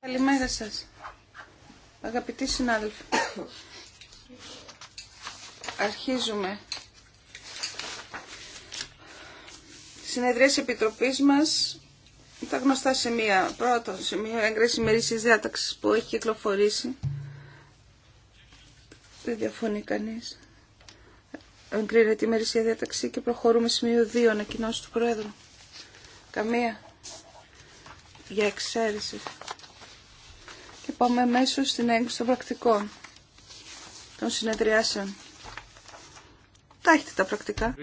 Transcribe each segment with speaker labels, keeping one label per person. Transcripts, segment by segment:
Speaker 1: Καλημέρα σας, αγαπητοί συνάδελφοι. Αρχίζουμε. Συνεδρίες Επιτροπής μας, τα γνωστά σημεία. Πρώτο σημείο, έγκριση μερίσης διάταξης που έχει κυκλοφορήσει. Δεν διαφωνεί κανείς. Εγκρίνεται η μερίσια διάταξη και προχωρούμε σημείο 2, ανακοινώσει του Πρόεδρου. Καμία για εξαίρεση. Και πάμε αμέσω στην έγκριση των πρακτικών των συνεδριάσεων.
Speaker 2: Τα έχετε τα πρακτικά.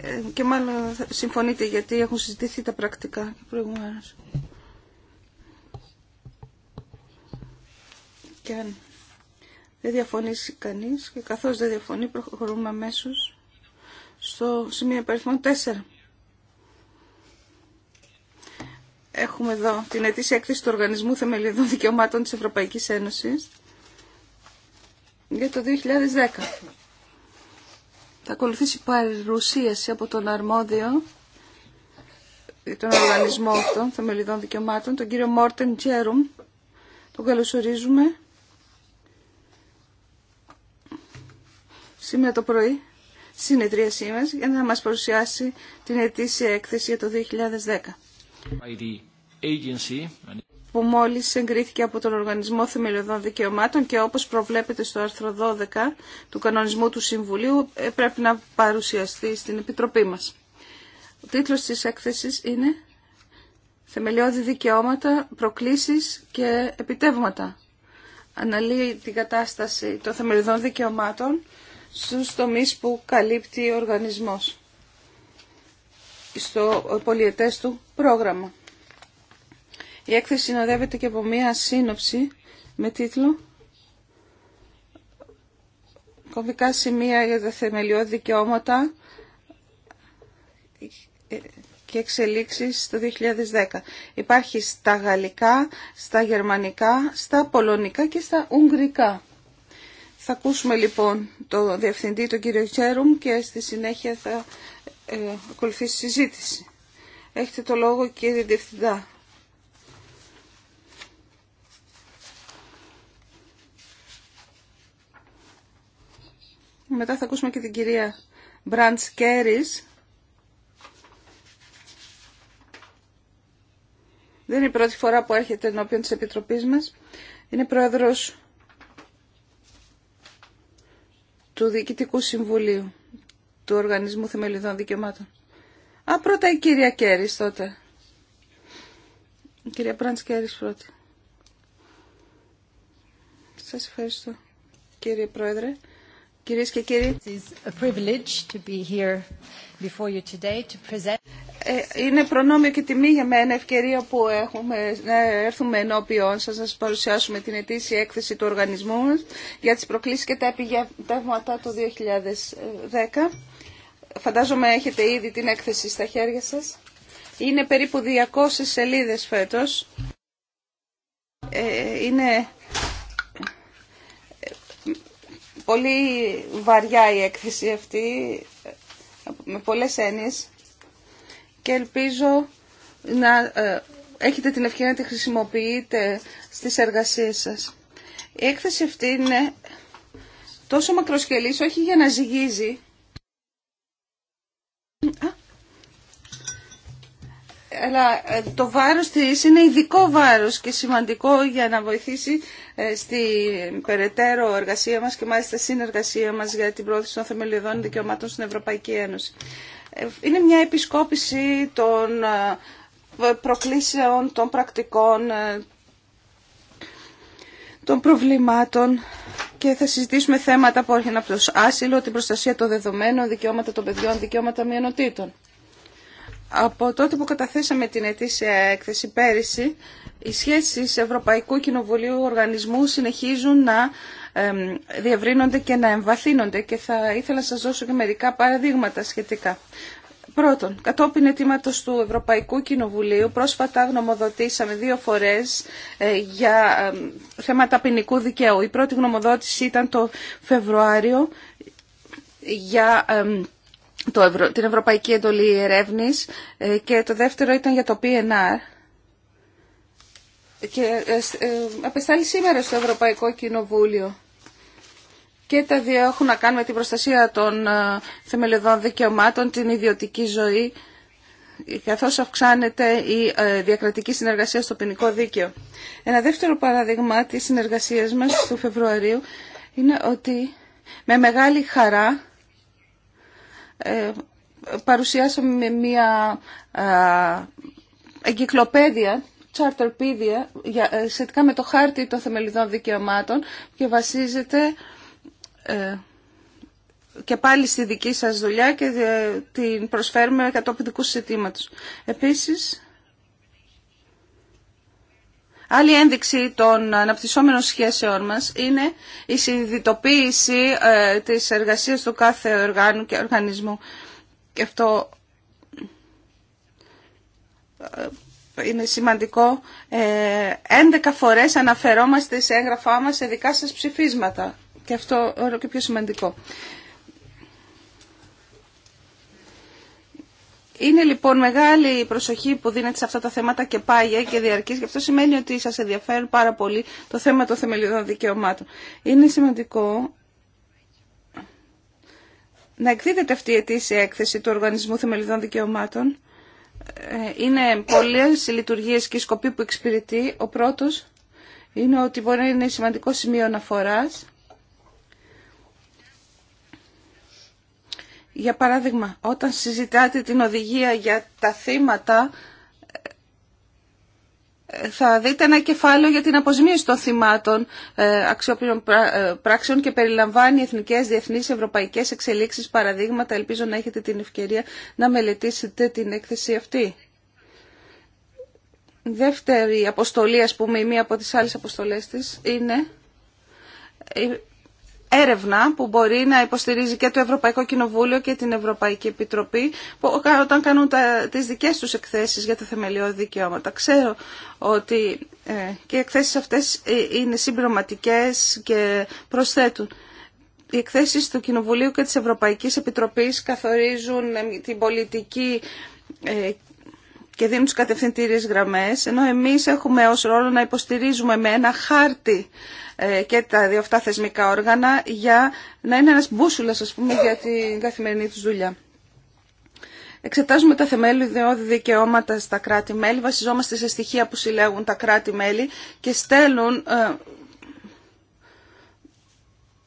Speaker 1: Ε, και μάλλον συμφωνείτε γιατί έχουν συζητηθεί τα πρακτικά προηγουμένω. Και αν δεν διαφωνήσει κανείς και καθώς δεν διαφωνεί προχωρούμε αμέσως στο σημείο υπεριθμών 4. Έχουμε εδώ την ετήσια έκθεση του Οργανισμού Θεμελιδών Δικαιωμάτων της Ευρωπαϊκής Ένωσης για το 2010. Θα ακολουθήσει παρουσίαση από τον αρμόδιο τον οργανισμό των θεμελιδών δικαιωμάτων, τον κύριο Μόρτεν Τζέρουμ. Τον καλωσορίζουμε. Σήμερα το πρωί, συνεδρίασή σήμερα, για να μας παρουσιάσει την ετήσια έκθεση για το
Speaker 2: 2010 agency
Speaker 1: που μόλις εγκρίθηκε από τον Οργανισμό Θεμελιωδών Δικαιωμάτων και όπως προβλέπεται στο άρθρο 12 του κανονισμού του Συμβουλίου ε, πρέπει να παρουσιαστεί στην Επιτροπή μας. Ο τίτλος της έκθεσης είναι «Θεμελιώδη δικαιώματα, προκλήσεις και επιτεύγματα». Αναλύει την κατάσταση των θεμελιωδών δικαιωμάτων στους τομείς που καλύπτει ο οργανισμός στο πολιετές του πρόγραμμα. Η έκθεση συνοδεύεται και από μία σύνοψη με τίτλο «Κομικά σημεία για τα θεμελιώδη δικαιώματα και εξελίξεις το 2010». Υπάρχει στα γαλλικά, στα γερμανικά, στα πολωνικά και στα ουγγρικά. Θα ακούσουμε λοιπόν το Διευθυντή, τον κύριο Τσέρουμ και στη συνέχεια θα ε, ακολουθήσει συζήτηση. Έχετε το λόγο κύριε Διευθυντά. Μετά θα ακούσουμε και την κυρία Μπραντς Κέρις. Δεν είναι η πρώτη φορά που έρχεται ενώπιον της Επιτροπής μας. Είναι πρόεδρος του Διοικητικού Συμβουλίου του Οργανισμού Θεμελιδών Δικαιωμάτων. Α, πρώτα η κυρία Κέρις τότε. Η κυρία Μπραντς Κέρις πρώτη. Σας ευχαριστώ κύριε Πρόεδρε. Κυρίες και κύριοι, είναι προνόμιο και τιμή για μένα ευκαιρία που έχουμε να έρθουμε ενώπιον σας να σας παρουσιάσουμε την ετήσια έκθεση του οργανισμού μας για τις προκλήσεις και τα επιγεύματα του 2010. Φαντάζομαι έχετε ήδη την έκθεση στα χέρια σας. Είναι περίπου 200 σελίδες φέτος. Ε, είναι πολύ βαριά η έκθεση αυτή, με πολλές έννοιες και ελπίζω να ε, έχετε την ευκαιρία να τη χρησιμοποιείτε στις εργασίες σας. Η έκθεση αυτή είναι τόσο μακροσκελής, όχι για να ζυγίζει, αλλά ε, το βάρος της είναι ειδικό βάρος και σημαντικό για να βοηθήσει ε, στην περαιτέρω εργασία μας και μάλιστα συνεργασία μας για την πρόθεση των θεμελιωδών δικαιωμάτων στην Ευρωπαϊκή Ένωση. Ε, είναι μια επισκόπηση των προκλήσεων, των πρακτικών, των προβλημάτων και θα συζητήσουμε θέματα που έρχονται από το άσυλο, την προστασία των δεδομένων, δικαιώματα των παιδιών, δικαιώματα μειονοτήτων. Από τότε που καταθέσαμε την ετήσια έκθεση πέρυσι, οι σχέσεις Ευρωπαϊκού Κοινοβουλίου Οργανισμού συνεχίζουν να διευρύνονται και να εμβαθύνονται και θα ήθελα να σας δώσω και μερικά παραδείγματα σχετικά. Πρώτον, κατόπιν αιτήματο του Ευρωπαϊκού Κοινοβουλίου, πρόσφατα γνωμοδοτήσαμε δύο φορέ ε, για θέματα ποινικού δικαίου. Η πρώτη γνωμοδότηση ήταν το Φεβρουάριο για το την Ευρωπαϊκή Εντολή Ερεύνης ε, και το δεύτερο ήταν για το PNR. Και ε, ε, απεστάλλει σήμερα στο Ευρωπαϊκό Κοινοβούλιο. Και τα δύο έχουν να κάνουν με την προστασία των θεμελιωδών δικαιωμάτων, την ιδιωτική ζωή, καθώς αυξάνεται η διακρατική συνεργασία στο ποινικό δίκαιο. Ένα δεύτερο παράδειγμα της συνεργασίας μας του Φεβρουαρίου είναι ότι με μεγάλη χαρά ε, παρουσιάσαμε με μια ε, εγκυκλοπαίδεια Charterpedia ε, σχετικά με το χάρτη των θεμελιδών δικαιωμάτων και βασίζεται και πάλι στη δική σας δουλειά και την προσφέρουμε κατόπιν δικού συστήματος. Επίσης, Άλλη ένδειξη των αναπτυσσόμενων σχέσεων μας είναι η συνειδητοποίηση ε, της εργασίας του κάθε οργάνου και οργανισμού. Και αυτό ε, είναι σημαντικό. 11 ε, φορές αναφερόμαστε σε έγγραφά μας σε δικά σας ψηφίσματα. Και αυτό όλο και πιο σημαντικό. Είναι λοιπόν μεγάλη η προσοχή που δίνεται σε αυτά τα θέματα και πάγια και διαρκή. και αυτό σημαίνει ότι σας ενδιαφέρει πάρα πολύ το θέμα των θεμελιωδών δικαιωμάτων. Είναι σημαντικό να εκδίδεται αυτή η ετήσια έκθεση του Οργανισμού Θεμελιωδών Δικαιωμάτων. Ε, είναι πολλές οι λειτουργίες και οι σκοποί που εξυπηρετεί. Ο πρώτο είναι ότι μπορεί να είναι σημαντικό σημείο αναφορά. Για παράδειγμα, όταν συζητάτε την οδηγία για τα θύματα, ε, θα δείτε ένα κεφάλαιο για την αποζημίωση των θυμάτων ε, αξιόπινων ε, πράξεων και περιλαμβάνει εθνικές, διεθνείς, ευρωπαϊκές εξελίξεις, παραδείγματα. Ελπίζω να έχετε την ευκαιρία να μελετήσετε την έκθεση αυτή. δεύτερη αποστολή, ας πούμε, η μία από τις άλλες αποστολές της είναι έρευνα που μπορεί να υποστηρίζει και το Ευρωπαϊκό Κοινοβούλιο και την Ευρωπαϊκή Επιτροπή που, όταν κάνουν τα, τις δικές τους εκθέσεις για τα θεμελιώδη δικαιώματα. Ξέρω ότι ε, και οι εκθέσεις αυτές ε, είναι συμπληρωματικές και προσθέτουν. Οι εκθέσεις του Κοινοβουλίου και της Ευρωπαϊκής Επιτροπής καθορίζουν ε, την πολιτική και δίνουν τις κατευθυντήριες γραμμές, ενώ εμείς έχουμε ως ρόλο να υποστηρίζουμε με ένα χάρτη ε, και τα δύο αυτά θεσμικά όργανα για να είναι ένας μπούσουλας, ας πούμε, για την καθημερινή του δουλειά. Εξετάζουμε τα θεμελιώδη δικαιώματα στα κράτη-μέλη, βασιζόμαστε σε στοιχεία που συλλέγουν τα κράτη-μέλη και στέλνουν ε,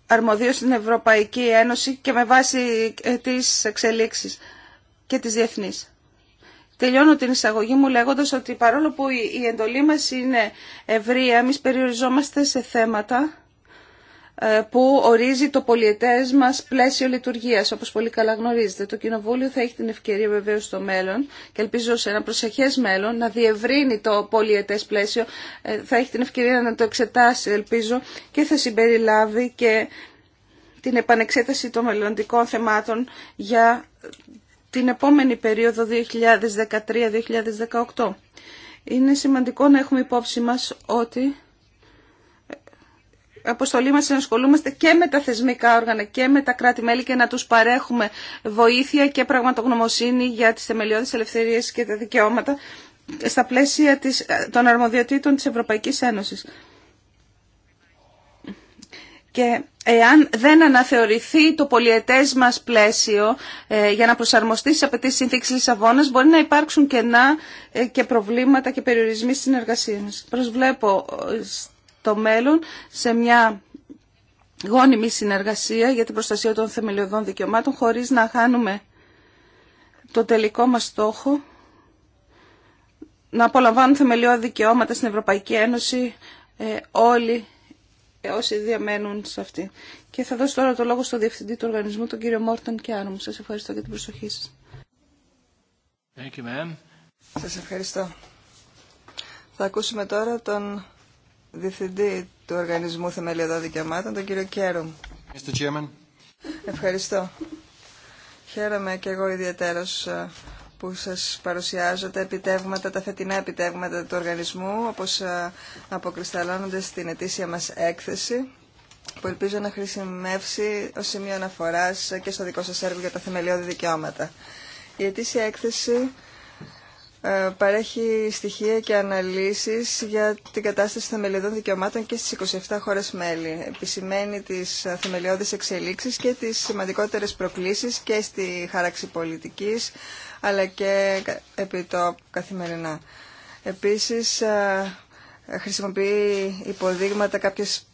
Speaker 1: αρμοδίως στην Ευρωπαϊκή Ένωση και με βάση ε, τις εξελίξεις και τις διεθνείς. Τελειώνω την εισαγωγή μου λέγοντας ότι παρόλο που η εντολή μας είναι ευρεία, εμεί περιοριζόμαστε σε θέματα ε, που ορίζει το πολιετές μας πλαίσιο λειτουργίας, όπως πολύ καλά γνωρίζετε. Το Κοινοβούλιο θα έχει την ευκαιρία βεβαίω στο μέλλον και ελπίζω σε ένα προσεχές μέλλον να διευρύνει το πολιετές πλαίσιο. Ε, θα έχει την ευκαιρία να το εξετάσει, ελπίζω, και θα συμπεριλάβει και την επανεξέταση των μελλοντικών θεμάτων για την επόμενη περίοδο 2013-2018. Είναι σημαντικό να έχουμε υπόψη μας ότι αποστολή μας να ασχολούμαστε και με τα θεσμικά όργανα και με τα κράτη-μέλη και να τους παρέχουμε βοήθεια και πραγματογνωμοσύνη για τις θεμελιώδεις ελευθερίες και τα δικαιώματα στα πλαίσια των αρμοδιοτήτων της Ευρωπαϊκής Ένωσης. Και εάν δεν αναθεωρηθεί το πολιετές μας πλαίσιο ε, για να προσαρμοστεί στις απαιτήσεις συνθήκης Λισαβόνας, μπορεί να υπάρξουν κενά ε, και προβλήματα και περιορισμοί στην εργασία μας. Προσβλέπω ε, στο μέλλον σε μια γόνιμη συνεργασία για την προστασία των θεμελιωδών δικαιωμάτων, χωρίς να χάνουμε το τελικό μας στόχο να απολαμβάνουν θεμελιώδη δικαιώματα στην Ευρωπαϊκή Ένωση όλοι όσοι διαμένουν σε αυτή. Και θα δώσω τώρα το λόγο στον Διευθυντή του Οργανισμού, τον κύριο Μόρτον Κιάνουμ. Σας ευχαριστώ για την προσοχή σας.
Speaker 2: Thank you, Σας ευχαριστώ. Θα ακούσουμε τώρα τον Διευθυντή του Οργανισμού Θεμελιωδών Δικαιωμάτων, τον κύριο Κέρουμ. Ευχαριστώ. Χαίρομαι και εγώ ιδιαίτερος ε, που σας παρουσιάζω τα επιτεύγματα, τα φετινά επιτεύγματα του οργανισμού, όπως ε, αποκρισταλώνονται στην ετήσια μας έκθεση, που ελπίζω να χρησιμεύσει ως σημείο αναφοράς και στο δικό σας έργο για τα θεμελιώδη δικαιώματα. Η ετήσια έκθεση ε, παρέχει στοιχεία και αναλύσεις για την κατάσταση θεμελιωδών δικαιωμάτων και στις 27 χώρες μέλη. Επισημαίνει τις ε, θεμελιώδεις εξελίξεις και τις σημαντικότερες προκλήσεις και στη χάραξη πολιτικής, αλλά και επί το καθημερινά. Επίσης, χρησιμοποιεί υποδείγματα κάποιες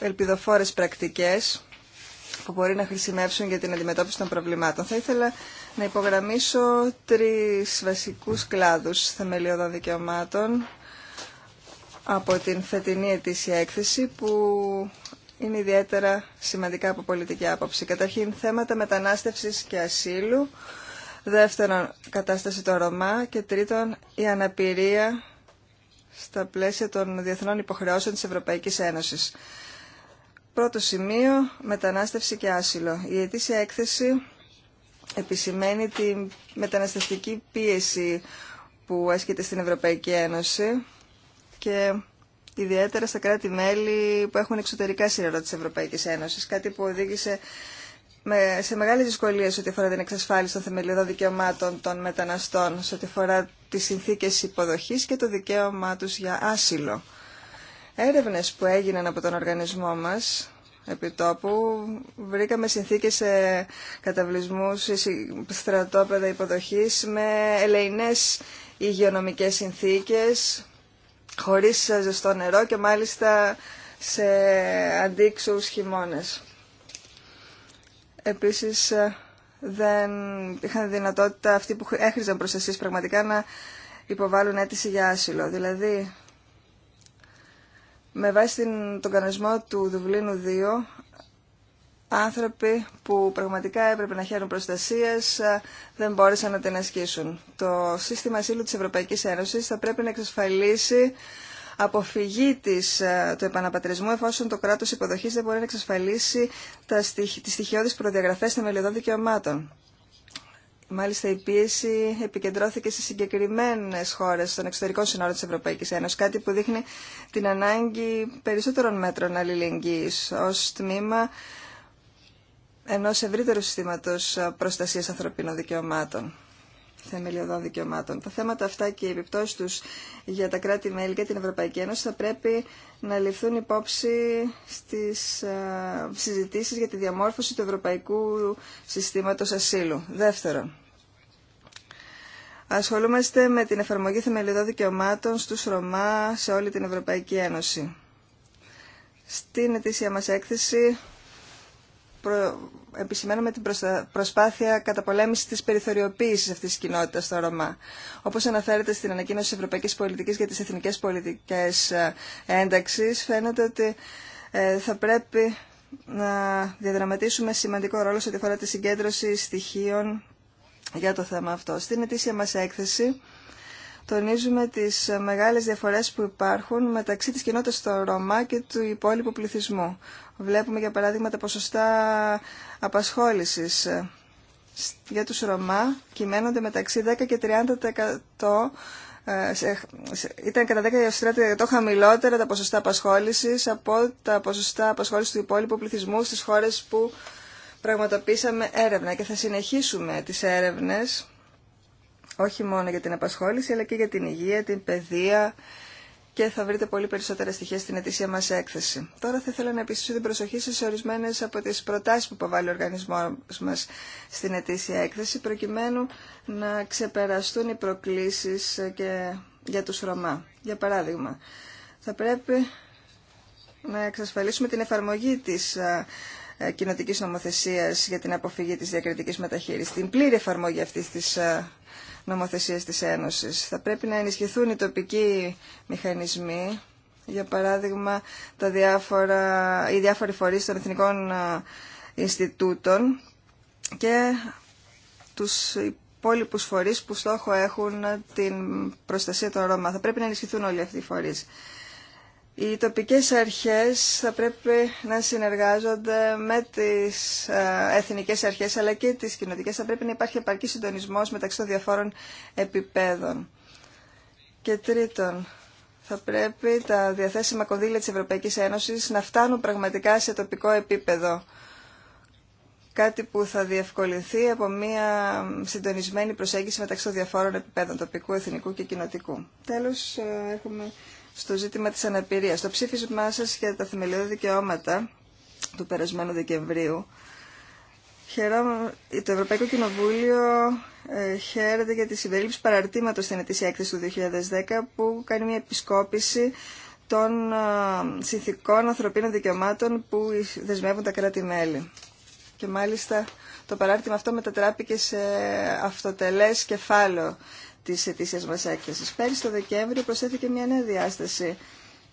Speaker 2: ελπιδοφόρες πρακτικές που μπορεί να χρησιμεύσουν για την αντιμετώπιση των προβλημάτων. Θα ήθελα να υπογραμμίσω τρεις βασικούς κλάδους θεμελιώδων δικαιωμάτων από την φετινή ετήσια έκθεση που είναι ιδιαίτερα σημαντικά από πολιτική άποψη. Καταρχήν θέματα μετανάστευσης και ασύλου Δεύτερον, κατάσταση των Ρωμά. Και τρίτον, η αναπηρία στα πλαίσια των διεθνών υποχρεώσεων της Ευρωπαϊκής Ένωσης. Πρώτο σημείο, μετανάστευση και άσυλο. Η ετήσια έκθεση επισημαίνει τη μεταναστευτική πίεση που ασκείται στην Ευρωπαϊκή Ένωση και ιδιαίτερα στα κράτη-μέλη που έχουν εξωτερικά σύνορα της Ευρωπαϊκής Ένωσης, κάτι που οδήγησε σε μεγάλες δυσκολίες ό,τι αφορά την εξασφάλιση των θεμελιωδών δικαιωμάτων των μεταναστών, σε ό,τι αφορά τις συνθήκες υποδοχής και το δικαίωμά τους για άσυλο. Έρευνες που έγιναν από τον οργανισμό μας επιτόπου βρήκαμε συνθήκες σε σε στρατόπεδα υποδοχής με ελεηνές υγειονομικές συνθήκες, χωρίς ζεστό νερό και μάλιστα σε αντίξου χειμώνες. Επίσης ε, δεν είχαν δυνατότητα αυτοί που έχριζαν προστασίες πραγματικά να υποβάλουν αίτηση για άσυλο. Δηλαδή, με βάση τον κανονισμό του Δουβλίνου 2, άνθρωποι που πραγματικά έπρεπε να χαίρουν προστασία, ε, δεν μπόρεσαν να την ασκήσουν. Το σύστημα ασύλου της Ευρωπαϊκής Ένωσης θα πρέπει να εξασφαλίσει αποφυγή της, ε, του επαναπατρισμού εφόσον το κράτος υποδοχής δεν μπορεί να εξασφαλίσει τα στοιχ, τις στοιχειώδεις προδιαγραφές θεμελιωδών δικαιωμάτων. Μάλιστα, η πίεση επικεντρώθηκε σε συγκεκριμένε χώρε των εξωτερικών συνόρων τη Ευρωπαϊκή Ένωση, κάτι που δείχνει την ανάγκη περισσότερων μέτρων αλληλεγγύη ω τμήμα ενό ευρύτερου συστήματο προστασία ανθρωπίνων δικαιωμάτων θεμελιωδών δικαιωμάτων. Τα θέματα αυτά και οι επιπτώσει του για τα κράτη-μέλη και την Ευρωπαϊκή Ένωση θα πρέπει να ληφθούν υπόψη στι ε, συζητήσει για τη διαμόρφωση του Ευρωπαϊκού Συστήματο Ασύλου. Δεύτερον, ασχολούμαστε με την εφαρμογή θεμελιωδών δικαιωμάτων στους Ρωμά σε όλη την Ευρωπαϊκή Ένωση. Στην ετήσια μας έκθεση προ... επισημαίνουμε την προσπάθεια καταπολέμησης της περιθωριοποίηση αυτής της κοινότητα στο Ρωμά. Όπως αναφέρεται στην ανακοίνωση τη Ευρωπαϊκής Πολιτικής για τι εθνικέ πολιτικέ ε, Ένταξης, φαίνεται ότι ε, θα πρέπει να διαδραματίσουμε σημαντικό ρόλο σε ό,τι αφορά τη συγκέντρωση στοιχείων για το θέμα αυτό. Στην ετήσια μα έκθεση τονίζουμε τις μεγάλες διαφορές που υπάρχουν μεταξύ της κοινότητας των Ρωμά και του υπόλοιπου πληθυσμού. Βλέπουμε για παράδειγμα τα ποσοστά απασχόλησης για τους Ρωμά κυμαίνονται μεταξύ 10 και 30% ε, ήταν κατά 10% χαμηλότερα τα ποσοστά απασχόλησης από τα ποσοστά απασχόλησης του υπόλοιπου πληθυσμού στις χώρες που πραγματοποίησαμε έρευνα και θα συνεχίσουμε τις έρευνες όχι μόνο για την απασχόληση, αλλά και για την υγεία, την παιδεία και θα βρείτε πολύ περισσότερα στοιχεία στην ετήσια μας έκθεση. Τώρα θα ήθελα να επιστήσω την προσοχή σας σε ορισμένες από τις προτάσεις που υποβάλλει ο οργανισμός μας στην ετήσια έκθεση, προκειμένου να ξεπεραστούν οι προκλήσεις και για τους Ρωμά. Για παράδειγμα, θα πρέπει να εξασφαλίσουμε την εφαρμογή της ε, κοινοτικής νομοθεσία για την αποφυγή της διακριτικής μεταχείρισης, Την πλήρη εφαρμογή αυτή τη νομοθεσίας της Ένωσης. Θα πρέπει να ενισχυθούν οι τοπικοί μηχανισμοί, για παράδειγμα τα διάφορα, οι διάφοροι φορείς των Εθνικών Ινστιτούτων και τους υπόλοιπους φορείς που στόχο έχουν την προστασία των Ρώμα. Θα πρέπει να ενισχυθούν όλοι αυτοί οι φορείς. Οι τοπικές αρχές θα πρέπει να συνεργάζονται με τις ε, εθνικές αρχές αλλά και τις κοινωτικές. Θα πρέπει να υπάρχει επαρκή συντονισμός μεταξύ των διαφόρων επιπέδων. Και τρίτον, θα πρέπει τα διαθέσιμα κονδύλια της Ευρωπαϊκής Ένωσης να φτάνουν πραγματικά σε τοπικό επίπεδο. Κάτι που θα διευκολυνθεί από μια συντονισμένη προσέγγιση μεταξύ των διαφόρων επιπέδων τοπικού, εθνικού και κοινοτικού. Τέλος, ε, έχουμε στο ζήτημα της αναπηρίας. Το ψήφισμά σας για τα θεμελιώδη δικαιώματα του περασμένου Δεκεμβρίου το Ευρωπαϊκό Κοινοβούλιο ε, χαίρεται για τη συμπερίληψη παραρτήματος στην ετήσια έκθεση του 2010 που κάνει μια επισκόπηση των ε, συνθηκών ανθρωπίνων δικαιωμάτων που δεσμεύουν τα κράτη-μέλη. Και μάλιστα το παράρτημα αυτό μετατράπηκε σε αυτοτελές κεφάλαιο της ετήσιας μα έκθεση. Πέρυσι το Δεκέμβριο προσθέθηκε μια νέα διάσταση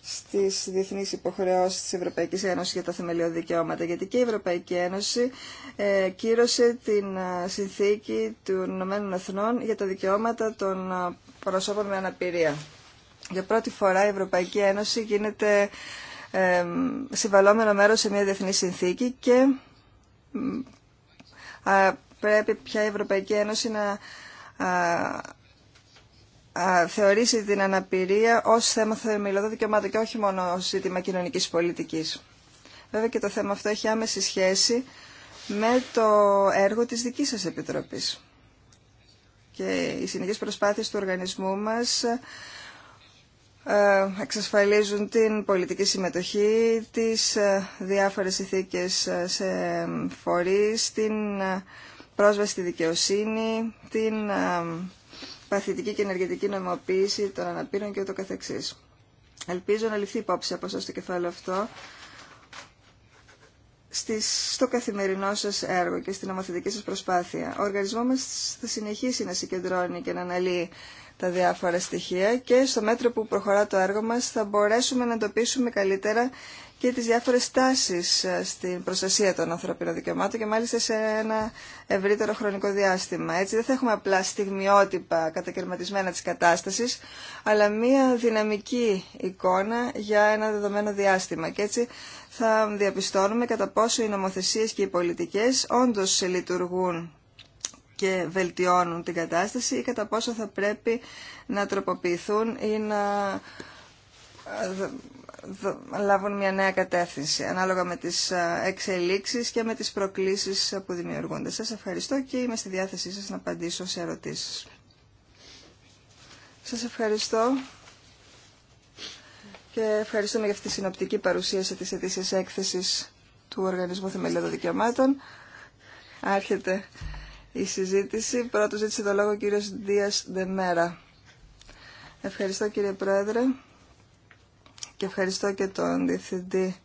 Speaker 2: στις διεθνείς υποχρεώσεις της Ευρωπαϊκής Ένωσης για τα θεμελιώδη δικαιώματα, γιατί και η Ευρωπαϊκή Ένωση ε, κύρωσε την ε, συνθήκη των Ηνωμένων Εθνών για τα δικαιώματα των ε, προσώπων με αναπηρία. Για πρώτη φορά η Ευρωπαϊκή Ένωση γίνεται ε, συμβαλόμενο μέρος σε μια διεθνή συνθήκη και πρέπει πια η Ευρωπαϊκή Ένωση να θεωρήσει την αναπηρία ως θέμα θεμελιωδών δικαιωμάτων και όχι μόνο ως ζήτημα κοινωνικής πολιτικής. Βέβαια και το θέμα αυτό έχει άμεση σχέση με το έργο της δικής σας Επιτροπής. Και οι συνεχείς προσπάθειες του οργανισμού μας ε, εξασφαλίζουν την πολιτική συμμετοχή, τις ε, διάφορες ηθίκες ε, σε φορείς, την πρόσβαση στη δικαιοσύνη, την παθητική και ενεργετική νομιμοποίηση των αναπήρων και ούτω καθεξής. Ελπίζω να ληφθεί υπόψη από σας το κεφάλαιο αυτό στο καθημερινό σας έργο και στην νομοθετική σας προσπάθεια. Ο οργανισμός μας θα συνεχίσει να συγκεντρώνει και να αναλύει τα διάφορα στοιχεία και στο μέτρο που προχωρά το έργο μας θα μπορέσουμε να εντοπίσουμε καλύτερα και τις διάφορες τάσεις ε, στην προστασία των ανθρωπίνων δικαιωμάτων και μάλιστα σε ένα ευρύτερο χρονικό διάστημα. Έτσι δεν θα έχουμε απλά στιγμιότυπα κατακαιρματισμένα της κατάστασης, αλλά μία δυναμική εικόνα για ένα δεδομένο διάστημα. Και έτσι θα διαπιστώνουμε κατά πόσο οι νομοθεσίες και οι πολιτικές όντως λειτουργούν και βελτιώνουν την κατάσταση ή κατά πόσο θα πρέπει να τροποποιηθούν ή να ε, λάβουν μια νέα κατεύθυνση ανάλογα με τις εξελίξεις και με τις προκλήσεις που δημιουργούνται. Σας ευχαριστώ και είμαι στη διάθεσή σας να απαντήσω σε ερωτήσεις. Σας ευχαριστώ και ευχαριστούμε για αυτή τη συνοπτική παρουσίαση της ετήσιας έκθεσης του Οργανισμού Θεμελιώδων Δικαιωμάτων. Άρχεται η συζήτηση. Πρώτος ζήτησε το λόγο ο κύριος Δίας Δεμέρα. Ευχαριστώ κύριε Πρόεδρε και ευχαριστώ και τον Διευθυντή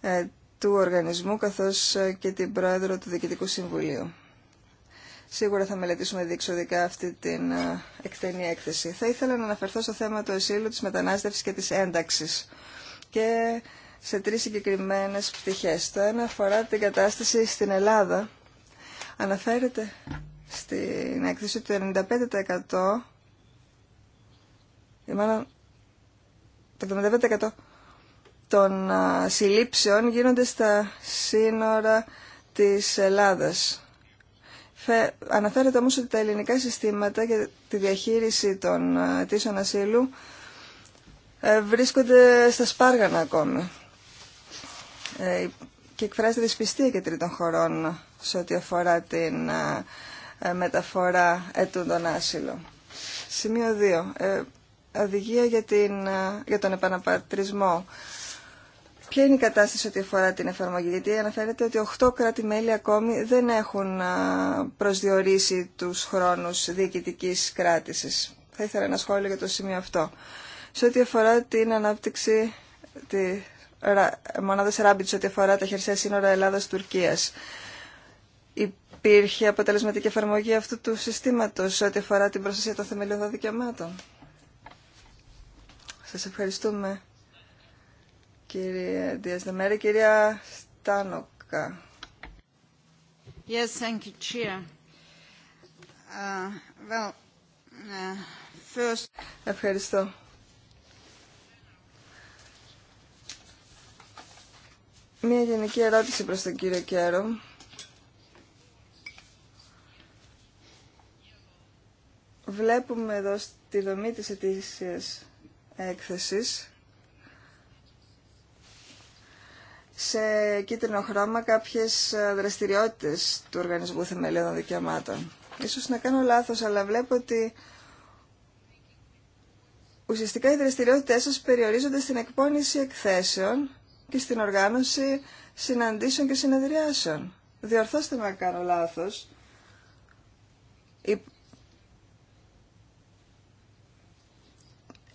Speaker 2: ε, του οργανισμού καθώς ε, και την Πρόεδρο του Διοικητικού Συμβουλίου. Σίγουρα θα μελετήσουμε διεξοδικά αυτή την ε, εκτενή έκθεση. Θα ήθελα να αναφερθώ στο θέμα του εσύλου, της μετανάστευσης και της ένταξης και σε τρεις συγκεκριμένε πτυχές. Το ένα αφορά την κατάσταση στην Ελλάδα. Αναφέρεται στην έκθεση του 95% το 75% των συλλήψεων γίνονται στα σύνορα της Ελλάδας. Αναφέρεται όμως ότι τα ελληνικά συστήματα για τη διαχείριση των αιτήσεων ασύλου ε, βρίσκονται στα σπάργανα ακόμη ε, και εκφράζεται δυσπιστία και τρίτων χωρών σε ό,τι αφορά την ε, μεταφορά ετούντων άσυλων. Σημείο 2 οδηγία για, την, για τον επαναπατρισμό. Ποια είναι η κατάσταση ό,τι αφορά την εφαρμογή, γιατί αναφέρεται ότι 8 κράτη-μέλη ακόμη δεν έχουν προσδιορίσει τους χρόνους διοικητικής κράτησης. Θα ήθελα ένα σχόλιο για το σημείο αυτό. Σε ό,τι αφορά την ανάπτυξη τη μονάδας Ράμπιτς, ό,τι αφορά τα χερσαία σύνορα Ελλάδας-Τουρκίας, υπήρχε αποτελεσματική εφαρμογή αυτού του συστήματος ό,τι αφορά την προστασία των θεμελιωδών δικαιωμάτων. Σας ευχαριστούμε κύριε Διασδεμέρη. Κυρία Στάνοκα. Yes, thank you, uh, well, uh, first... Ευχαριστώ. Μία γενική ερώτηση προς τον κύριο Κέρο. Βλέπουμε εδώ στη δομή της ετήσιας έκθεσης σε κίτρινο χρώμα κάποιες δραστηριότητες του Οργανισμού θεμελιών Δικαιωμάτων. Ίσως να κάνω λάθος, αλλά βλέπω ότι ουσιαστικά οι δραστηριότητες σας περιορίζονται στην εκπόνηση εκθέσεων και στην οργάνωση συναντήσεων και συνεδριάσεων. Διορθώστε με αν κάνω λάθος.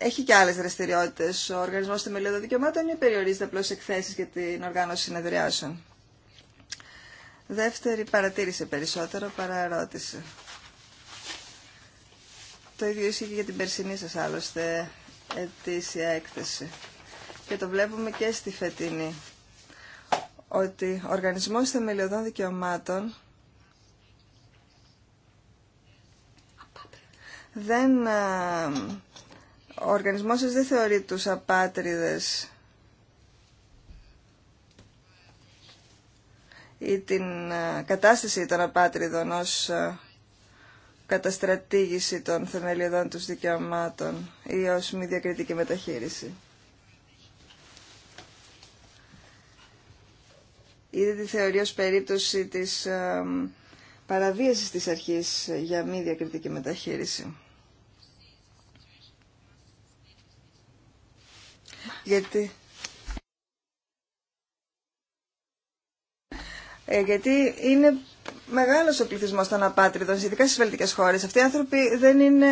Speaker 2: έχει και άλλε δραστηριότητε. ο οργανισμό Θεμελιώδων Δικαιωμάτων ή περιορίζεται σε εκθέσεις για την οργάνωση συνεδριάσεων. Δεύτερη παρατήρησε περισσότερο παρά ερώτηση. Το ίδιο ισχύει και για την περσινή σας άλλωστε ετήσια έκθεση. Και το βλέπουμε και στη φετινή. Ότι ο Οργανισμός Θεμελιωδών Δικαιωμάτων δεν ε, ο οργανισμός σας δεν θεωρεί τους απάτριδες ή την ε, κατάσταση των απάτριδων ως ε, καταστρατήγηση των θεμελιωδών τους δικαιωμάτων ή ως μη διακριτική μεταχείριση. Είδε τη θεωρία ως περίπτωση της ε, παραβίασης της αρχής για μη διακριτική μεταχείριση. Γιατί... Ε, γιατί είναι μεγάλος ο πληθυσμός των απάτριδων, ειδικά στις βελτικές χώρες. Αυτοί οι άνθρωποι δεν είναι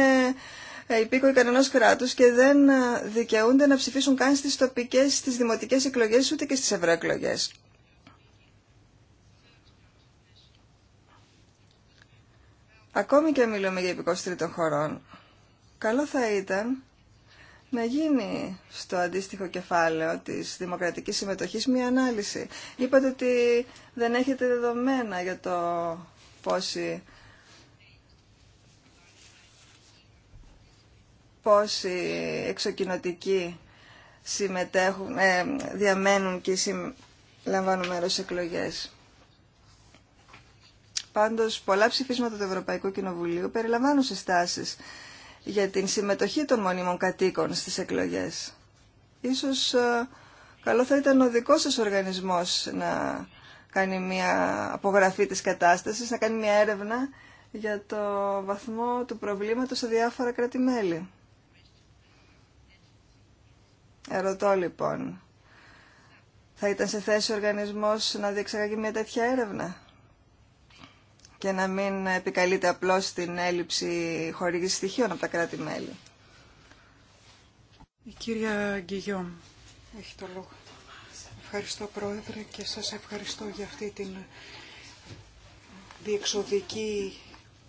Speaker 2: ε, υπήκοοι κανένας κράτους και δεν ε, δικαιούνται να ψηφίσουν καν στις τοπικές, στις δημοτικές εκλογές, ούτε και στις ευρωεκλογές. Ακόμη και μιλούμε για υπηκόστριτων χωρών, καλό θα ήταν να γίνει στο αντίστοιχο κεφάλαιο της δημοκρατικής συμμετοχής μια ανάλυση. Είπατε ότι δεν έχετε δεδομένα για το πόσοι, πόσοι εξοκοινοτικοί συμμετέχουν, ε, διαμένουν και λαμβάνουν μέρος σε εκλογές. Πάντως, πολλά ψηφίσματα του Ευρωπαϊκού Κοινοβουλίου περιλαμβάνουν συστάσεις για την συμμετοχή των μονίμων κατοίκων στις εκλογές. Ίσως ε, καλό θα ήταν ο δικός σας οργανισμός να κάνει μια απογραφή της κατάστασης, να κάνει μια έρευνα για το βαθμό του προβλήματος σε διάφορα κράτη-μέλη. Ερωτώ λοιπόν, θα ήταν σε θέση ο οργανισμός να διεξαγάγει μια τέτοια έρευνα και να μην επικαλείται απλώς την έλλειψη χορηγής στοιχείων από τα κράτη-μέλη. Η κυρία
Speaker 3: Γκυγιόμ έχει το λόγο. Ευχαριστώ Πρόεδρε και σας ευχαριστώ για αυτή την διεξοδική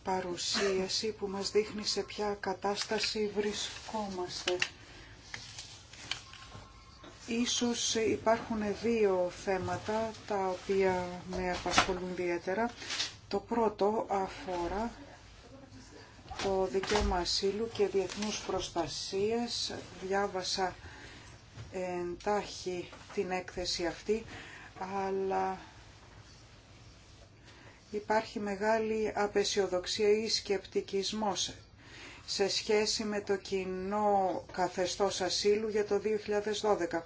Speaker 3: παρουσίαση που μας δείχνει σε ποια κατάσταση βρισκόμαστε. Ίσως υπάρχουν δύο θέματα τα οποία με απασχολούν ιδιαίτερα. Το πρώτο αφορά το δικαίωμα ασύλου και διεθνούς προστασίας. Διάβασα εντάχει την έκθεση αυτή, αλλά υπάρχει μεγάλη απεσιοδοξία ή σκεπτικισμός σε σχέση με το κοινό καθεστώς ασύλου για το 2012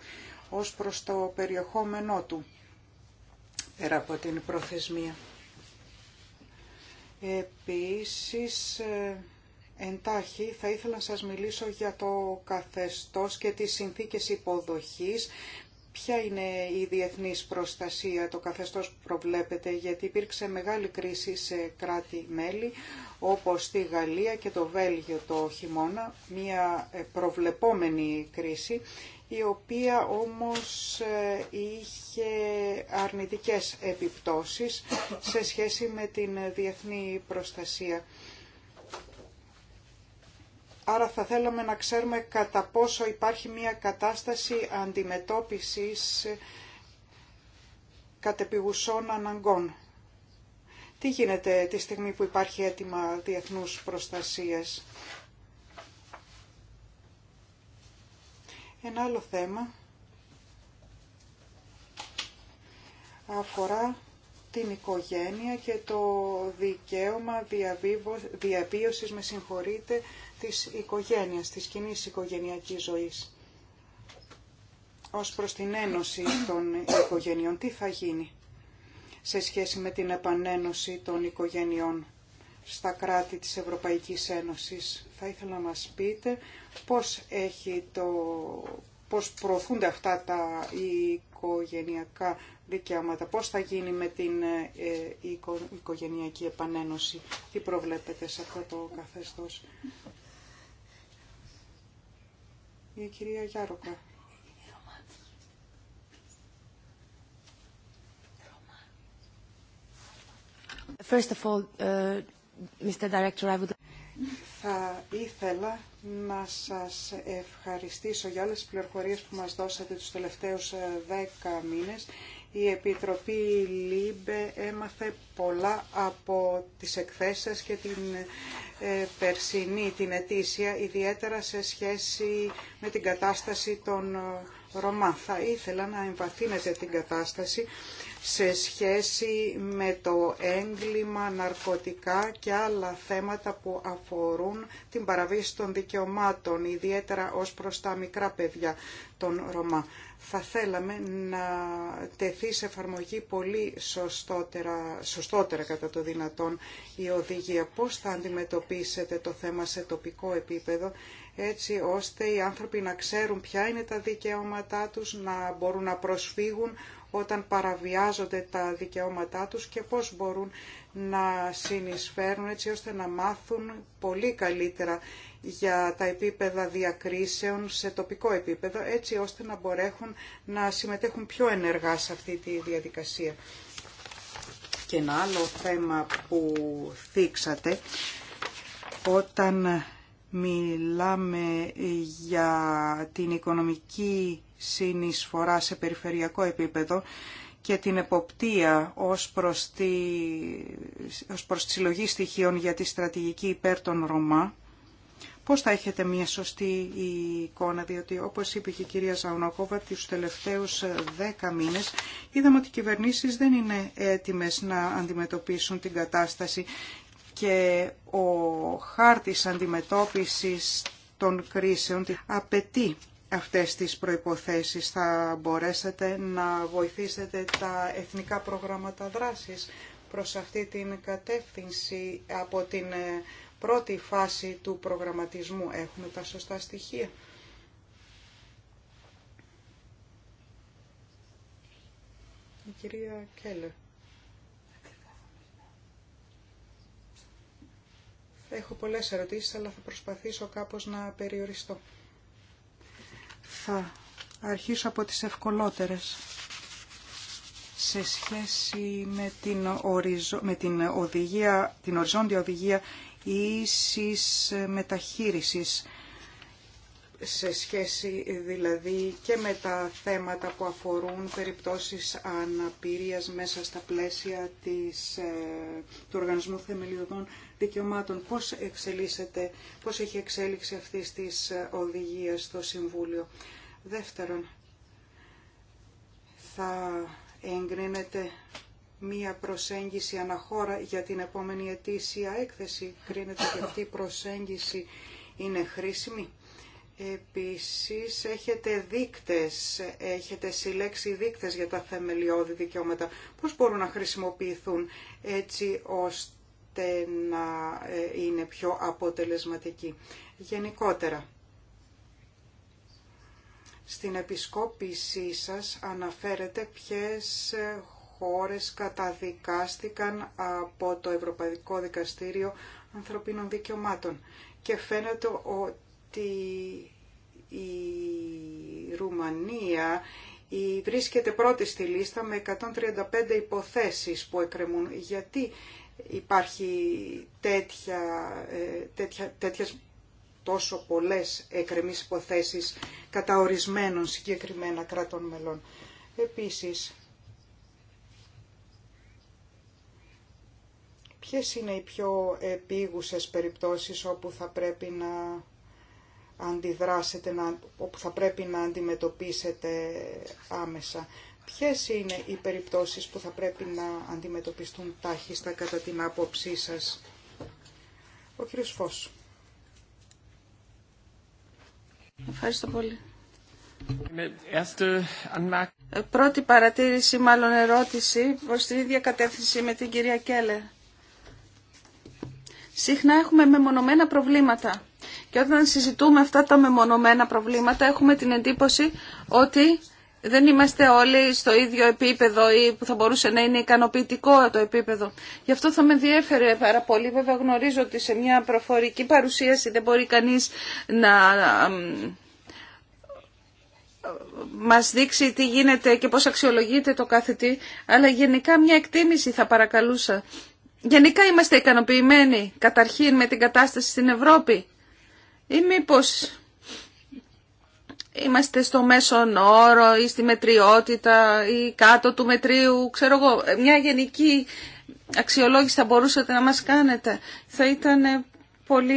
Speaker 3: ως προς το περιεχόμενό του πέρα από την προθεσμία. Επίσης, ε, εντάχει, θα ήθελα να σας μιλήσω για το καθεστώς και τις συνθήκες υποδοχής. Ποια είναι η διεθνής προστασία, το καθεστώς που προβλέπετε, γιατί υπήρξε μεγάλη κρίση σε κράτη-μέλη, όπως τη Γαλλία και το Βέλγιο το χειμώνα, μια ε, προβλεπόμενη κρίση η οποία όμως ε, είχε αρνητικές επιπτώσεις σε σχέση με την διεθνή προστασία. Άρα θα θέλαμε να ξέρουμε κατά πόσο υπάρχει μια κατάσταση αντιμετώπισης ε, κατεπηγουσών αναγκών. Τι γίνεται τη στιγμή που υπάρχει αίτημα διεθνούς προστασίας. Ένα άλλο θέμα αφορά την οικογένεια και το δικαίωμα διαβίωσης, με συγχωρείτε, της οικογένειας, της κοινή οικογενειακής ζωής. Ως προς την ένωση των οικογενειών, τι θα γίνει σε σχέση με την επανένωση των οικογενειών στα κράτη της Ευρωπαϊκής Ένωσης. Θα ήθελα να μας πείτε πώς, έχει το, πώς προωθούνται αυτά τα οικογενειακά δικαιώματα, πώς θα γίνει με την ε, οικο, οικογενειακή επανένωση, τι προβλέπετε σε αυτό το καθεστώς. Η κυρία Γιάροκα.
Speaker 1: First of all, uh,
Speaker 3: θα ήθελα να σας ευχαριστήσω για όλες τις πληροφορίες που μας δώσατε τους τελευταίους ε, δέκα μήνες. Η Επιτροπή ΛΥΜΠΕ έμαθε πολλά από τις εκθέσεις και την ε, περσινή, την ετήσια, ιδιαίτερα σε σχέση με την κατάσταση των ε, Ρωμά. Θα ήθελα να εμβαθύνετε την κατάσταση σε σχέση με το έγκλημα, ναρκωτικά και άλλα θέματα που αφορούν την παραβίαση των δικαιωμάτων, ιδιαίτερα ως προς τα μικρά παιδιά των Ρωμά. Θα θέλαμε να τεθεί σε εφαρμογή πολύ σωστότερα, σωστότερα κατά το δυνατόν η οδηγία. Πώς θα αντιμετωπίσετε το θέμα σε τοπικό επίπεδο έτσι ώστε οι άνθρωποι να ξέρουν ποια είναι τα δικαιώματά τους, να μπορούν να προσφύγουν όταν παραβιάζονται τα δικαιώματά τους και πώς μπορούν να συνεισφέρουν έτσι ώστε να μάθουν πολύ καλύτερα για τα επίπεδα διακρίσεων σε τοπικό επίπεδο, έτσι ώστε να μπορέσουν να συμμετέχουν πιο ενεργά σε αυτή τη διαδικασία. Και ένα άλλο θέμα που θίξατε, όταν μιλάμε για την οικονομική συνεισφορά σε περιφερειακό επίπεδο και την εποπτεία ως προς τη, ως προς συλλογή στοιχείων για τη στρατηγική υπέρ των Ρωμά, πώς θα έχετε μια σωστή εικόνα, διότι όπως είπε και η κυρία Ζαουνακόβα, τους τελευταίους ε, δέκα μήνες είδαμε ότι οι κυβερνήσεις δεν είναι έτοιμες να αντιμετωπίσουν την κατάσταση και ο χάρτης αντιμετώπισης των κρίσεων απαιτεί αυτές τις προϋποθέσεις θα μπορέσετε να βοηθήσετε τα εθνικά προγράμματα δράσης προς αυτή την κατεύθυνση από την ε, πρώτη φάση του προγραμματισμού. Έχουμε τα σωστά στοιχεία. Η κυρία Κέλλερ. Έχω πολλές ερωτήσεις, αλλά θα προσπαθήσω κάπως να περιοριστώ. Θα αρχίσω από τις ευκολότερες σε σχέση με την, οριζο... με την, οδηγία, την οριζόντια οδηγία ίσης μεταχείρισης σε σχέση δηλαδή και με τα θέματα που αφορούν περιπτώσεις αναπηρίας μέσα στα πλαίσια της, ε, του Οργανισμού Θεμελιωδών δικαιωμάτων. Πώς εξελίσσεται, πώς έχει εξέλιξη αυτή της ε, οδηγίας στο Συμβούλιο. Δεύτερον, θα εγκρίνεται μία προσέγγιση αναχώρα για την επόμενη ετήσια έκθεση. Κρίνεται και αυτή η προσέγγιση είναι χρήσιμη. Επίσης έχετε δίκτες, έχετε συλλέξει δίκτες για τα θεμελιώδη δικαιώματα. Πώς μπορούν να χρησιμοποιηθούν έτσι ώστε να ε, είναι πιο αποτελεσματική. Γενικότερα, στην επισκόπησή σας αναφέρετε ποιες χώρες καταδικάστηκαν από το Ευρωπαϊκό Δικαστήριο Ανθρωπίνων Δικαιωμάτων και φαίνεται ότι η Ρουμανία βρίσκεται πρώτη στη λίστα με 135 υποθέσεις που εκκρεμούν. Γιατί υπάρχει τέτοια, ε, τέτοια, τόσο πολλές εκρεμείς υποθέσεις κατά ορισμένων συγκεκριμένα κράτων μελών. Επίσης, ποιες είναι οι πιο επίγουσες περιπτώσεις όπου θα πρέπει να αντιδράσετε, όπου θα πρέπει να αντιμετωπίσετε άμεσα. Ποιες είναι οι περιπτώσεις που θα πρέπει να αντιμετωπιστούν τάχιστα κατά την άποψή σας. Ο κύριος Φως.
Speaker 1: Ευχαριστώ πολύ. Ε, πρώτη παρατήρηση, μάλλον ερώτηση, προς την ίδια κατεύθυνση με την κυρία Κέλλερ. Συχνά έχουμε μεμονωμένα προβλήματα και όταν συζητούμε αυτά τα μεμονωμένα προβλήματα έχουμε την εντύπωση ότι δεν είμαστε όλοι στο ίδιο επίπεδο ή που θα μπορούσε να είναι ικανοποιητικό το επίπεδο. Γι' αυτό θα με ενδιέφερε πάρα πολύ. Βέβαια γνωρίζω ότι σε μια προφορική παρουσίαση δεν μπορεί κανείς να μας δείξει τι γίνεται και πώς αξιολογείται το κάθε τι, αλλά γενικά μια εκτίμηση θα παρακαλούσα. Γενικά είμαστε ικανοποιημένοι καταρχήν με την κατάσταση στην Ευρώπη ή μήπως είμαστε στο μέσο όρο ή στη μετριότητα ή κάτω του μετρίου, ξέρω εγώ, μια γενική αξιολόγηση θα μπορούσατε να μας κάνετε. Θα ήταν πολύ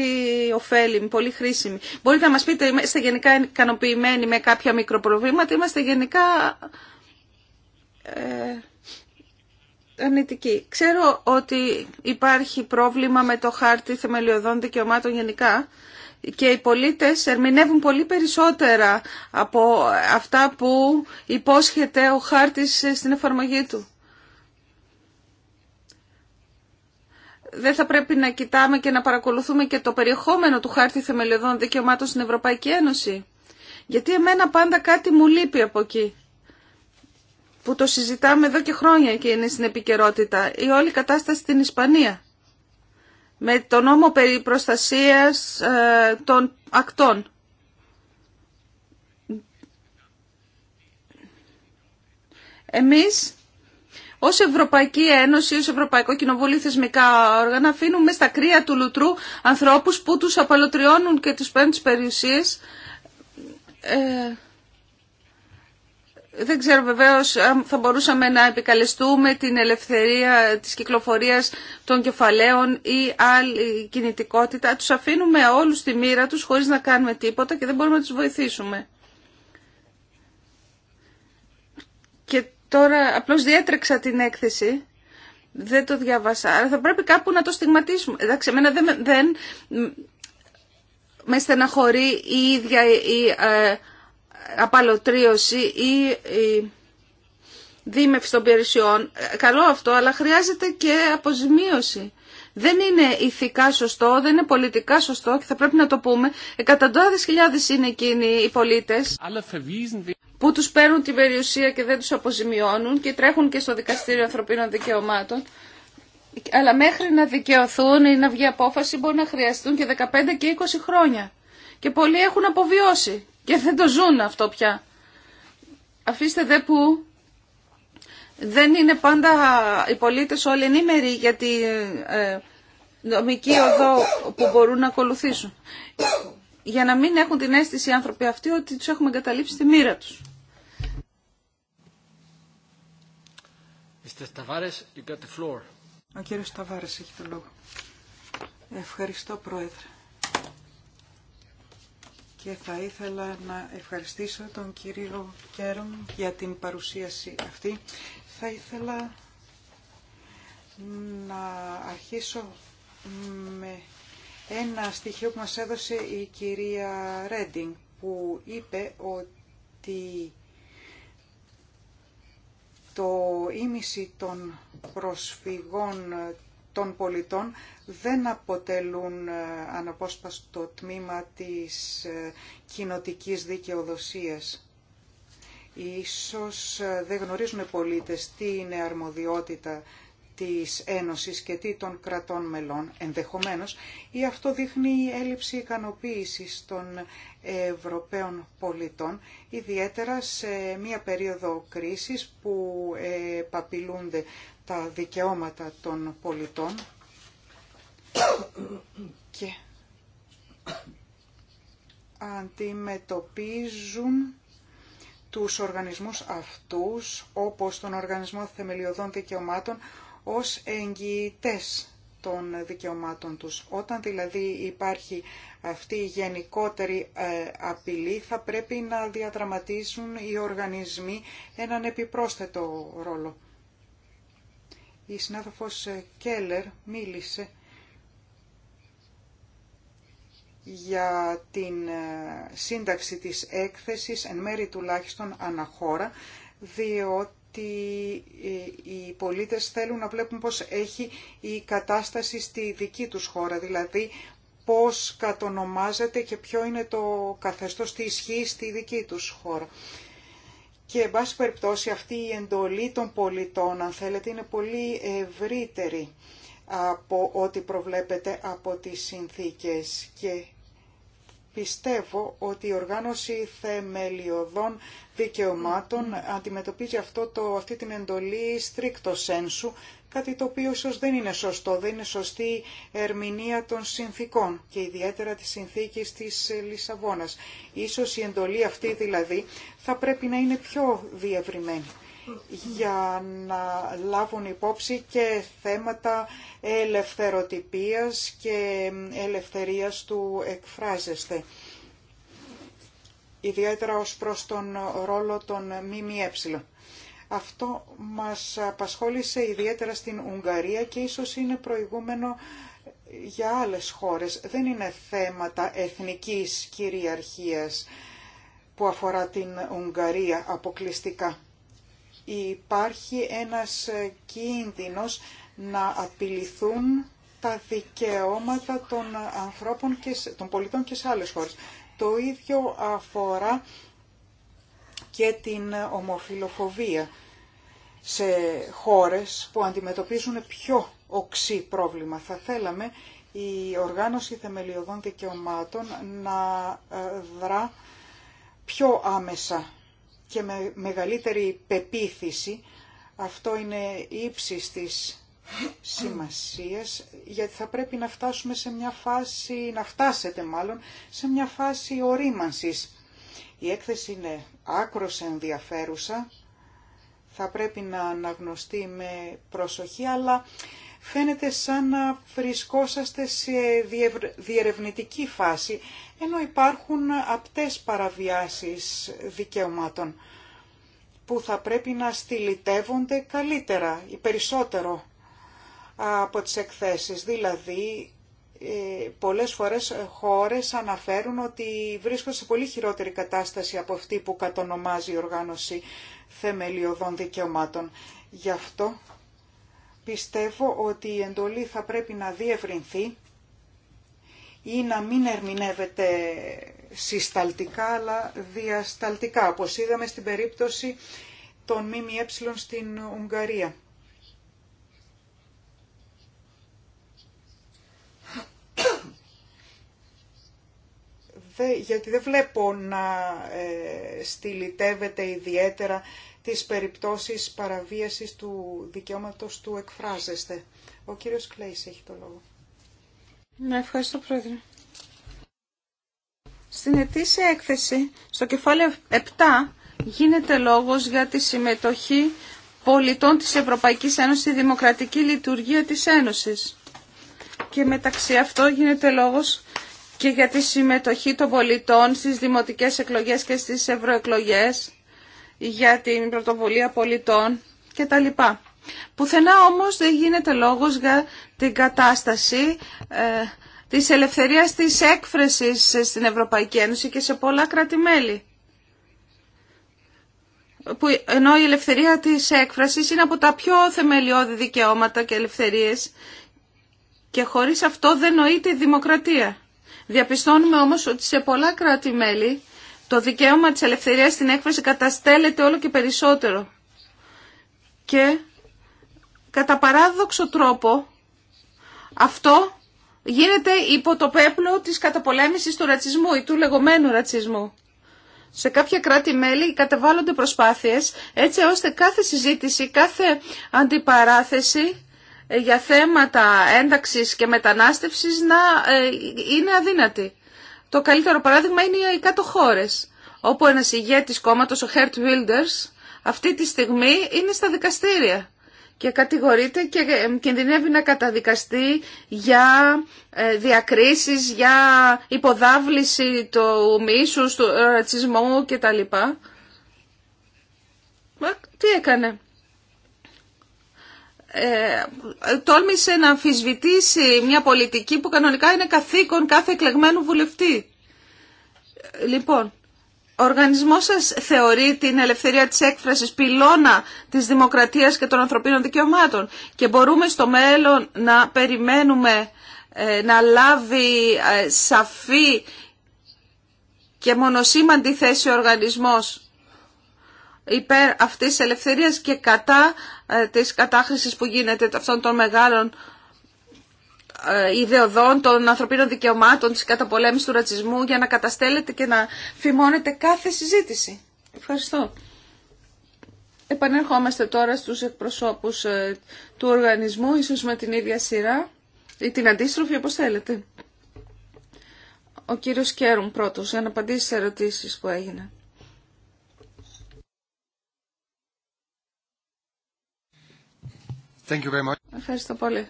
Speaker 1: ωφέλιμη, πολύ χρήσιμη. Μπορείτε να μας πείτε, είμαστε γενικά ικανοποιημένοι με κάποια μικροπροβλήματα, είμαστε γενικά ε, αρνητικοί. Ξέρω ότι υπάρχει πρόβλημα με το χάρτη θεμελιωδών δικαιωμάτων γενικά, και οι πολίτες ερμηνεύουν πολύ περισσότερα από αυτά που υπόσχεται ο χάρτης στην εφαρμογή του. Δεν θα πρέπει να κοιτάμε και να παρακολουθούμε και το περιεχόμενο του χάρτη θεμελιωδών δικαιωμάτων στην Ευρωπαϊκή Ένωση. Γιατί εμένα πάντα κάτι μου λείπει από εκεί που το συζητάμε εδώ και χρόνια και είναι στην επικαιρότητα, η όλη κατάσταση στην Ισπανία με το νόμο περί προστασίας ε, των ακτών. Εμείς ως Ευρωπαϊκή Ένωση, ως Ευρωπαϊκό Κοινοβούλιο θεσμικά όργανα αφήνουμε στα κρύα του λουτρού ανθρώπους που τους απαλωτριώνουν και τους παίρνουν τις περιουσίες ε, δεν ξέρω βεβαίως αν θα μπορούσαμε να επικαλεστούμε την ελευθερία της κυκλοφορίας των κεφαλαίων ή άλλη κινητικότητα. Τους αφήνουμε όλους στη μοίρα τους χωρίς να κάνουμε τίποτα και δεν μπορούμε να τους βοηθήσουμε. Και τώρα απλώς διέτρεξα την έκθεση. Δεν το διάβασα. Αλλά θα πρέπει κάπου να το στιγματίσουμε. Εντάξει, εμένα δεν, με στεναχωρεί η ίδια η... Ε, απαλωτρίωση ή η δίμευση των περιουσιών. Ε, καλό αυτό, αλλά χρειάζεται και αποζημίωση. Δεν είναι ηθικά σωστό, δεν είναι πολιτικά σωστό και θα πρέπει να το πούμε. Εκατοντάδες χιλιάδες είναι εκείνοι οι πολίτες που τους παίρνουν την περιουσία και δεν τους αποζημιώνουν και τρέχουν και στο Δικαστήριο Ανθρωπίνων Δικαιωμάτων. Αλλά μέχρι να δικαιωθούν ή να βγει απόφαση μπορεί να χρειαστούν και 15 και 20 χρόνια και πολλοί έχουν αποβιώσει και δεν το ζουν αυτό πια. Αφήστε δε που δεν είναι πάντα οι πολίτες όλοι ενήμεροι για τη ε, νομική οδό που μπορούν να ακολουθήσουν. Για να μην έχουν την αίσθηση οι άνθρωποι αυτοί ότι τους έχουμε εγκαταλείψει τη μοίρα τους.
Speaker 3: Ο κύριος Σταβάρες έχει το λόγο. Ευχαριστώ Πρόεδρε και θα ήθελα να ευχαριστήσω τον κύριο Κέρον για την παρουσίαση αυτή. Θα ήθελα να αρχίσω με ένα στοιχείο που μας έδωσε η κυρία Ρέντινγκ που είπε ότι το ίμιση των προσφυγών των πολιτών δεν αποτελούν ε, αναπόσπαστο τμήμα της ε, κοινοτικής δικαιοδοσίας. Ίσως ε, δεν γνωρίζουν οι πολίτες τι είναι αρμοδιότητα της Ένωσης και τι των κρατών μελών ενδεχομένως ή αυτό δείχνει η έλλειψη ικανοποίησης των Ευρωπαίων πολιτών ιδιαίτερα σε μια περίοδο κρίσης που παπειλούνται τα δικαιώματα των πολιτών και αντιμετωπίζουν τους οργανισμούς αυτούς, όπως τον Οργανισμό Θεμελιωδών Δικαιωμάτων, ως εγγυητές των δικαιωμάτων τους. Όταν δηλαδή υπάρχει αυτή η γενικότερη ε, απειλή θα πρέπει να διαδραματίσουν οι οργανισμοί έναν επιπρόσθετο ρόλο η συνάδελφος Κέλλερ μίλησε για την ε, σύνταξη της έκθεσης, εν μέρη τουλάχιστον αναχώρα, διότι ε, οι πολίτες θέλουν να βλέπουν πώς έχει η κατάσταση στη δική τους χώρα, δηλαδή πώς κατονομάζεται και ποιο είναι το καθεστώς της ισχύει στη δική τους χώρα. Και, εν πάση περιπτώσει, αυτή η εντολή των πολιτών, αν θέλετε, είναι πολύ ευρύτερη από ό,τι προβλέπεται από τις συνθήκες και πιστεύω ότι η οργάνωση θεμελιωδών δικαιωμάτων αντιμετωπίζει αυτό το, αυτή την εντολή στρίκτο σένσου κάτι το οποίο ίσως δεν είναι σωστό, δεν είναι σωστή ερμηνεία των συνθήκων και ιδιαίτερα της συνθήκης της Λισαβόνας. Ίσως η εντολή αυτή δηλαδή θα πρέπει να είναι πιο διευρυμένη για να λάβουν υπόψη και θέματα ελευθεροτυπίας και ελευθερίας του εκφράζεστε. Ιδιαίτερα ως προς τον ρόλο των ΜΜΕ. Αυτό μας απασχόλησε ιδιαίτερα στην Ουγγαρία και ίσως είναι προηγούμενο για άλλες χώρες. Δεν είναι θέματα εθνικής κυριαρχίας που αφορά την Ουγγαρία αποκλειστικά. Υπάρχει ένας κίνδυνος να απειληθούν τα δικαιώματα των, ανθρώπων και, των πολιτών και σε άλλες χώρες. Το ίδιο αφορά και την ομοφιλοφοβία σε χώρες που αντιμετωπίζουν πιο οξύ πρόβλημα. Θα θέλαμε η οργάνωση θεμελιωδών δικαιωμάτων να ε, δρά πιο άμεσα και με μεγαλύτερη πεποίθηση. Αυτό είναι ύψη της σημασίας, γιατί θα πρέπει να φτάσουμε σε μια φάση, να φτάσετε μάλλον, σε μια φάση ορίμανσης η έκθεση είναι άκρος ενδιαφέρουσα, θα πρέπει να αναγνωστεί με προσοχή, αλλά φαίνεται σαν να βρισκόσαστε σε διερευνητική φάση, ενώ υπάρχουν απτές παραβιάσεις δικαιωμάτων που θα πρέπει να στυλιτεύονται καλύτερα ή περισσότερο από τις εκθέσεις, δηλαδή ε, πολλές φορές χώρες αναφέρουν ότι βρίσκονται σε πολύ χειρότερη κατάσταση από αυτή που κατονομάζει η οργάνωση θεμελιωδών δικαιωμάτων. Γι' αυτό πιστεύω ότι η εντολή θα πρέπει να διευρυνθεί ή να μην ερμηνεύεται συσταλτικά αλλά διασταλτικά, όπως είδαμε στην περίπτωση των ΜΜΕ στην Ουγγαρία. γιατί δεν βλέπω να ε, στυλιτεύεται ιδιαίτερα τις περιπτώσεις παραβίασης του δικαιώματος του εκφράζεστε. Ο κύριος Κλέης έχει το λόγο.
Speaker 1: Ναι, ευχαριστώ πρόεδρε. Στην ετήσια έκθεση, στο κεφάλαιο 7, γίνεται λόγος για τη συμμετοχή πολιτών της Ευρωπαϊκής Ένωσης στη δημοκρατική λειτουργία της Ένωσης. Και μεταξύ αυτό γίνεται λόγος και για τη συμμετοχή των πολιτών στις δημοτικές εκλογές και στις ευρωεκλογές, για την πρωτοβουλία πολιτών κτλ. Πουθενά όμως δεν γίνεται λόγος για την κατάσταση ε, της ελευθερίας της έκφρασης στην Ευρωπαϊκή Ένωση και σε πολλά κράτη-μέλη. Που, ενώ η ελευθερία της έκφρασης είναι από τα πιο θεμελιώδη δικαιώματα και ελευθερίες και χωρίς αυτό δεν νοείται η δημοκρατία. Διαπιστώνουμε όμως ότι σε πολλά κράτη-μέλη το δικαίωμα της ελευθερίας στην έκφραση καταστέλλεται όλο και περισσότερο. Και κατά παράδοξο τρόπο αυτό γίνεται υπό το πέπλο της καταπολέμησης του ρατσισμού ή του λεγόμενου ρατσισμού. Σε κάποια κράτη-μέλη κατεβάλλονται προσπάθειες έτσι ώστε κάθε συζήτηση, κάθε αντιπαράθεση ε, για θέματα ένταξης και μετανάστευσης να ε, είναι αδύνατη. Το καλύτερο παράδειγμα είναι οι κάτω χώρες, όπου ένας ηγέτης κόμματος, ο Χέρτ Wilders, αυτή τη στιγμή είναι στα δικαστήρια και κατηγορείται και ε, κινδυνεύει να καταδικαστεί για διακρίσεις, για υποδάβληση του μίσους, του ρατσισμού κτλ. Μα τι έκανε ε, τόλμησε να αμφισβητήσει μια πολιτική που κανονικά είναι καθήκον κάθε εκλεγμένου βουλευτή. Λοιπόν, ο οργανισμός σας θεωρεί την ελευθερία της έκφρασης πυλώνα της δημοκρατίας και των ανθρωπίνων δικαιωμάτων και μπορούμε στο μέλλον να περιμένουμε ε, να λάβει ε, σαφή και μονοσήμαντη θέση ο οργανισμός υπέρ αυτής της ελευθερίας και κατά ε, της κατάχρησης που γίνεται αυτών των μεγάλων ε, ιδεοδών των ανθρωπίνων δικαιωμάτων, της καταπολέμησης του ρατσισμού για να καταστέλλεται και να φημώνεται κάθε συζήτηση. Ευχαριστώ. Επανέρχομαστε τώρα στους εκπροσώπους ε, του οργανισμού, ίσως με την ίδια σειρά ή την αντίστροφη, όπως θέλετε. Ο κύριος Κέρουμ πρώτος, για να απαντήσει σε ερωτήσεις που έγιναν. Thank Ευχαριστώ πολύ.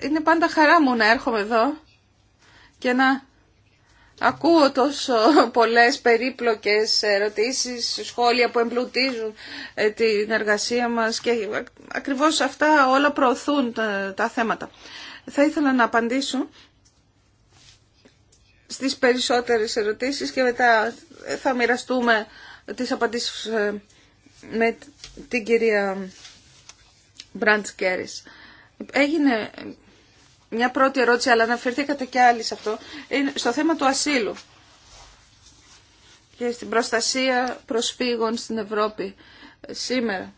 Speaker 1: Είναι πάντα χαρά μου να έρχομαι εδώ και να ακούω τόσο πολλές περίπλοκες ερωτήσεις, σχόλια που εμπλουτίζουν ε, την εργασία μας και ακριβώς αυτά όλα προωθούν τα θέματα. Θα ήθελα να απαντήσω στις περισσότερες ερωτήσεις και μετά θα μοιραστούμε τις απαντήσεις ε, με την κυρία Μπραντ Έγινε μια πρώτη ερώτηση, αλλά αναφερθήκατε και άλλοι σε αυτό, είναι στο θέμα του ασύλου και στην προστασία προσφύγων στην Ευρώπη σήμερα.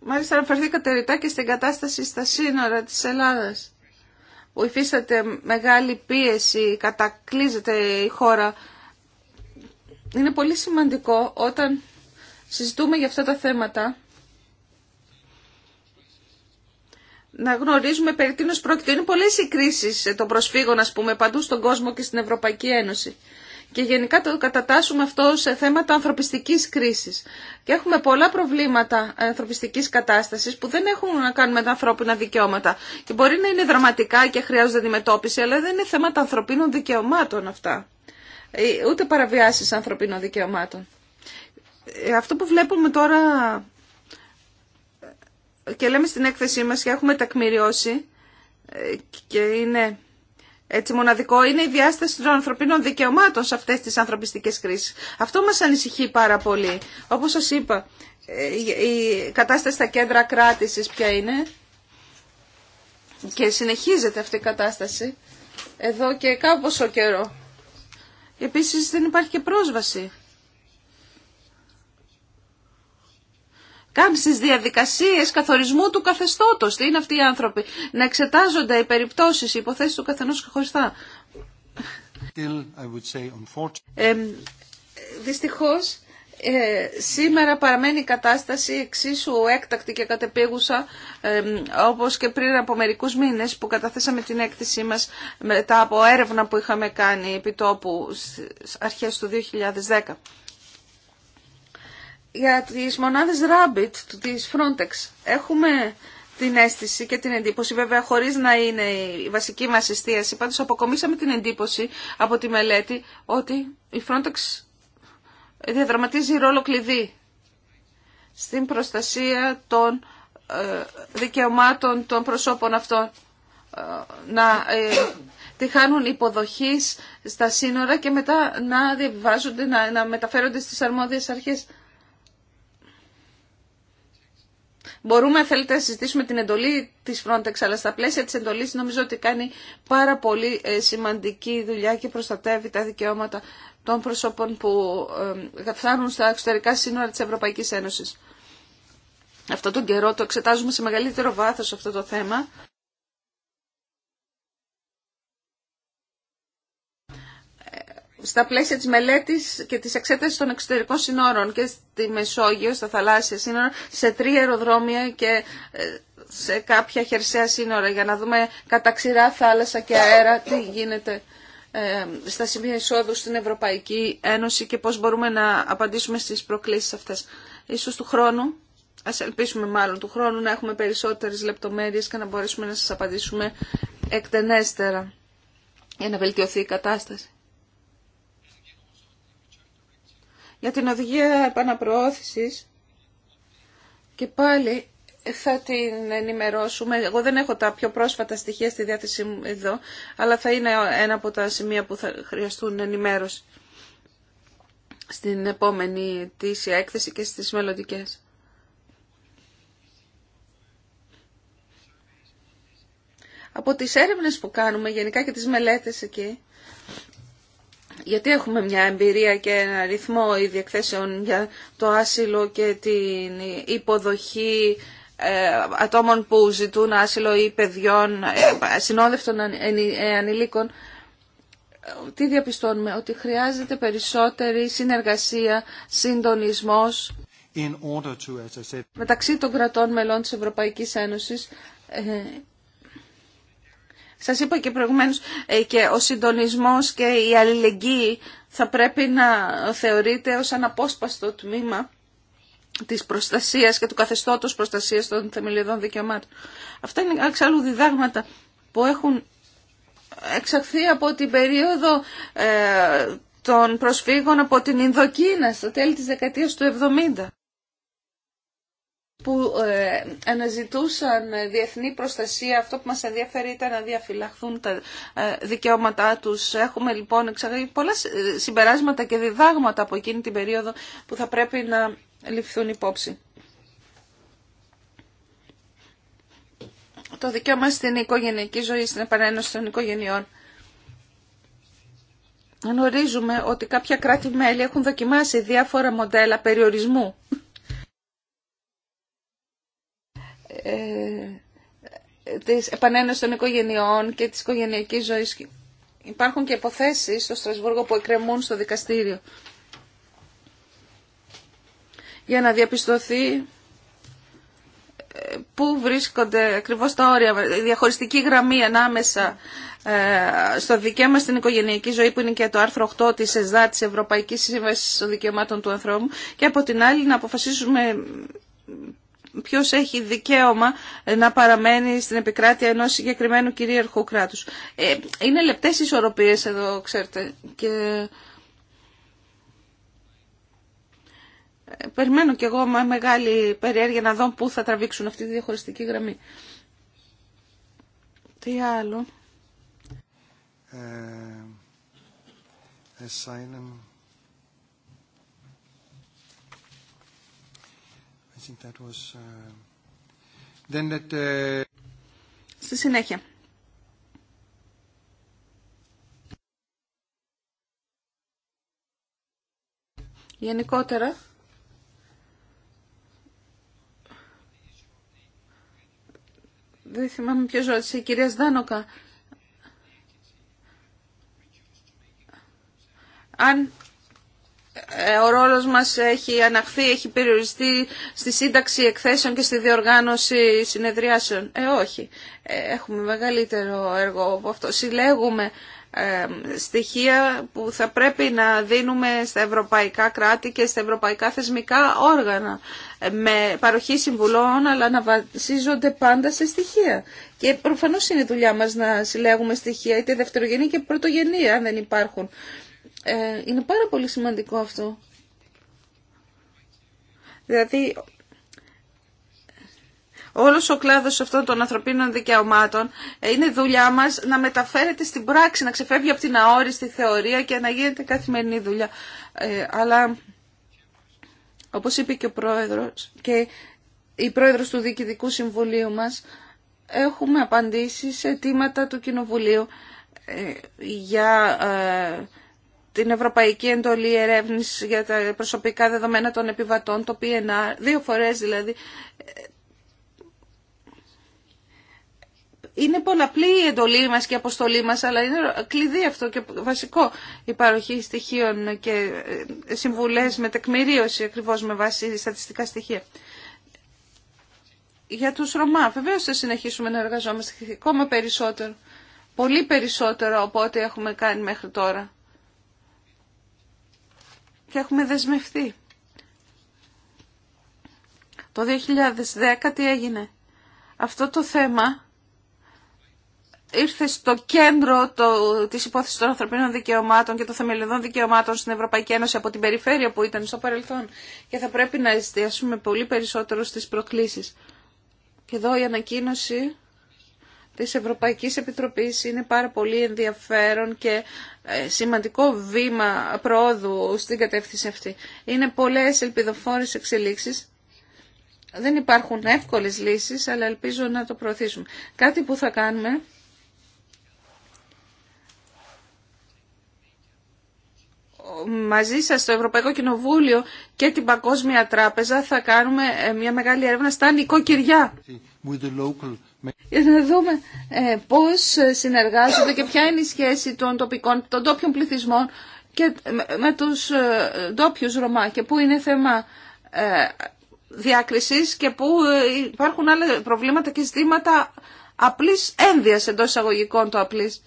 Speaker 1: Μάλιστα αναφερθήκατε ρητά και στην κατάσταση στα σύνορα της Ελλάδας που υφίσταται μεγάλη πίεση, κατακλείζεται η χώρα είναι πολύ σημαντικό όταν συζητούμε για αυτά τα θέματα να γνωρίζουμε περί τίνος πρόκειται. Είναι πολλές οι κρίσεις των προσφύγων, ας πούμε, παντού στον κόσμο και στην Ευρωπαϊκή Ένωση. Και γενικά το κατατάσσουμε αυτό σε θέματα ανθρωπιστικής κρίσης. Και έχουμε πολλά προβλήματα ανθρωπιστικής κατάστασης που δεν έχουν να κάνουν με τα ανθρώπινα δικαιώματα. Και μπορεί να είναι δραματικά και χρειάζονται αντιμετώπιση, αλλά δεν είναι θέματα ανθρωπίνων δικαιωμάτων αυτά. Ε, ούτε παραβιάσεις ανθρωπίνων δικαιωμάτων. Ε, αυτό που βλέπουμε τώρα ε, και λέμε στην έκθεσή μας και έχουμε τακμηριώσει και είναι έτσι μοναδικό είναι η διάσταση των ανθρωπίνων δικαιωμάτων σε αυτές τις ανθρωπιστικές κρίσεις. Αυτό μας ανησυχεί πάρα πολύ. Όπως σας είπα, η κατάσταση στα κέντρα κράτησης ποια είναι και συνεχίζεται αυτή η κατάσταση εδώ και κάπως ο καιρό. Επίσης δεν υπάρχει και πρόσβαση. Κάνεις στις διαδικασίες καθορισμού του καθεστώτος. Τι είναι αυτοί οι άνθρωποι. Να εξετάζονται οι περιπτώσεις, οι υποθέσεις του καθενός χωριστά. δυστυχώς ε, σήμερα παραμένει η κατάσταση εξίσου έκτακτη και κατεπίγουσα όπως και πριν από μερικούς μήνες που καταθέσαμε την έκθεσή μας μετά από έρευνα που είχαμε κάνει επί τόπου αρχές του 2010. Για τις μονάδες Rabbit της Frontex έχουμε την αίσθηση και την εντύπωση, βέβαια χωρίς να είναι η βασική μας εστίαση, πάντως αποκομίσαμε την εντύπωση από τη μελέτη ότι η Frontex διαδραματίζει ρόλο κλειδί στην προστασία των ε, δικαιωμάτων των προσώπων αυτών ε, να ε, τη χάνουν υποδοχής στα σύνορα και μετά να διαβιβάζονται, να, να μεταφέρονται στις αρμόδιες αρχές. Μπορούμε, θέλετε, να συζητήσουμε την εντολή της Frontex, αλλά στα πλαίσια της εντολής νομίζω ότι κάνει πάρα πολύ σημαντική δουλειά και προστατεύει τα δικαιώματα των προσώπων που φτάνουν στα εξωτερικά σύνορα της Ευρωπαϊκής Ένωσης. Αυτό τον καιρό το εξετάζουμε σε μεγαλύτερο βάθος αυτό το θέμα. Στα πλαίσια της μελέτης και της εξέτασης των εξωτερικών συνόρων και στη Μεσόγειο, στα θαλάσσια σύνορα, σε τρία αεροδρόμια και ε, σε κάποια χερσαία σύνορα για να δούμε κατά ξηρά θάλασσα και αέρα τι γίνεται ε, στα σημεία εισόδου στην Ευρωπαϊκή Ένωση και πώς μπορούμε να απαντήσουμε στις προκλήσεις αυτές. Ίσως του χρόνου, ας ελπίσουμε μάλλον του χρόνου, να έχουμε περισσότερες λεπτομέρειες και να μπορέσουμε να σας απαντήσουμε εκτενέστερα για να βελτιωθεί η κατάσταση. Για την οδηγία επαναπροώθησης και πάλι θα την ενημερώσουμε. Εγώ δεν έχω τα πιο πρόσφατα στοιχεία στη διάθεσή μου εδώ, αλλά θα είναι ένα από τα σημεία που θα χρειαστούν ενημέρωση στην επόμενη τήσια έκθεση και στις μελλοντικέ. Από τις έρευνες που κάνουμε γενικά και τις μελέτες εκεί, γιατί έχουμε μια εμπειρία και ένα ρυθμό ήδη εκθέσεων για το άσυλο και την υποδοχή ε, ατόμων που ζητούν άσυλο ή παιδιών, ε, συνόδευτων ε, ανηλίκων, τι διαπιστώνουμε, ότι χρειάζεται περισσότερη συνεργασία, συντονισμός In order to, as I said... μεταξύ των κρατών μελών της Ευρωπαϊκής Ένωσης. Ε, σας είπα και προηγουμένως και ο συντονισμός και η αλληλεγγύη θα πρέπει να θεωρείται ως αναπόσπαστο τμήμα της προστασίας και του καθεστώτος προστασίας των θεμελιωδών δικαιωμάτων. Αυτά είναι εξάλλου διδάγματα που έχουν εξαχθεί από την περίοδο ε, των προσφύγων από την Ινδοκίνα στο τέλη της δεκαετίας του 70 που ε, αναζητούσαν διεθνή προστασία. Αυτό που μας ενδιαφέρει ήταν να διαφυλαχθούν τα ε, δικαιώματά τους. Έχουμε λοιπόν εξαγεί πολλά ε, συμπεράσματα και διδάγματα από εκείνη την περίοδο που θα πρέπει να ληφθούν υπόψη. Το δικαίωμα στην οικογενειακή ζωή, στην επανένωση των οικογενειών. Γνωρίζουμε ότι κάποια κράτη-μέλη έχουν δοκιμάσει διάφορα μοντέλα περιορισμού. Ε, της επανένωσης των οικογενειών και της οικογενειακής ζωής. Υπάρχουν και υποθέσεις στο Στρασβούργο που εκκρεμούν στο δικαστήριο για να διαπιστωθεί ε, πού βρίσκονται ακριβώς τα όρια, η διαχωριστική γραμμή ανάμεσα ε, στο δικαίωμα στην οικογενειακή ζωή που είναι και το άρθρο 8 της ΕΣΔΑ της Ευρωπαϊκής Σύμβασης των Δικαιωμάτων του Ανθρώπου και από την άλλη να αποφασίσουμε ποιος έχει δικαίωμα ε, να παραμένει στην επικράτεια ενός συγκεκριμένου κυρίαρχου κράτους. είναι λεπτές ισορροπίες εδώ, ξέρετε, και Ε, περιμένω κι εγώ με μεγάλη περιέργεια να δω πού θα τραβήξουν αυτή τη διαχωριστική γραμμή. Τι άλλο.
Speaker 3: asylum. Ε, ε, I think that was, uh,
Speaker 1: Then that, uh, Στη συνέχεια. Γενικότερα, Δεν θυμάμαι ποιος ρώτησε, η κυρία Σδάνοκα. Αν ε, ο ρόλος μας έχει αναχθεί, έχει περιοριστεί στη σύνταξη εκθέσεων και στη διοργάνωση συνεδριάσεων. Ε, όχι. Ε, έχουμε μεγαλύτερο έργο από αυτό. Συλλέγουμε στοιχεία που θα πρέπει να δίνουμε στα ευρωπαϊκά κράτη και στα ευρωπαϊκά θεσμικά όργανα με παροχή συμβουλών αλλά να βασίζονται πάντα σε στοιχεία. Και προφανώς είναι η δουλειά μας να συλλέγουμε στοιχεία είτε δευτερογενή και πρωτογενή αν δεν υπάρχουν. Ε, είναι πάρα πολύ σημαντικό αυτό. Δηλαδή Όλος ο κλάδος αυτών των ανθρωπίνων δικαιωμάτων ε, είναι δουλειά μας να μεταφέρεται στην πράξη, να ξεφεύγει από την αόριστη θεωρία και να γίνεται καθημερινή δουλειά. Ε, αλλά, όπως είπε και ο πρόεδρος και η πρόεδρος του Διοικητικού Συμβουλίου μας, έχουμε απαντήσει σε αιτήματα του Κοινοβουλίου ε, για... την Ευρωπαϊκή Εντολή Ερεύνηση για τα προσωπικά δεδομένα των επιβατών, το PNR, δύο φορές δηλαδή, Είναι πολλαπλή η εντολή μας και η αποστολή μας, αλλά είναι κλειδί αυτό και βασικό η παροχή στοιχείων και ε, συμβουλές με τεκμηρίωση ακριβώς με βάση στατιστικά στοιχεία. Για τους Ρωμά, βεβαίως θα συνεχίσουμε να εργαζόμαστε ακόμα περισσότερο, πολύ περισσότερο από ό,τι έχουμε κάνει μέχρι τώρα. Και έχουμε δεσμευτεί. Το 2010 τι έγινε. Αυτό το θέμα ήρθε στο κέντρο το, της υπόθεσης των ανθρωπίνων δικαιωμάτων και των θεμελιωδών δικαιωμάτων στην Ευρωπαϊκή Ένωση από την περιφέρεια που ήταν στο παρελθόν και θα πρέπει να εστιάσουμε πολύ περισσότερο στις προκλήσεις. Και εδώ η ανακοίνωση της Ευρωπαϊκής Επιτροπής είναι πάρα πολύ ενδιαφέρον και ε, σημαντικό βήμα πρόοδου στην κατεύθυνση αυτή. Είναι πολλές ελπιδοφόρες εξελίξεις. Δεν υπάρχουν εύκολες λύσεις, αλλά ελπίζω να το προωθήσουμε. Κάτι που θα κάνουμε μαζί σας στο Ευρωπαϊκό Κοινοβούλιο και την Παγκόσμια Τράπεζα θα κάνουμε ε, μια μεγάλη έρευνα στα νοικοκυριά. Για να δούμε ε, πώς συνεργάζονται και ποια είναι η σχέση των τοπικών, των τόπιων πληθυσμών και ε, με τους ε, ντόπιου Ρωμά και πού είναι θέμα ε, διάκρισης και πού υπάρχουν άλλα προβλήματα και ζητήματα απλής ένδυας εντός εισαγωγικών το απλής.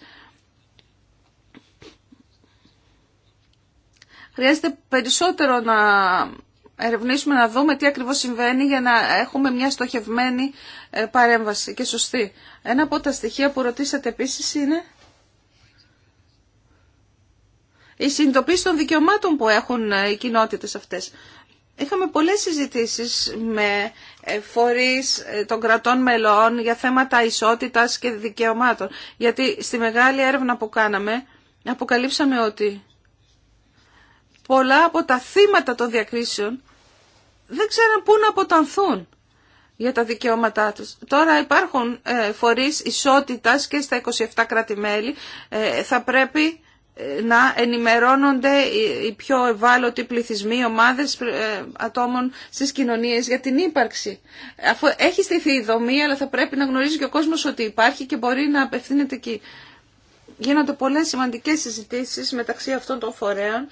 Speaker 1: χρειάζεται περισσότερο να ερευνήσουμε, να δούμε τι ακριβώς συμβαίνει για να έχουμε μια στοχευμένη ε, παρέμβαση και σωστή. Ένα από τα στοιχεία που ρωτήσατε επίσης είναι η συνειδητοποίηση των δικαιωμάτων που έχουν ε, οι κοινότητες αυτές. Είχαμε πολλές συζητήσεις με ε, φορείς των κρατών μελών για θέματα ισότητας και δικαιωμάτων. Γιατί στη μεγάλη έρευνα που κάναμε αποκαλύψαμε ότι πολλά από τα θύματα των διακρίσεων δεν ξέραν πού να αποτανθούν για τα δικαιώματά τους. Τώρα υπάρχουν ε, φορείς ισότητας και στα 27 κράτη-μέλη. Ε, θα πρέπει ε, να ενημερώνονται οι πιο ευάλωτοι πληθυσμοί, ομάδες ομάδες ατόμων στις κοινωνίες για την ύπαρξη. Αφού έχει στηθεί η δομή, αλλά θα πρέπει να γνωρίζει και ο κόσμος ότι υπάρχει και μπορεί να απευθύνεται εκεί. Γίνονται πολλές σημαντικές συζητήσεις μεταξύ αυτών των φορέων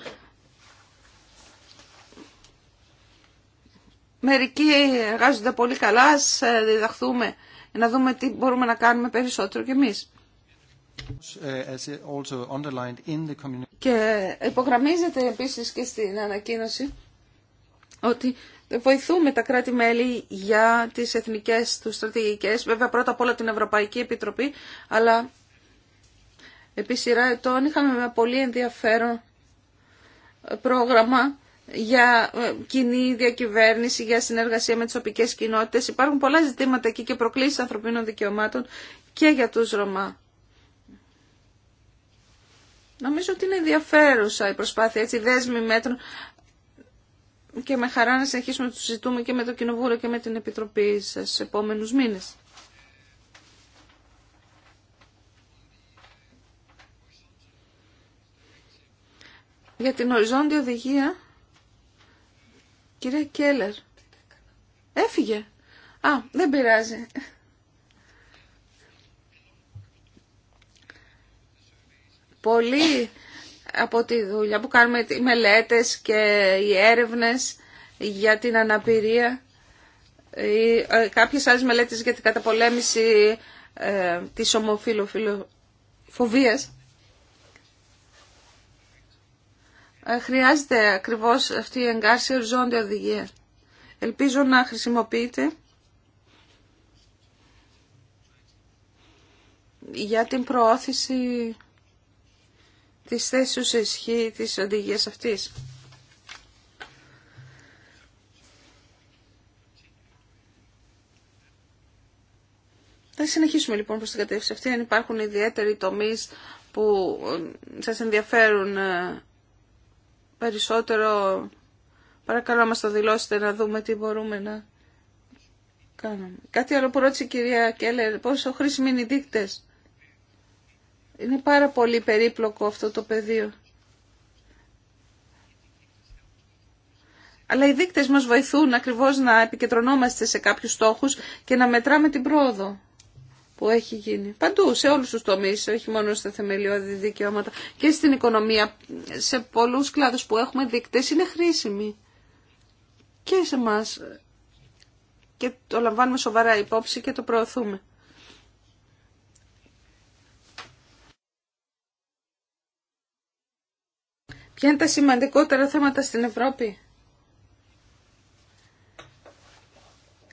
Speaker 1: Μερικοί εργάζονται πολύ καλά, ας ε, διδαχθούμε να δούμε τι μπορούμε να κάνουμε περισσότερο κι εμείς. Ε, και υπογραμμίζεται επίσης και στην ανακοίνωση ότι βοηθούμε τα κράτη-μέλη για τις εθνικές τους στρατηγικές, βέβαια πρώτα απ' όλα την Ευρωπαϊκή Επιτροπή, αλλά επί σειρά ετών είχαμε ένα πολύ ενδιαφέρον πρόγραμμα για ε, κοινή διακυβέρνηση, για συνεργασία με τις τοπικές κοινότητες. Υπάρχουν πολλά ζητήματα εκεί και προκλήσεις ανθρωπίνων δικαιωμάτων και για τους Ρωμά. Νομίζω ότι είναι ενδιαφέρουσα η προσπάθεια, έτσι, δέσμη μέτρων και με χαρά να συνεχίσουμε να τους συζητούμε και με το Κοινοβούλιο και με την Επιτροπή σας επόμενους μήνες. Για την οριζόντια οδηγία Κυρία Κέλλερ. Έφυγε. Α, δεν πειράζει. Πολύ από τη δουλειά που κάνουμε, οι μελέτες και οι έρευνες για την αναπηρία οι ε, κάποιες άλλες μελέτες για την καταπολέμηση ε, της ομοφιλοφιλοφοβίας Ε, χρειάζεται ακριβώς αυτή η εγκάρση οριζόντια οδηγία. Ελπίζω να χρησιμοποιείτε για την προώθηση της θέσης ισχύ της οδηγίας αυτής. Θα συνεχίσουμε λοιπόν προς την κατεύθυνση αυτή, αν υπάρχουν ιδιαίτεροι τομείς που ε, σας ενδιαφέρουν ε, περισσότερο, παρακαλώ μας το δηλώσετε να δούμε τι μπορούμε να κάνουμε. Κάτι άλλο που ρώτησε η κυρία Κέλλερ, πόσο χρήσιμοι είναι οι δείκτες. Είναι πάρα πολύ περίπλοκο αυτό το πεδίο. Αλλά οι δείκτες μας βοηθούν ακριβώς να επικεντρωνόμαστε σε κάποιους στόχους και να μετράμε την πρόοδο που έχει γίνει. Παντού, σε όλου του τομείς, όχι μόνο στα θεμελιώδη δικαιώματα και στην οικονομία, σε πολλούς κλάδους που έχουμε δείκτες, είναι χρήσιμοι και σε εμά. Και το λαμβάνουμε σοβαρά υπόψη και το προωθούμε. Ποια είναι τα σημαντικότερα θέματα στην Ευρώπη.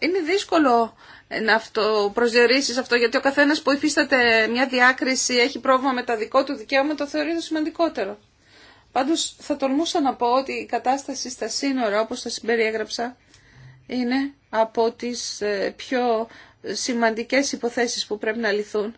Speaker 1: είναι δύσκολο ε, να αυτό, προσδιορίσεις αυτό, γιατί ο καθένας που υφίσταται μια διάκριση έχει πρόβλημα με τα δικό του δικαίωμα, το θεωρεί το σημαντικότερο. Πάντως θα τολμούσα να πω ότι η κατάσταση στα σύνορα, όπως τα συμπεριέγραψα, είναι από τις ε, πιο σημαντικές υποθέσεις που πρέπει να λυθούν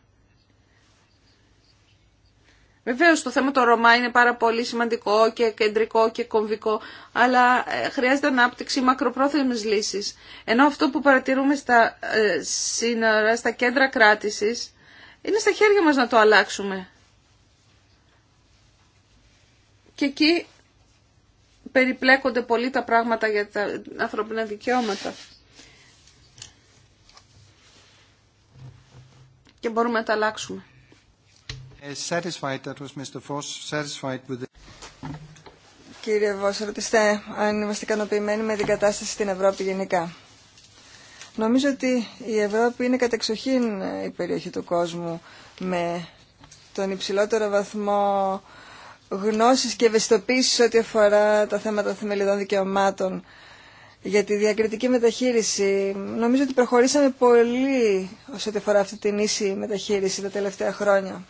Speaker 1: Βεβαίω το θέμα το Ρωμά είναι πάρα πολύ σημαντικό και κεντρικό και κομβικό, αλλά ε, χρειάζεται ανάπτυξη μακροπρόθεσμη λύση. Ενώ αυτό που παρατηρούμε στα ε, σύνορα, στα κέντρα κράτησης, είναι στα χέρια μας να το αλλάξουμε. Και εκεί περιπλέκονται πολύ τα πράγματα για τα ανθρώπινα δικαιώματα. Και μπορούμε να τα αλλάξουμε.
Speaker 3: Uh,
Speaker 2: Κύριε Βος, ρωτήστε αν είμαστε ικανοποιημένοι με την κατάσταση στην Ευρώπη γενικά. Νομίζω ότι η Ευρώπη είναι κατεξοχήν ε, η περιοχή του κόσμου με τον υψηλότερο βαθμό γνώσης και ευαισθητοποίησης ό,τι αφορά τα θέματα θεμελιδών δικαιωμάτων για τη διακριτική μεταχείριση. Νομίζω ότι προχωρήσαμε πολύ ό,τι αφορά αυτή την ίση μεταχείριση τα τελευταία χρόνια.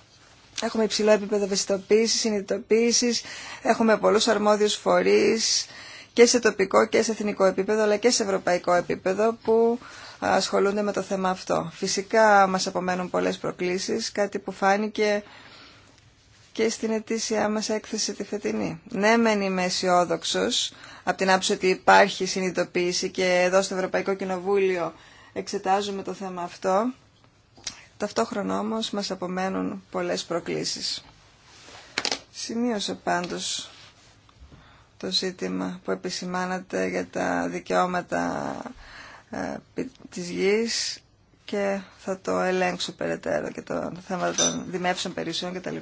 Speaker 2: Έχουμε υψηλό επίπεδο ευαισθητοποίηση, συνειδητοποίηση, έχουμε πολλούς αρμόδιους φορείς και σε τοπικό και σε εθνικό επίπεδο αλλά και σε ευρωπαϊκό επίπεδο που ασχολούνται με το θέμα αυτό. Φυσικά μας απομένουν πολλές προκλήσεις, κάτι που φάνηκε και στην ετήσια μας έκθεση τη φετινή. Ναι, μεν είμαι αισιόδοξο από την άποψη ότι υπάρχει συνειδητοποίηση και εδώ στο Ευρωπαϊκό Κοινοβούλιο εξετάζουμε το θέμα αυτό Ταυτόχρονα όμως μας απομένουν πολλές προκλήσεις. σημείωσε πάντως το ζήτημα που επισημάνατε για τα δικαιώματα ε, της γης και θα το ελέγξω περαιτέρω και το θέμα των δημεύσεων περιουσιών κτλ.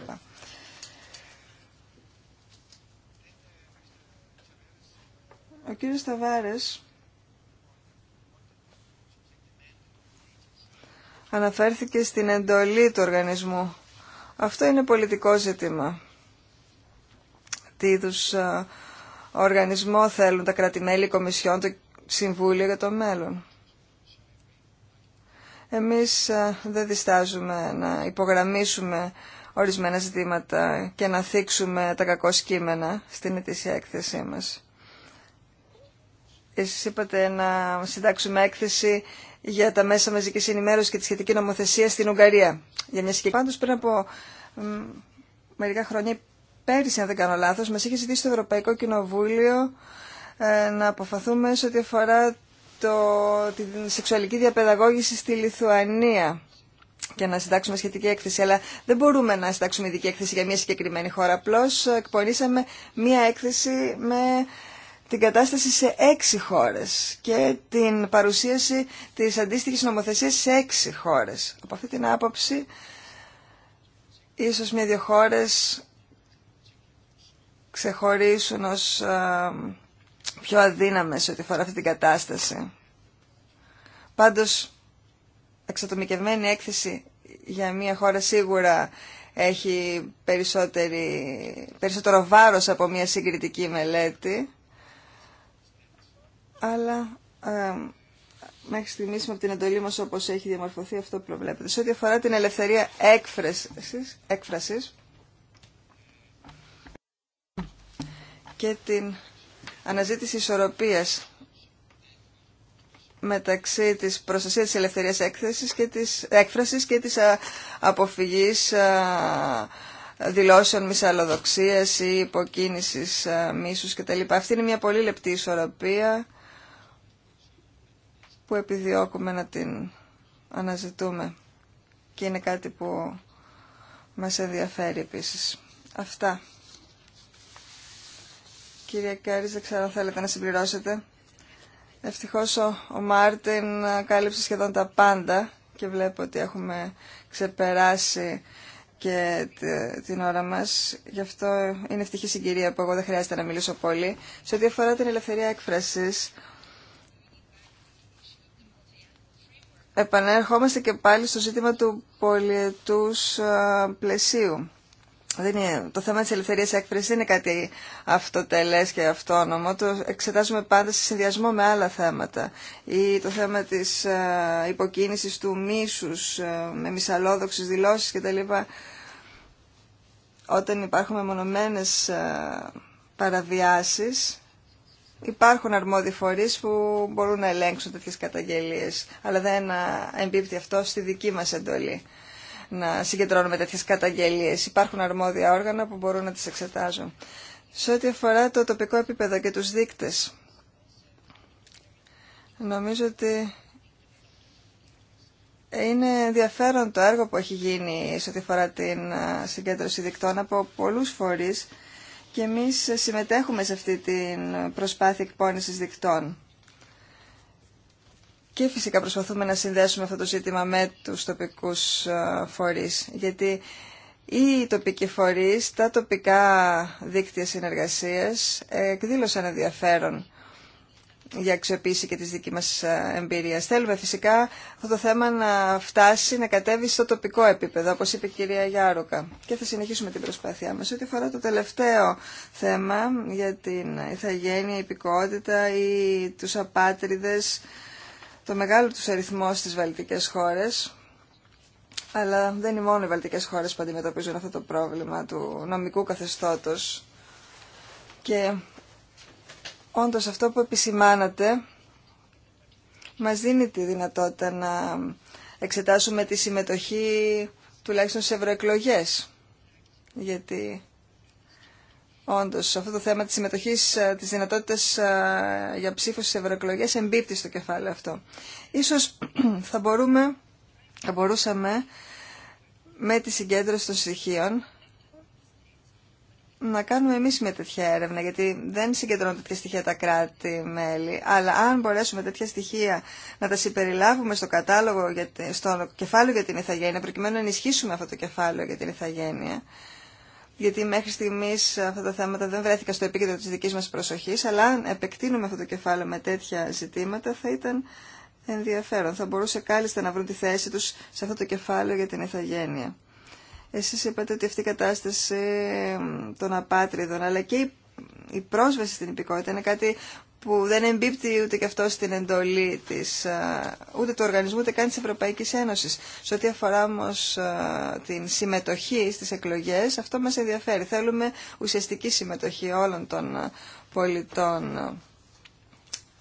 Speaker 2: Ο κύριος Σταβάρες αναφέρθηκε στην εντολή του οργανισμού. Αυτό είναι πολιτικό ζήτημα. Τι είδου ε, οργανισμό θέλουν τα κρατημέλη μελη Κομισιόν, το Συμβούλιο για το μέλλον. Εμείς ε, δεν διστάζουμε να υπογραμμίσουμε ορισμένα ζητήματα και να θίξουμε τα κακό σκήμενα στην ετήσια έκθεσή μας. Εσείς είπατε να συντάξουμε έκθεση για τα μέσα μαζικής ενημέρωσης και τη σχετική νομοθεσία στην Ουγγαρία. Για μια συγκεκριμένη πάντως πριν από μερικά χρόνια, πέρυσι αν δεν κάνω λάθος, μας είχε ζητήσει το Ευρωπαϊκό Κοινοβούλιο ε, να αποφαθούμε σε ό,τι αφορά το, τη σεξουαλική διαπαιδαγώγηση στη Λιθουανία και να συντάξουμε σχετική έκθεση. Αλλά δεν μπορούμε να συντάξουμε ειδική έκθεση για μια συγκεκριμένη χώρα. Απλώ εκπονήσαμε μια έκθεση με την κατάσταση σε έξι χώρες και την παρουσίαση της αντίστοιχης νομοθεσίας σε έξι χώρες. Από αυτή την άποψη, ίσως μια-δυο χώρες ξεχωρίσουν ως πιο αδύναμες ό,τι αφορά αυτή την κατάσταση. Πάντως, εξατομικευμένη έκθεση για μια χώρα σίγουρα έχει περισσότερο βάρος από μια συγκριτική μελέτη αλλά ε, μέχρι στιγμής με την εντολή μας όπως έχει διαμορφωθεί αυτό προβλέπεται. Σε ό,τι αφορά την ελευθερία έκφρασης, έκφρασης και την αναζήτηση ισορροπίας μεταξύ της προστασίας της ελευθερίας έκθεσης και της, έκφρασης και της αποφυγής δηλώσεων μυσαλλοδοξίας ή υποκίνησης μίσους κτλ. Αυτή είναι μια πολύ λεπτή ισορροπία που επιδιώκουμε να την αναζητούμε και είναι κάτι που μας ενδιαφέρει επίσης. Αυτά. Κυρία Κέρις, δεν ξέρω αν θέλετε να συμπληρώσετε. Ευτυχώς ο, ο Μάρτιν κάλυψε σχεδόν τα πάντα και βλέπω ότι έχουμε ξεπεράσει και την ώρα μας. Γι' αυτό είναι ευτυχή συγκυρία που εγώ δεν χρειάζεται να μιλήσω πολύ. Σε ό,τι αφορά την ελευθερία έκφρασης, επανέρχομαστε και πάλι στο ζήτημα του πολιετούς πλαισίου. Δεν είναι, το θέμα της ελευθερίας έκφρασης δεν είναι κάτι αυτοτελές και αυτόνομο. Το εξετάζουμε πάντα σε συνδυασμό με άλλα θέματα. Ή το θέμα της υποκίνησης του μίσους, με μισαλόδοξες δηλώσεις κτλ. Όταν υπάρχουν μεμονωμένες παραβιάσεις, υπάρχουν αρμόδιοι φορείς που μπορούν να ελέγξουν τέτοιες καταγγελίες, αλλά δεν εμπίπτει αυτό στη δική μας εντολή να συγκεντρώνουμε τέτοιες καταγγελίες. Υπάρχουν αρμόδια όργανα που μπορούν να τις εξετάζουν. Σε ό,τι αφορά το τοπικό επίπεδο και τους δείκτες, νομίζω ότι είναι ενδιαφέρον το έργο που έχει γίνει σε ό,τι αφορά την ε, συγκέντρωση δικτών από πολλούς φορείς και εμείς συμμετέχουμε σε αυτή την προσπάθεια εκπόνησης δικτών. Και φυσικά προσπαθούμε να συνδέσουμε αυτό το ζήτημα με τους τοπικούς ε, φορείς, γιατί οι τοπικοί φορείς, τα τοπικά δίκτυα συνεργασίας εκδήλωσαν ενδιαφέρον για αξιοποίηση και της δική μας ε, εμπειρίας. Θέλουμε φυσικά αυτό το θέμα να φτάσει, να κατέβει στο τοπικό επίπεδο, όπως είπε η κυρία Γιάρουκα. Και θα συνεχίσουμε την προσπάθειά μας. Ό,τι αφορά το τελευταίο θέμα για την ηθαγένεια, η υπηκότητα ή τους απάτριδες, το μεγάλο τους αριθμό στις βαλτικές χώρες, αλλά δεν είναι μόνο οι βαλτικές χώρες που αντιμετωπίζουν αυτό το πρόβλημα του νομικού καθεστώτος και Όντως αυτό που επισημάνατε μας δίνει τη δυνατότητα να εξετάσουμε τη συμμετοχή τουλάχιστον σε ευρωεκλογέ. Γιατί όντως αυτό το θέμα της συμμετοχής, ε, της δυνατότητας ε, για ψήφους σε ευρωεκλογέ εμπίπτει στο κεφάλαιο αυτό. Ίσως θα, μπορούμε, θα μπορούσαμε με τη συγκέντρωση των στοιχείων να κάνουμε εμείς μια τέτοια έρευνα, γιατί δεν συγκεντρώνουν τέτοια στοιχεία τα κράτη-μέλη, αλλά αν μπορέσουμε τέτοια στοιχεία να τα συμπεριλάβουμε στο κατάλογο, για, στο κεφάλαιο για την ηθαγένεια, προκειμένου να ενισχύσουμε αυτό το κεφάλαιο για την ηθαγένεια, γιατί μέχρι στιγμής αυτά τα θέματα δεν βρέθηκαν στο επίκεντρο τη δική μα προσοχή, αλλά αν επεκτείνουμε αυτό το κεφάλαιο με τέτοια ζητήματα θα ήταν ενδιαφέρον. Θα μπορούσε κάλλιστα να βρουν τη θέση του σε αυτό το κεφάλαιο για την ηθαγένεια. Εσείς είπατε ότι αυτή η κατάσταση των απάτριδων, αλλά και η πρόσβαση στην υπηκότητα είναι κάτι που δεν εμπίπτει ούτε και αυτό στην εντολή της, ούτε του οργανισμού, ούτε καν της Ευρωπαϊκής Ένωσης. Σε ό,τι αφορά όμως την συμμετοχή στις εκλογές, αυτό μας ενδιαφέρει. Θέλουμε ουσιαστική συμμετοχή όλων των πολιτών,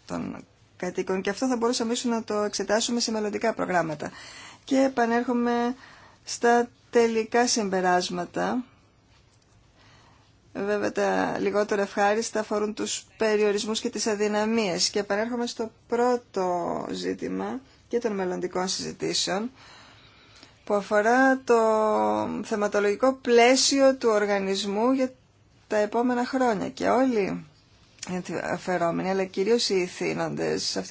Speaker 2: των κατοίκων και αυτό θα μπορούσαμε να το εξετάσουμε σε μελλοντικά προγράμματα. Και επανέρχομαι στα τελικά συμπεράσματα, βέβαια τα λιγότερο ευχάριστα αφορούν τους περιορισμούς και τις αδυναμίες. Και επανέρχομαι στο πρώτο ζήτημα και των μελλοντικών συζητήσεων, που αφορά το θεματολογικό πλαίσιο του οργανισμού για τα επόμενα χρόνια. Και όλοι οι ενδιαφερόμενοι αλλά κυρίως οι ηθήνοντες,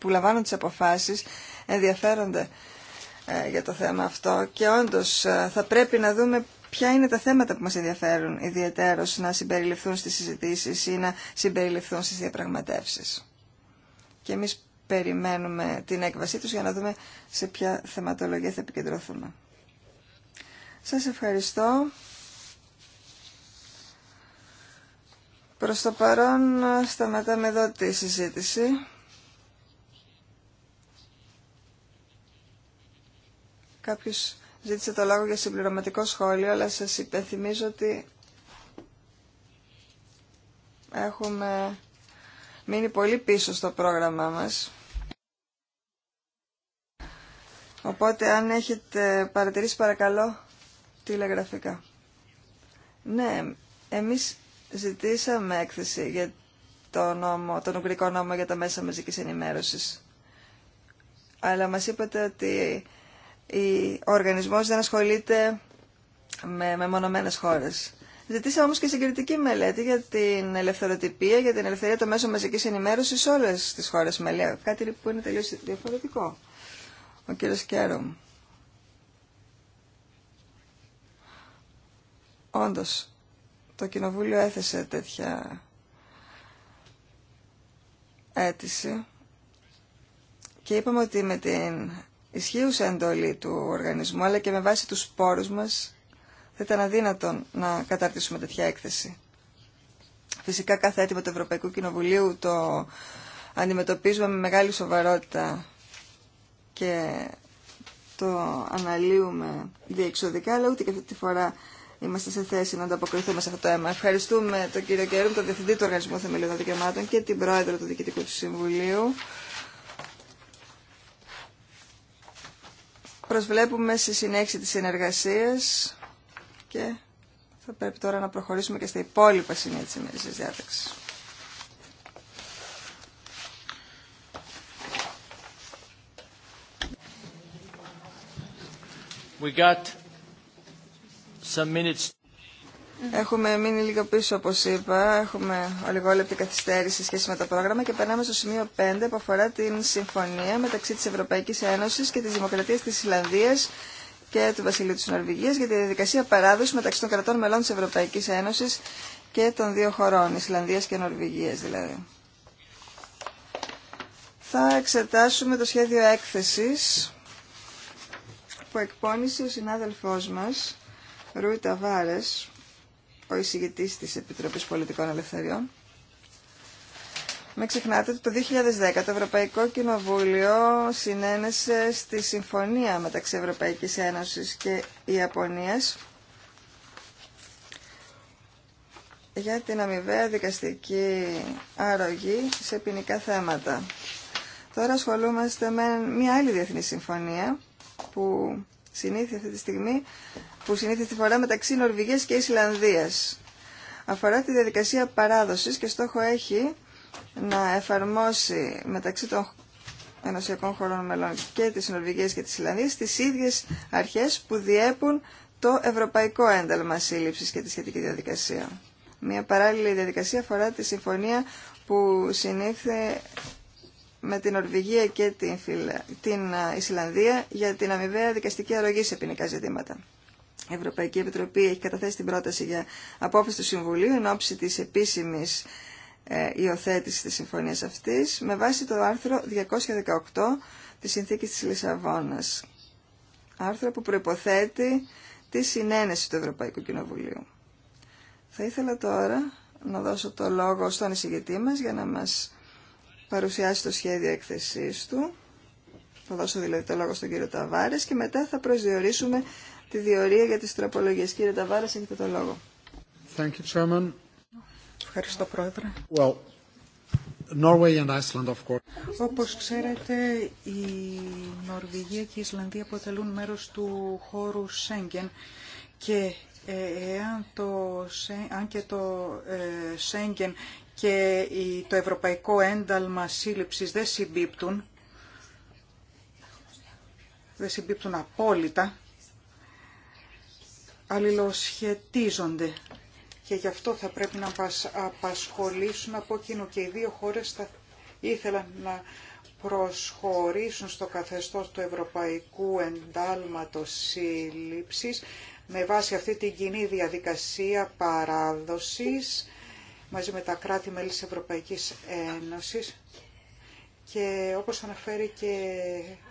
Speaker 2: που, λαμβάνουν τις αποφάσεις, ενδιαφέρονται ε, για το θέμα αυτό και όντως ε, θα πρέπει να δούμε ποια είναι τα θέματα που μας ενδιαφέρουν ιδιαίτερως να συμπεριληφθούν στις συζητήσεις ή να συμπεριληφθούν στις διαπραγματεύσεις. Και εμείς περιμένουμε την έκβασή τους για να δούμε σε ποια θεματολογία θα επικεντρωθούμε. Σας ευχαριστώ. Προς το παρόν σταματάμε εδώ τη συζήτηση. Κάποιος ζήτησε το λόγο για συμπληρωματικό σχόλιο, αλλά σας υπενθυμίζω ότι έχουμε μείνει πολύ πίσω στο πρόγραμμά μας. Οπότε αν έχετε παρατηρήσει παρακαλώ τηλεγραφικά. Ναι, εμείς ζητήσαμε έκθεση για το νόμο, τον Ουγγρικό νόμο για τα μέσα μαζικής ενημέρωσης. Αλλά μας είπατε ότι ο οργανισμός δεν ασχολείται με μεμονωμένες χώρες. Ζητήσαμε όμως και συγκριτική μελέτη για την ελευθεροτυπία, για την ελευθερία των μέσων μαζικής ενημέρωσης σε όλες τις χώρες μελέτη. Κάτι που είναι τελείως διαφορετικό. Ο κύριος Κέρομ. Όντως, το Κοινοβούλιο έθεσε τέτοια αίτηση και είπαμε ότι με την ισχύουσα εντολή του οργανισμού, αλλά και με βάση τους σπόρους μας θα ήταν αδύνατον να καταρτήσουμε τέτοια έκθεση. Φυσικά κάθε έτοιμο του Ευρωπαϊκού Κοινοβουλίου το αντιμετωπίζουμε με μεγάλη σοβαρότητα και το αναλύουμε διεξοδικά, αλλά ούτε και αυτή τη φορά είμαστε σε θέση να ανταποκριθούμε σε αυτό το αίμα. Ευχαριστούμε τον κύριο Κέρουμ, τον Διευθυντή του Οργανισμού Θεμελιωδών Δικαιωμάτων και την Πρόεδρο του Διοικητικού του Συμβουλίου. Προσβλέπουμε στη συνέχιση της συνεργασίας και θα πρέπει τώρα να προχωρήσουμε και στα υπόλοιπα σημεία της ημερήσης διάταξης. We got some minutes. Έχουμε μείνει λίγο πίσω, όπω είπα. Έχουμε ολιγόλεπτη καθυστέρηση σε σχέση με το πρόγραμμα και περνάμε στο σημείο 5 που αφορά την συμφωνία μεταξύ τη Ευρωπαϊκή Ένωση και τη Δημοκρατία τη Ισλανδία και του Βασιλείου τη Νορβηγία για τη διαδικασία παράδοση μεταξύ των κρατών μελών τη Ευρωπαϊκή Ένωση και των δύο χωρών, Ισλανδία και Νορβηγία δηλαδή. Θα εξετάσουμε το σχέδιο έκθεση που εκπώνησε ο συνάδελφό μα, Ρούι ταβάρε ο εισηγητής της Επιτροπής Πολιτικών Ελευθεριών. Μην ξεχνάτε ότι το 2010 το Ευρωπαϊκό Κοινοβούλιο συνένεσε στη συμφωνία μεταξύ Ευρωπαϊκής Ένωσης και Ιαπωνίας για την αμοιβαία δικαστική αρρωγή σε ποινικά θέματα. Τώρα ασχολούμαστε με μια άλλη διεθνή συμφωνία που συνήθεια αυτή τη στιγμή που συνήθως τη φορά μεταξύ Νορβηγίας και Ισλανδίας. Αφορά τη διαδικασία παράδοσης και στόχο έχει να εφαρμόσει μεταξύ των ενωσιακών χωρών μελών και της Νορβηγίας και της Ισλανδίας τις ίδιες αρχές που διέπουν το ευρωπαϊκό ένταλμα σύλληψης και τη σχετική διαδικασία. Μια παράλληλη διαδικασία αφορά τη συμφωνία που συνήθε με την Ορβηγία και την, ε, Ισλανδία για την αμοιβαία δικαστική αρρωγή σε ποινικά ζητήματα. Η Ευρωπαϊκή Επιτροπή έχει καταθέσει την πρόταση για απόφαση του Συμβουλίου εν ώψη της επίσημης ε, υιοθέτησης της συμφωνίας αυτής με βάση το άρθρο 218 της Συνθήκης της Λισαβόνας. Άρθρο που προϋποθέτει τη συνένεση του Ευρωπαϊκού Κοινοβουλίου. Θα ήθελα τώρα να δώσω το λόγο στον εισηγητή μας για να μας παρουσιάσει το σχέδιο έκθεσής του. Θα δώσω δηλαδή το λόγο στον κύριο Ταβάρες και μετά θα προσδιορίσουμε τη διορία για τις τροπολογίες. Κύριε Ταβάρας, έχετε το λόγο.
Speaker 3: Thank you, Chairman. Ευχαριστώ, Πρόεδρε. Well, Norway and Iceland, of course. Όπως ξέρετε, η Νορβηγία και η Ισλανδία αποτελούν μέρος του χώρου Σέγγεν και ε, εάν το, αν και το ε, Σέγγεν και το ευρωπαϊκό ένταλμα σύλληψης δεν συμπίπτουν, δεν συμπίπτουν απόλυτα, αλληλοσχετίζονται και γι' αυτό θα πρέπει να μας απασχολήσουν από κοινού και οι δύο χώρες θα ήθελαν να προσχωρήσουν στο καθεστώς του Ευρωπαϊκού Εντάλματος Σύλληψης με βάση αυτή την κοινή διαδικασία παράδοσης μαζί με τα κράτη-μέλη της Ευρωπαϊκής Ένωσης και όπως αναφέρει και,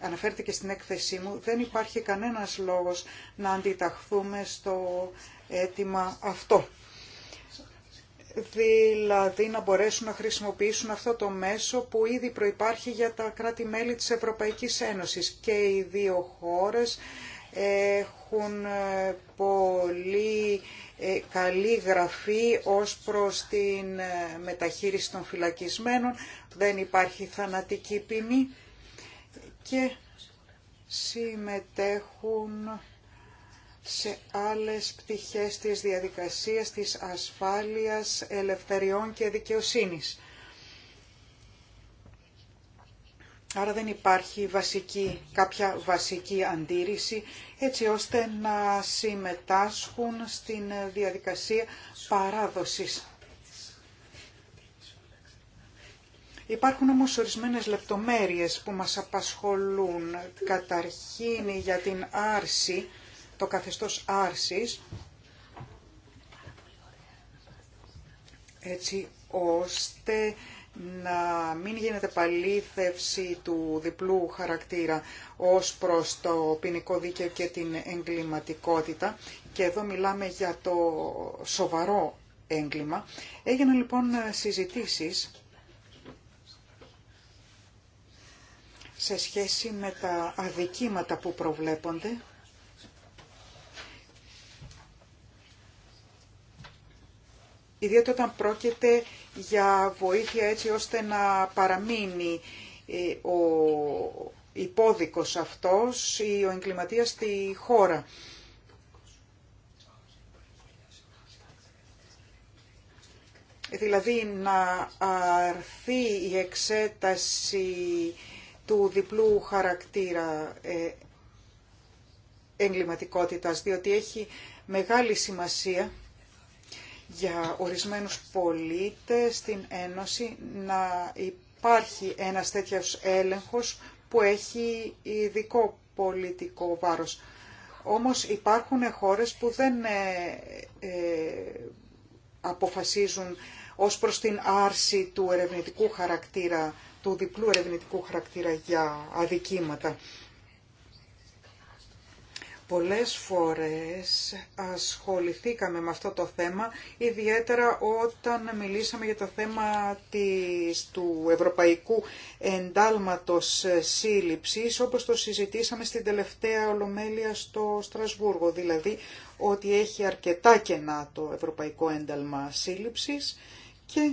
Speaker 3: αναφέρεται και στην έκθεσή μου, δεν υπάρχει κανένας λόγος να αντιταχθούμε στο αίτημα αυτό. Δηλαδή να μπορέσουν να χρησιμοποιήσουν αυτό το μέσο που ήδη προϋπάρχει για τα κράτη-μέλη της Ευρωπαϊκής Ένωσης και οι δύο χώρες έχουν ε, πολύ ε, καλή γραφή ως προς την ε, μεταχείριση των φυλακισμένων, δεν υπάρχει θανατική ποινή και συμμετέχουν σε άλλες πτυχές της διαδικασίας της ασφάλειας, ελευθεριών και δικαιοσύνης. Άρα δεν υπάρχει βασική, κάποια βασική αντίρρηση έτσι ώστε να συμμετάσχουν στην διαδικασία παράδοσης. Υπάρχουν όμως ορισμένες λεπτομέρειες που μας απασχολούν. Καταρχήν για την άρση, το καθεστώς άρσης, έτσι ώστε να μην γίνεται παλήθευση του διπλού χαρακτήρα ως προς το ποινικό δίκαιο και την εγκληματικότητα και εδώ μιλάμε για το σοβαρό έγκλημα. Έγιναν λοιπόν συζητήσεις σε σχέση με τα αδικήματα που προβλέπονται ιδιαίτερα όταν πρόκειται για βοήθεια έτσι ώστε να παραμείνει ε, ο υπόδικος αυτός ή ο εγκληματίας στη χώρα. Ε, δηλαδή να αρθεί η εξέταση του διπλού χαρακτήρα ε, εγκληματικότητας, διότι έχει μεγάλη σημασία για ορισμένους πολίτες στην Ένωση να υπάρχει ένας τέτοιος έλεγχος που έχει ειδικό πολιτικό βάρος. Όμως υπάρχουν χώρες που δεν ε, ε, αποφασίζουν ως προς την άρση του ερευνητικού χαρακτήρα, του διπλού ερευνητικού χαρακτήρα για αδικήματα. Πολλές φορές ασχοληθήκαμε με αυτό το θέμα, ιδιαίτερα όταν μιλήσαμε για το θέμα της, του Ευρωπαϊκού Εντάλματος Σύλληψης, όπως το συζητήσαμε στην τελευταία Ολομέλεια στο Στρασβούργο, δηλαδή ότι έχει αρκετά κενά το Ευρωπαϊκό Ένταλμα Σύλληψης και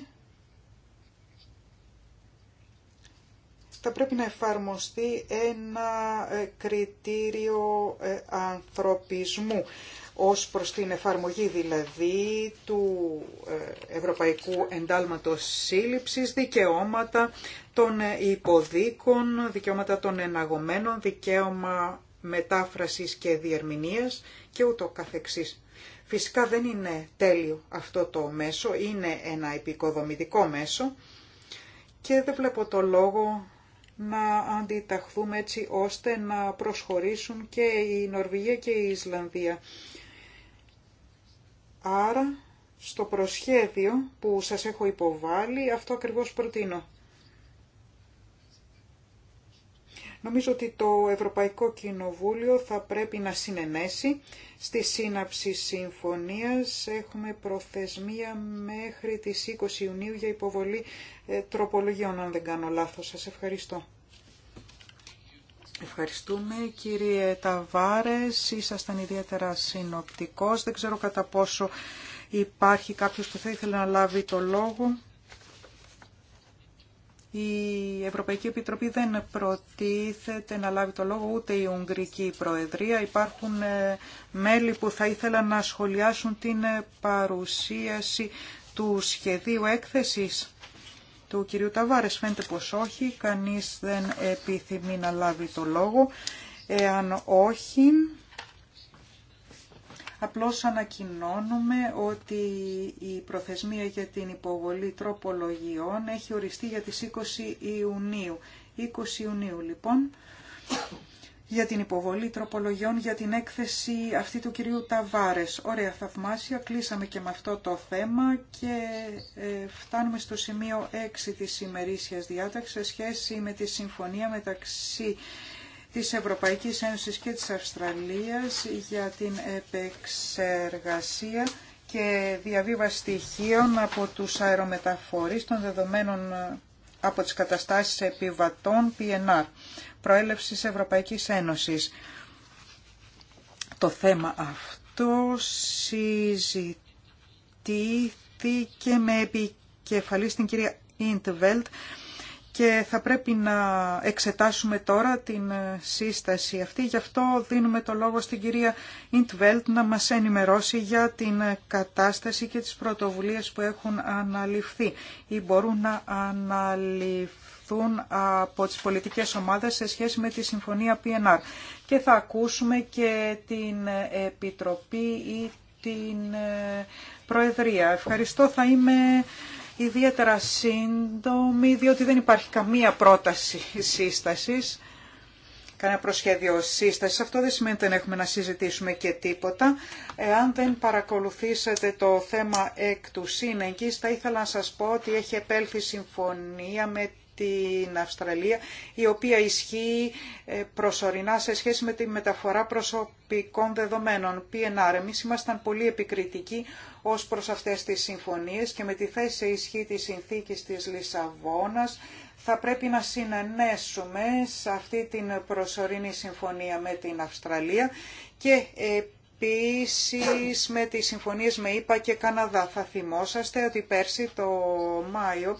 Speaker 3: θα πρέπει να εφαρμοστεί ένα ε, κριτήριο ε, ανθρωπισμού ως προς την εφαρμογή δηλαδή του ε, Ευρωπαϊκού Εντάλματος Σύλληψης, δικαιώματα των υποδίκων, δικαιώματα των εναγωμένων, δικαίωμα μετάφρασης και διερμηνίας και ούτω καθεξής. Φυσικά δεν είναι τέλειο αυτό το μέσο, είναι ένα επικοδομητικό μέσο και δεν βλέπω το λόγο να αντιταχθούμε έτσι ώστε να προσχωρήσουν και η Νορβηγία και η Ισλανδία. Άρα, στο προσχέδιο που σας έχω υποβάλει, αυτό ακριβώς προτείνω. Νομίζω ότι το Ευρωπαϊκό Κοινοβούλιο θα πρέπει να συνενέσει στη σύναψη συμφωνίας. Έχουμε προθεσμία μέχρι τις 20 Ιουνίου για υποβολή ε, τροπολογιών, αν δεν κάνω λάθος. Σας ευχαριστώ. Ευχαριστούμε κύριε Ταβάρες, ήσασταν ιδιαίτερα συνοπτικός. Δεν ξέρω κατά πόσο υπάρχει κάποιος που θα ήθελε να λάβει το λόγο. Η Ευρωπαϊκή Επιτροπή δεν προτίθεται να λάβει το λόγο ούτε η Ουγγρική Προεδρία. Υπάρχουν ε, μέλη που θα ήθελαν να σχολιάσουν την ε, παρουσίαση του σχεδίου έκθεσης του κυρίου Ταβάρες. Φαίνεται πως όχι, κανείς δεν επιθυμεί να λάβει το λόγο. Εάν όχι, Απλώς ανακοινώνουμε ότι η προθεσμία για την υποβολή τροπολογιών έχει οριστεί για τις 20 Ιουνίου. 20 Ιουνίου λοιπόν για την υποβολή τροπολογιών για την έκθεση αυτή του κυρίου Ταβάρες. Ωραία, θαυμάσια, κλείσαμε και με αυτό το θέμα και ε, φτάνουμε στο σημείο 6 της ημερήσιας διάταξης σε σχέση με τη συμφωνία μεταξύ της Ευρωπαϊκής Ένωσης και της Αυστραλίας για την επεξεργασία και διαβίβαση στοιχείων από τους αερομεταφορείς των δεδομένων από τις καταστάσεις επιβατών PNR, προέλευσης Ευρωπαϊκής Ένωσης. Το θέμα αυτό συζητήθηκε με επικεφαλή στην κυρία Ιντβελτ και θα πρέπει να εξετάσουμε τώρα την ε, σύσταση αυτή. Γι' αυτό δίνουμε το λόγο στην κυρία Ιντβέλτ να μας ενημερώσει για την ε, κατάσταση και τις πρωτοβουλίες που έχουν αναλυφθεί ή μπορούν να αναλυφθούν από τις πολιτικές ομάδες σε σχέση με τη Συμφωνία PNR. Και θα ακούσουμε και την ε, Επιτροπή ή την Προεδρία. Ευχαριστώ, θα είμαι ιδιαίτερα σύντομη, διότι δεν υπάρχει καμία πρόταση σύστασης, κανένα προσχέδιο σύστασης. Αυτό δεν σημαίνει ότι δεν έχουμε να συζητήσουμε και τίποτα. Εάν δεν παρακολουθήσετε το θέμα εκ του σύνεγγης, θα ήθελα να σας πω ότι έχει επέλθει συμφωνία με την Αυστραλία, η οποία ισχύει ε, προσωρινά σε σχέση με τη μεταφορά προσωπικών δεδομένων, PNR. Εμείς ήμασταν πολύ επικριτικοί ως προς αυτές τις συμφωνίες και με τη θέση ισχύ της συνθήκης της Λισαβόνας θα πρέπει να συνενέσουμε σε αυτή την προσωρινή συμφωνία με την Αυστραλία και επίσης με τις συμφωνίες με ΙΠΑ και Καναδά. Θα θυμόσαστε ότι πέρσι το Μάιο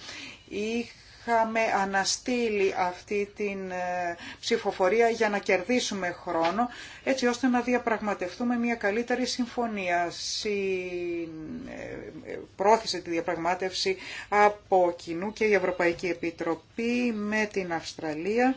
Speaker 3: είχαμε αναστείλει αυτή την ε, ψηφοφορία για να κερδίσουμε χρόνο, έτσι ώστε να διαπραγματευτούμε μια καλύτερη συμφωνία. Ε, ε, πρόθεσε τη διαπραγμάτευση από κοινού και η Ευρωπαϊκή Επιτροπή με την Αυστραλία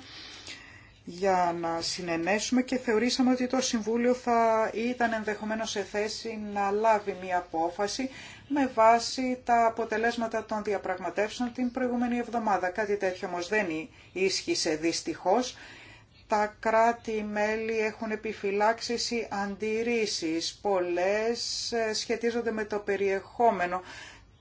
Speaker 3: για να συνενέσουμε και θεωρήσαμε ότι το Συμβούλιο θα ήταν ενδεχομένως σε θέση να λάβει μια απόφαση με βάση τα αποτελέσματα των διαπραγματεύσεων την προηγούμενη εβδομάδα. Κάτι τέτοιο όμως δεν ίσχυσε δυστυχώς. Τα κράτη-μέλη έχουν επιφυλάξει αντιρρήσεις. Πολλές ε, σχετίζονται με το περιεχόμενο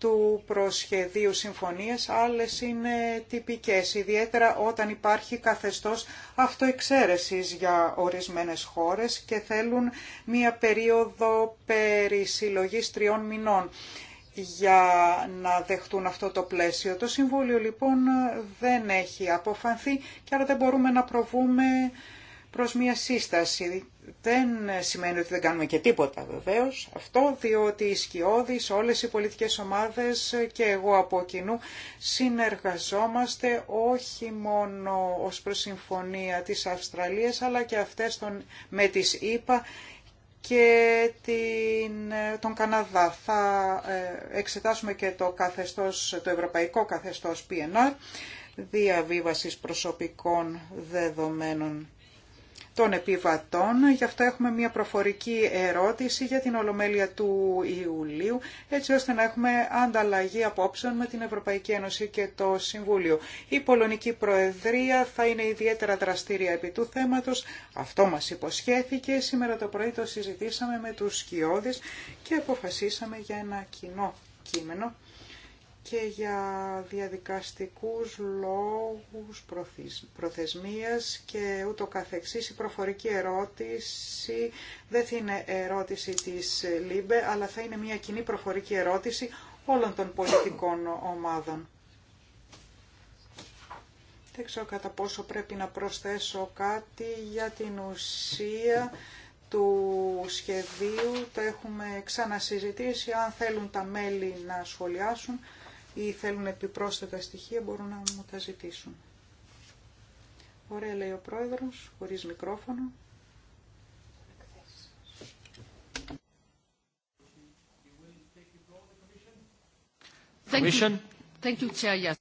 Speaker 3: του προσχεδίου συμφωνίας, άλλες είναι τυπικές, ιδιαίτερα όταν υπάρχει καθεστώς αυτοεξαίρεσης για ορισμένες χώρες και θέλουν μία περίοδο περισυλλογής τριών μηνών για να δεχτούν αυτό το πλαίσιο. Το Συμβούλιο λοιπόν δεν έχει αποφανθεί και άρα δεν μπορούμε να προβούμε προς μια σύσταση. Δεν σημαίνει ότι δεν κάνουμε και τίποτα βεβαίως αυτό, διότι οι σκιώδεις, όλες οι πολιτικές ομάδες και εγώ από κοινού συνεργαζόμαστε όχι μόνο ως προς συμφωνία της Αυστραλίας αλλά και αυτές των, με τις ΗΠΑ και την, τον Καναδά. Θα ε, εξετάσουμε και το, καθεστώς, το ευρωπαϊκό καθεστώς PNR διαβίβασης προσωπικών δεδομένων των επιβατών. Γι' αυτό έχουμε μια προφορική ερώτηση για την Ολομέλεια του Ιουλίου, έτσι ώστε να έχουμε ανταλλαγή απόψεων με την Ευρωπαϊκή Ένωση και το Συμβούλιο. Η Πολωνική Προεδρία θα είναι ιδιαίτερα δραστήρια επί του θέματος. Αυτό μας υποσχέθηκε. Σήμερα το πρωί το συζητήσαμε με τους σκιώδεις και αποφασίσαμε για ένα κοινό κείμενο και για διαδικαστικούς λόγους προθεσμίας και ούτω καθεξής. Η προφορική ερώτηση δεν θα είναι ερώτηση της ΛΥΜΠΕ, αλλά θα είναι μια κοινή προφορική ερώτηση όλων των πολιτικών ομάδων. Δεν ξέρω κατά πόσο πρέπει να προσθέσω κάτι για την ουσία του σχεδίου. Το έχουμε ξανασυζητήσει. Αν θέλουν τα μέλη να σχολιάσουν, ή θέλουν επιπρόσθετα στοιχεία μπορούν να μου τα ζητήσουν. Ωραία λέει ο πρόεδρος, χωρίς μικρόφωνο. Thank you.
Speaker 1: Thank you,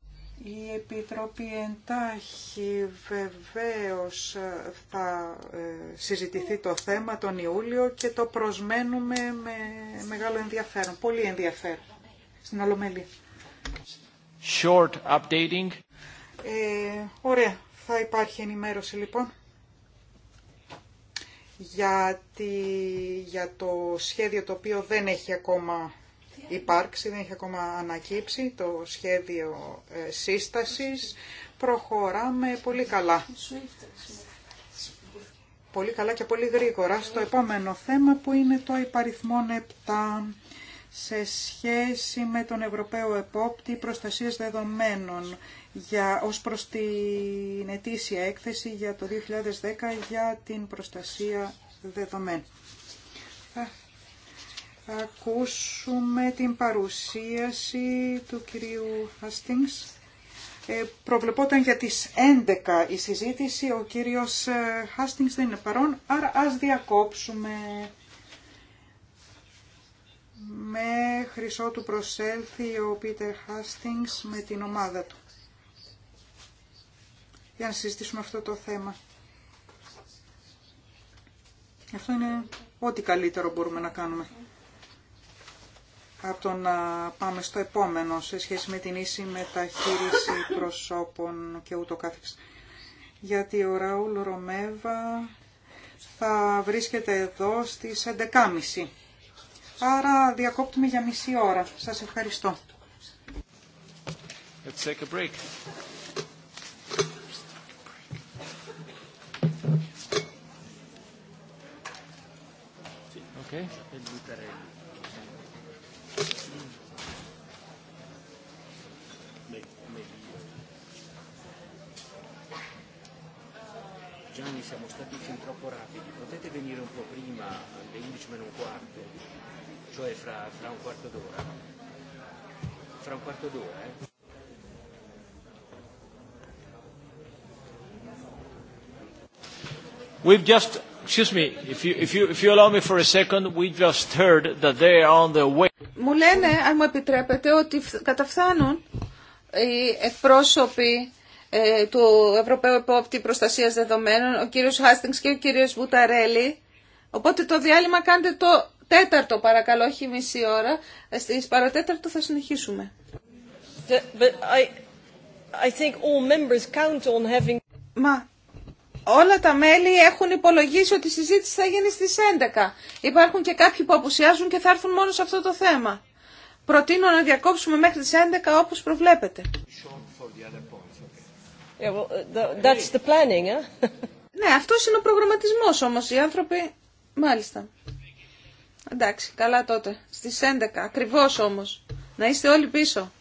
Speaker 3: Η Επιτροπή εντάχει βεβαίως ε, θα ε, συζητηθεί το θέμα τον Ιούλιο και το προσμένουμε με μεγάλο ενδιαφέρον, πολύ ενδιαφέρον στην Ολομέλη.
Speaker 2: Short updating.
Speaker 3: Ε, ωραία. Θα υπάρχει ενημέρωση λοιπόν για, για το σχέδιο το οποίο δεν έχει ακόμα υπάρξει, δεν έχει ακόμα ανακύψει, το σχέδιο ε, σύστασης. Προχωράμε πολύ καλά. Πολύ καλά και πολύ γρήγορα στο επόμενο θέμα που είναι το υπαριθμόν 7 σε σχέση με τον Ευρωπαίο Επόπτη Προστασίας Δεδομένων για, ως προς την ετήσια έκθεση για το 2010 για την προστασία δεδομένων. Θα ακούσουμε την παρουσίαση του κυρίου Χαστίνγκς. Ε, προβλεπόταν για τις 11 η συζήτηση, ο κύριος Χάστινγκς ε, δεν είναι παρόν, άρα ας διακόψουμε με χρυσό του προσέλθει ο Πίτερ Χάστινγκς με την ομάδα του για να συζητήσουμε αυτό το θέμα. Αυτό είναι ό,τι καλύτερο μπορούμε να κάνουμε από το να πάμε στο επόμενο σε σχέση με την ίση μεταχείριση προσώπων και ούτω κάθεξη. Γιατί ο Ραούλ Ρωμέβα θα βρίσκεται εδώ στις 11.30 άρα διακόπτουμε για μισή ώρα. Σας ευχαριστώ.
Speaker 2: Let's take a break.
Speaker 1: Okay. Gianni siamo stati fin troppo rapidi, potete venire un po' prima alle 11
Speaker 3: meno un quarto? cioè fra, fra un quarto d'ora. Fra un quarto d'ora, eh.
Speaker 1: We've just, excuse me, if you, if you, if you allow me for a second,
Speaker 2: we just heard that they are on their way.
Speaker 1: Μου λένε, αν μου επιτρέπετε, ότι καταφθάνουν οι εκπρόσωποι ε, του Ευρωπαίου Επόπτη Προστασίας Δεδομένων, ο κύριος Χάστινγκς και ο κύριος Βουταρέλη. Οπότε το διάλειμμα κάντε το Τέταρτο παρακαλώ, όχι μισή ώρα. Στις παρατέταρτο θα συνεχίσουμε. Μα όλα τα μέλη έχουν υπολογίσει ότι η συζήτηση θα γίνει στις 11. Υπάρχουν και κάποιοι που απουσιάζουν και θα έρθουν μόνο σε αυτό το θέμα. Προτείνω να διακόψουμε μέχρι τις 11 όπως προβλέπετε.
Speaker 2: Uh, that's
Speaker 1: the planning, ναι, αυτός είναι ο προγραμματισμός όμως. Οι άνθρωποι... Μάλιστα. Εντάξει, καλά τότε. Στις 11, ακριβώς όμως. Να είστε όλοι πίσω.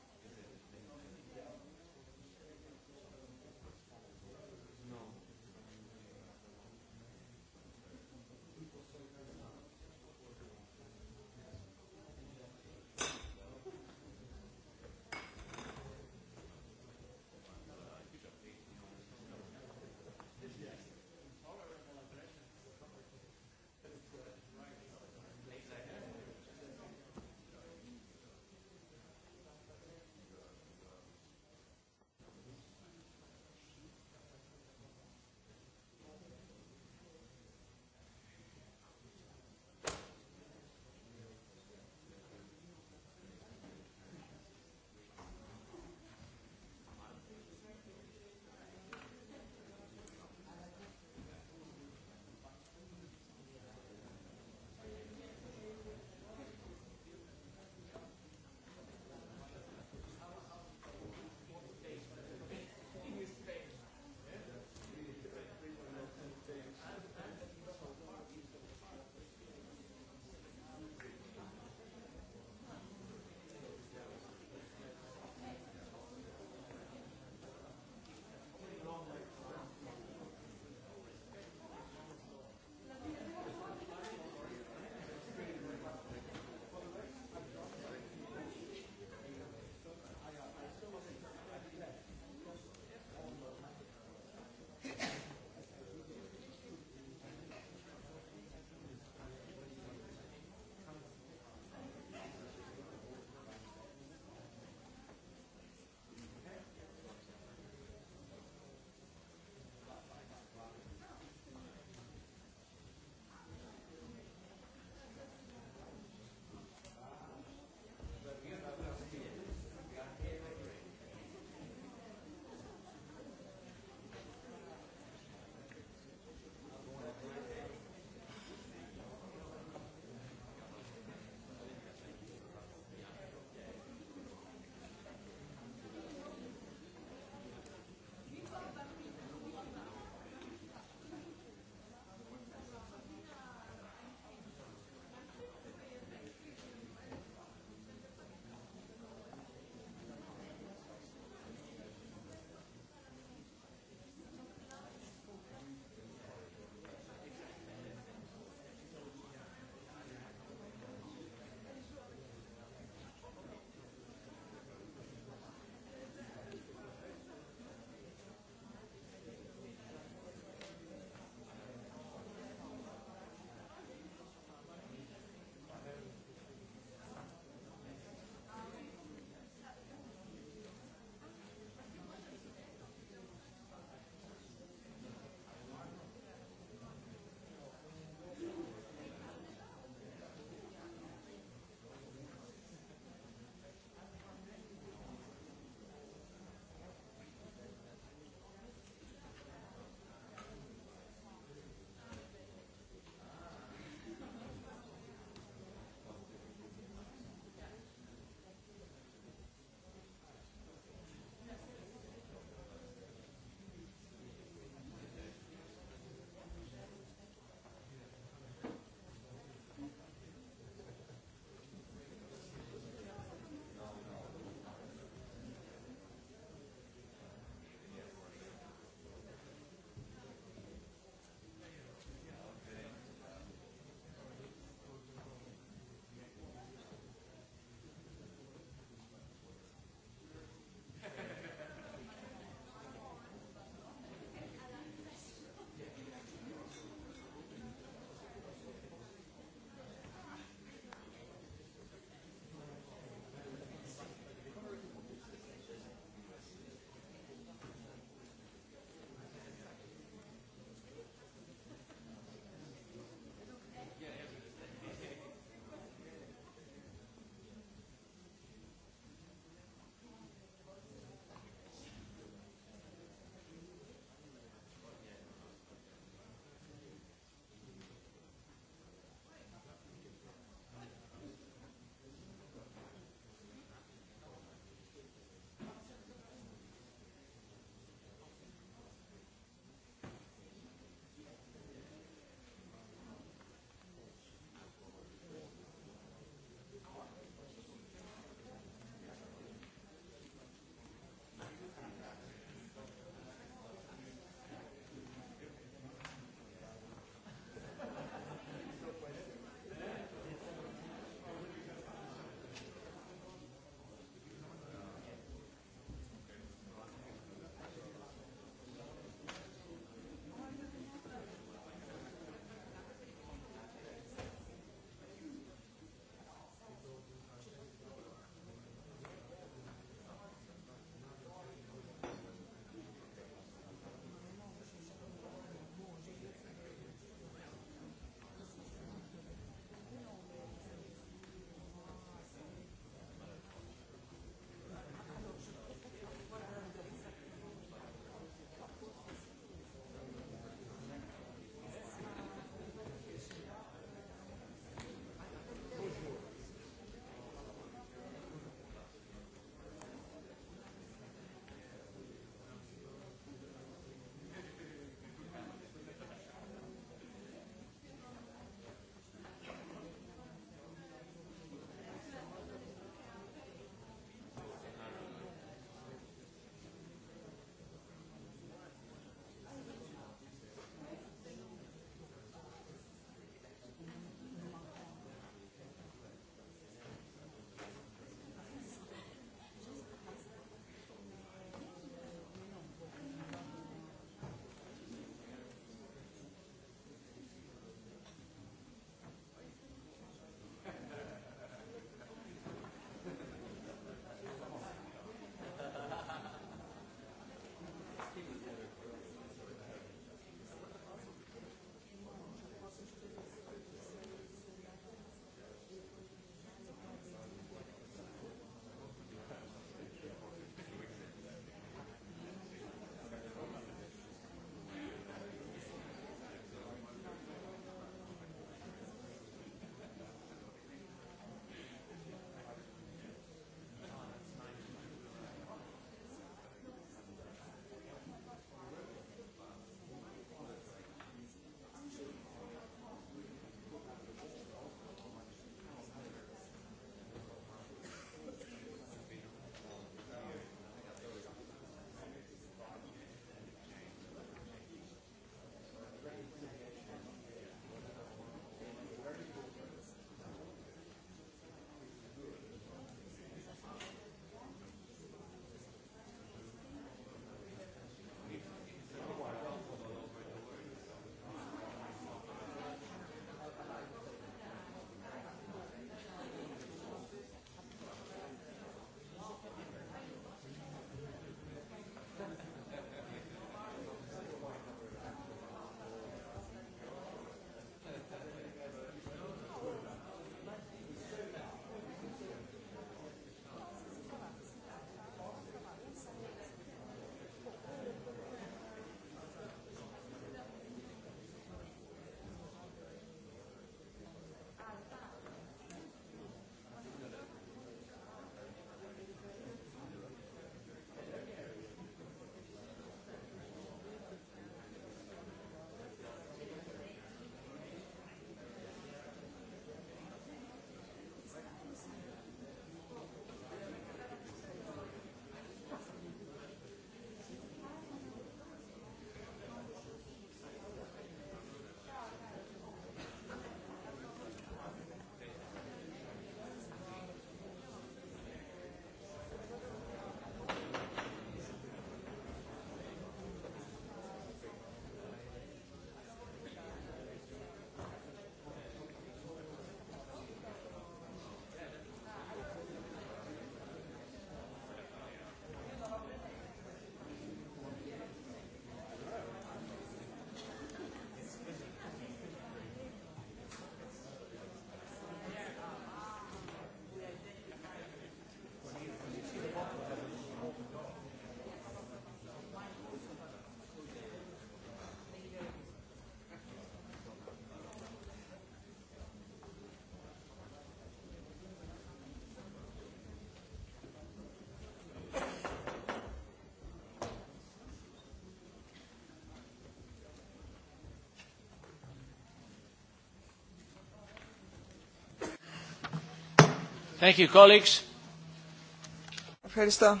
Speaker 2: Ευχαριστώ,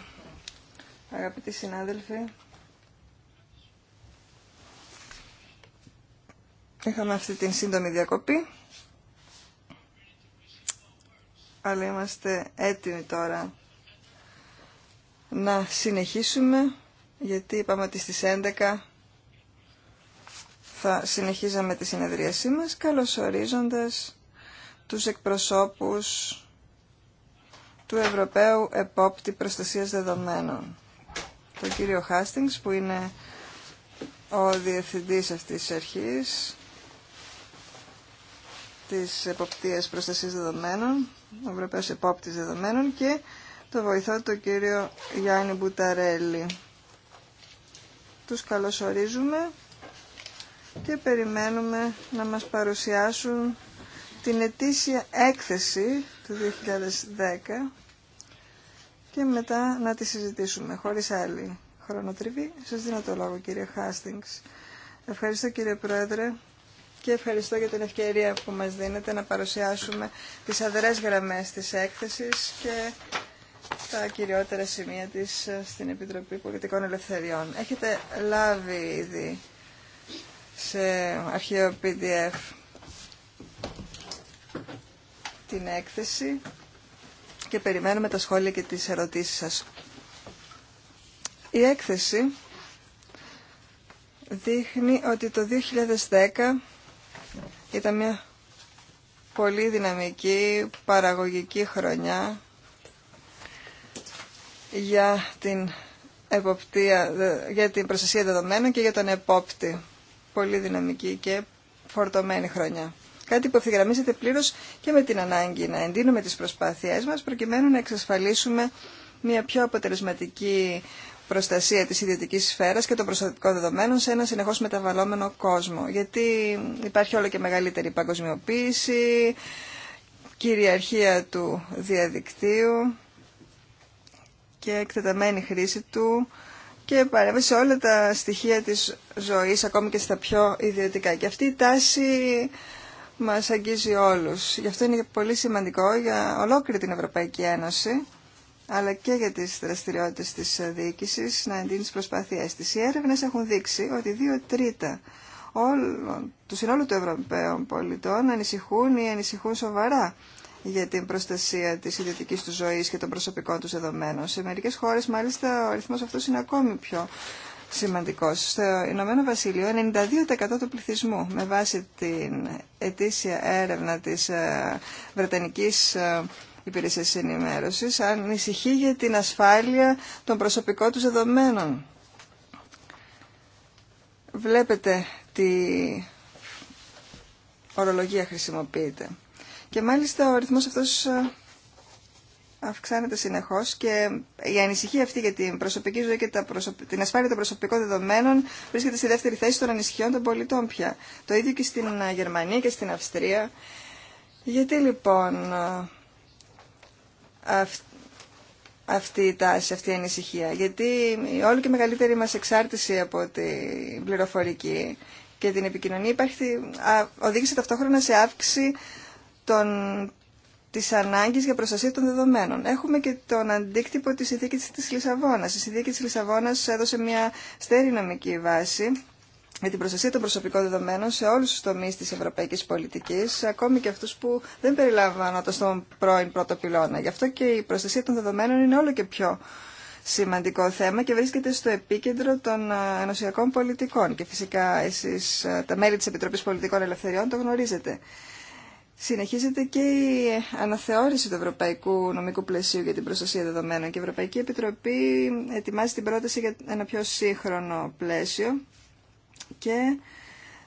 Speaker 2: αγαπητοί συνάδελφοι. Είχαμε αυτή την σύντομη διακοπή, αλλά είμαστε έτοιμοι τώρα να συνεχίσουμε, γιατί είπαμε ότι στις 11 θα συνεχίζαμε τη συνεδρίασή μας, καλωσορίζοντας τους εκπροσώπους του Ευρωπαίου Επόπτη Προστασίας Δεδομένων. Τον κύριο Χάστινγκς που είναι ο διευθυντής αυτής της αρχής της Εποπτείας Προστασίας Δεδομένων, ο Ευρωπαίος Επόπτης Δεδομένων και το βοηθό του κύριο Γιάννη Μπουταρέλη. Τους καλωσορίζουμε και περιμένουμε να μας παρουσιάσουν την ετήσια έκθεση του 2010 και μετά να τη συζητήσουμε χωρίς άλλη χρονοτριβή. Σας δίνω το λόγο κύριε Χάστινγκς. Ευχαριστώ κύριε Πρόεδρε και ευχαριστώ για την ευκαιρία που μας δίνετε να παρουσιάσουμε τις αδερές γραμμές της έκθεσης και τα κυριότερα σημεία της ε, στην Επιτροπή Πολιτικών Ελευθεριών. Έχετε λάβει ήδη σε αρχαίο PDF την έκθεση και περιμένουμε τα σχόλια και τις ερωτήσεις σας. Η έκθεση δείχνει ότι το 2010 ήταν μια πολύ δυναμική παραγωγική χρονιά για την, εποπτεία, για την προστασία δεδομένων και για τον επόπτη. Πολύ δυναμική και φορτωμένη χρονιά. Κάτι που ευθυγραμμίζεται πλήρω και με την ανάγκη να εντείνουμε τι προσπάθειέ μα προκειμένου να εξασφαλίσουμε μια πιο αποτελεσματική προστασία της ιδιωτικής σφαίρας και των προστατικών δεδομένων σε ένα συνεχώς μεταβαλλόμενο κόσμο. Γιατί υπάρχει όλο και μεγαλύτερη παγκοσμιοποίηση, κυριαρχία του διαδικτύου και εκτεταμένη χρήση του και παρέμβαση σε όλα τα στοιχεία της ζωής, ακόμη και στα πιο ιδιωτικά. Και αυτή η τάση μας αγγίζει όλους. Γι' αυτό είναι πολύ σημαντικό για ολόκληρη την Ευρωπαϊκή Ένωση, αλλά και για τις δραστηριότητες της διοίκησης να εντείνει τις προσπάθειές της. Οι έρευνες έχουν δείξει ότι δύο τρίτα όλων, του συνόλου των Ευρωπαίων πολιτών ανησυχούν ή ανησυχούν σοβαρά για την προστασία της ιδιωτικής του ζωής και των προσωπικών τους δεδομένων. Σε μερικές χώρες μάλιστα ο αριθμός αυτός είναι ακόμη πιο σημαντικός. Στο Ηνωμένο Βασίλειο 92% του πληθυσμού με βάση την ετήσια έρευνα της ε, Βρετανικής ε, Υπηρεσίας Ενημέρωσης ανησυχεί για την ασφάλεια των προσωπικών τους δεδομένων. Βλέπετε τι ορολογία χρησιμοποιείται. Και μάλιστα ο αριθμός αυτός ε, αυξάνεται συνεχώς και η ανησυχία αυτή για την προσωπική ζωή και την ασφάλεια των προσωπικών δεδομένων βρίσκεται στη δεύτερη θέση των ανησυχιών των πολιτών πια. Το ίδιο και στην Γερμανία και στην Αυστρία. Γιατί λοιπόν ε, αυτή η τάση, αυτή η ανησυχία. Γιατί η όλο και μεγαλύτερη μας εξάρτηση από την πληροφορική και την επικοινωνία υπάρχει... οδήγησε ταυτόχρονα σε αύξηση των Τη ανάγκη για προστασία των δεδομένων. Έχουμε και τον αντίκτυπο τη συνθήκη τη Λισαβόνα. Η συνθήκη τη Λισαβόνα έδωσε μια στέρη νομική βάση για την προστασία των προσωπικών δεδομένων σε όλους τους τομείς της ευρωπαϊκής πολιτικής, ακόμη και αυτούς που δεν περιλάμβανόνται στον πρώην πρώτο πυλώνα. Γι' αυτό και η προστασία των δεδομένων είναι όλο και πιο σημαντικό θέμα και βρίσκεται στο επίκεντρο των ε, ενωσιακών πολιτικών. Και φυσικά εσείς, ε, τα μέλη της Επιτροπής Πολιτικών Ελευθεριών, το γνωρίζετε. Συνεχίζεται και η αναθεώρηση του Ευρωπαϊκού Νομικού Πλαισίου για την Προστασία Δεδομένων και η Ευρωπαϊκή Επιτροπή ετοιμάζει την πρόταση για ένα πιο σύγχρονο πλαίσιο και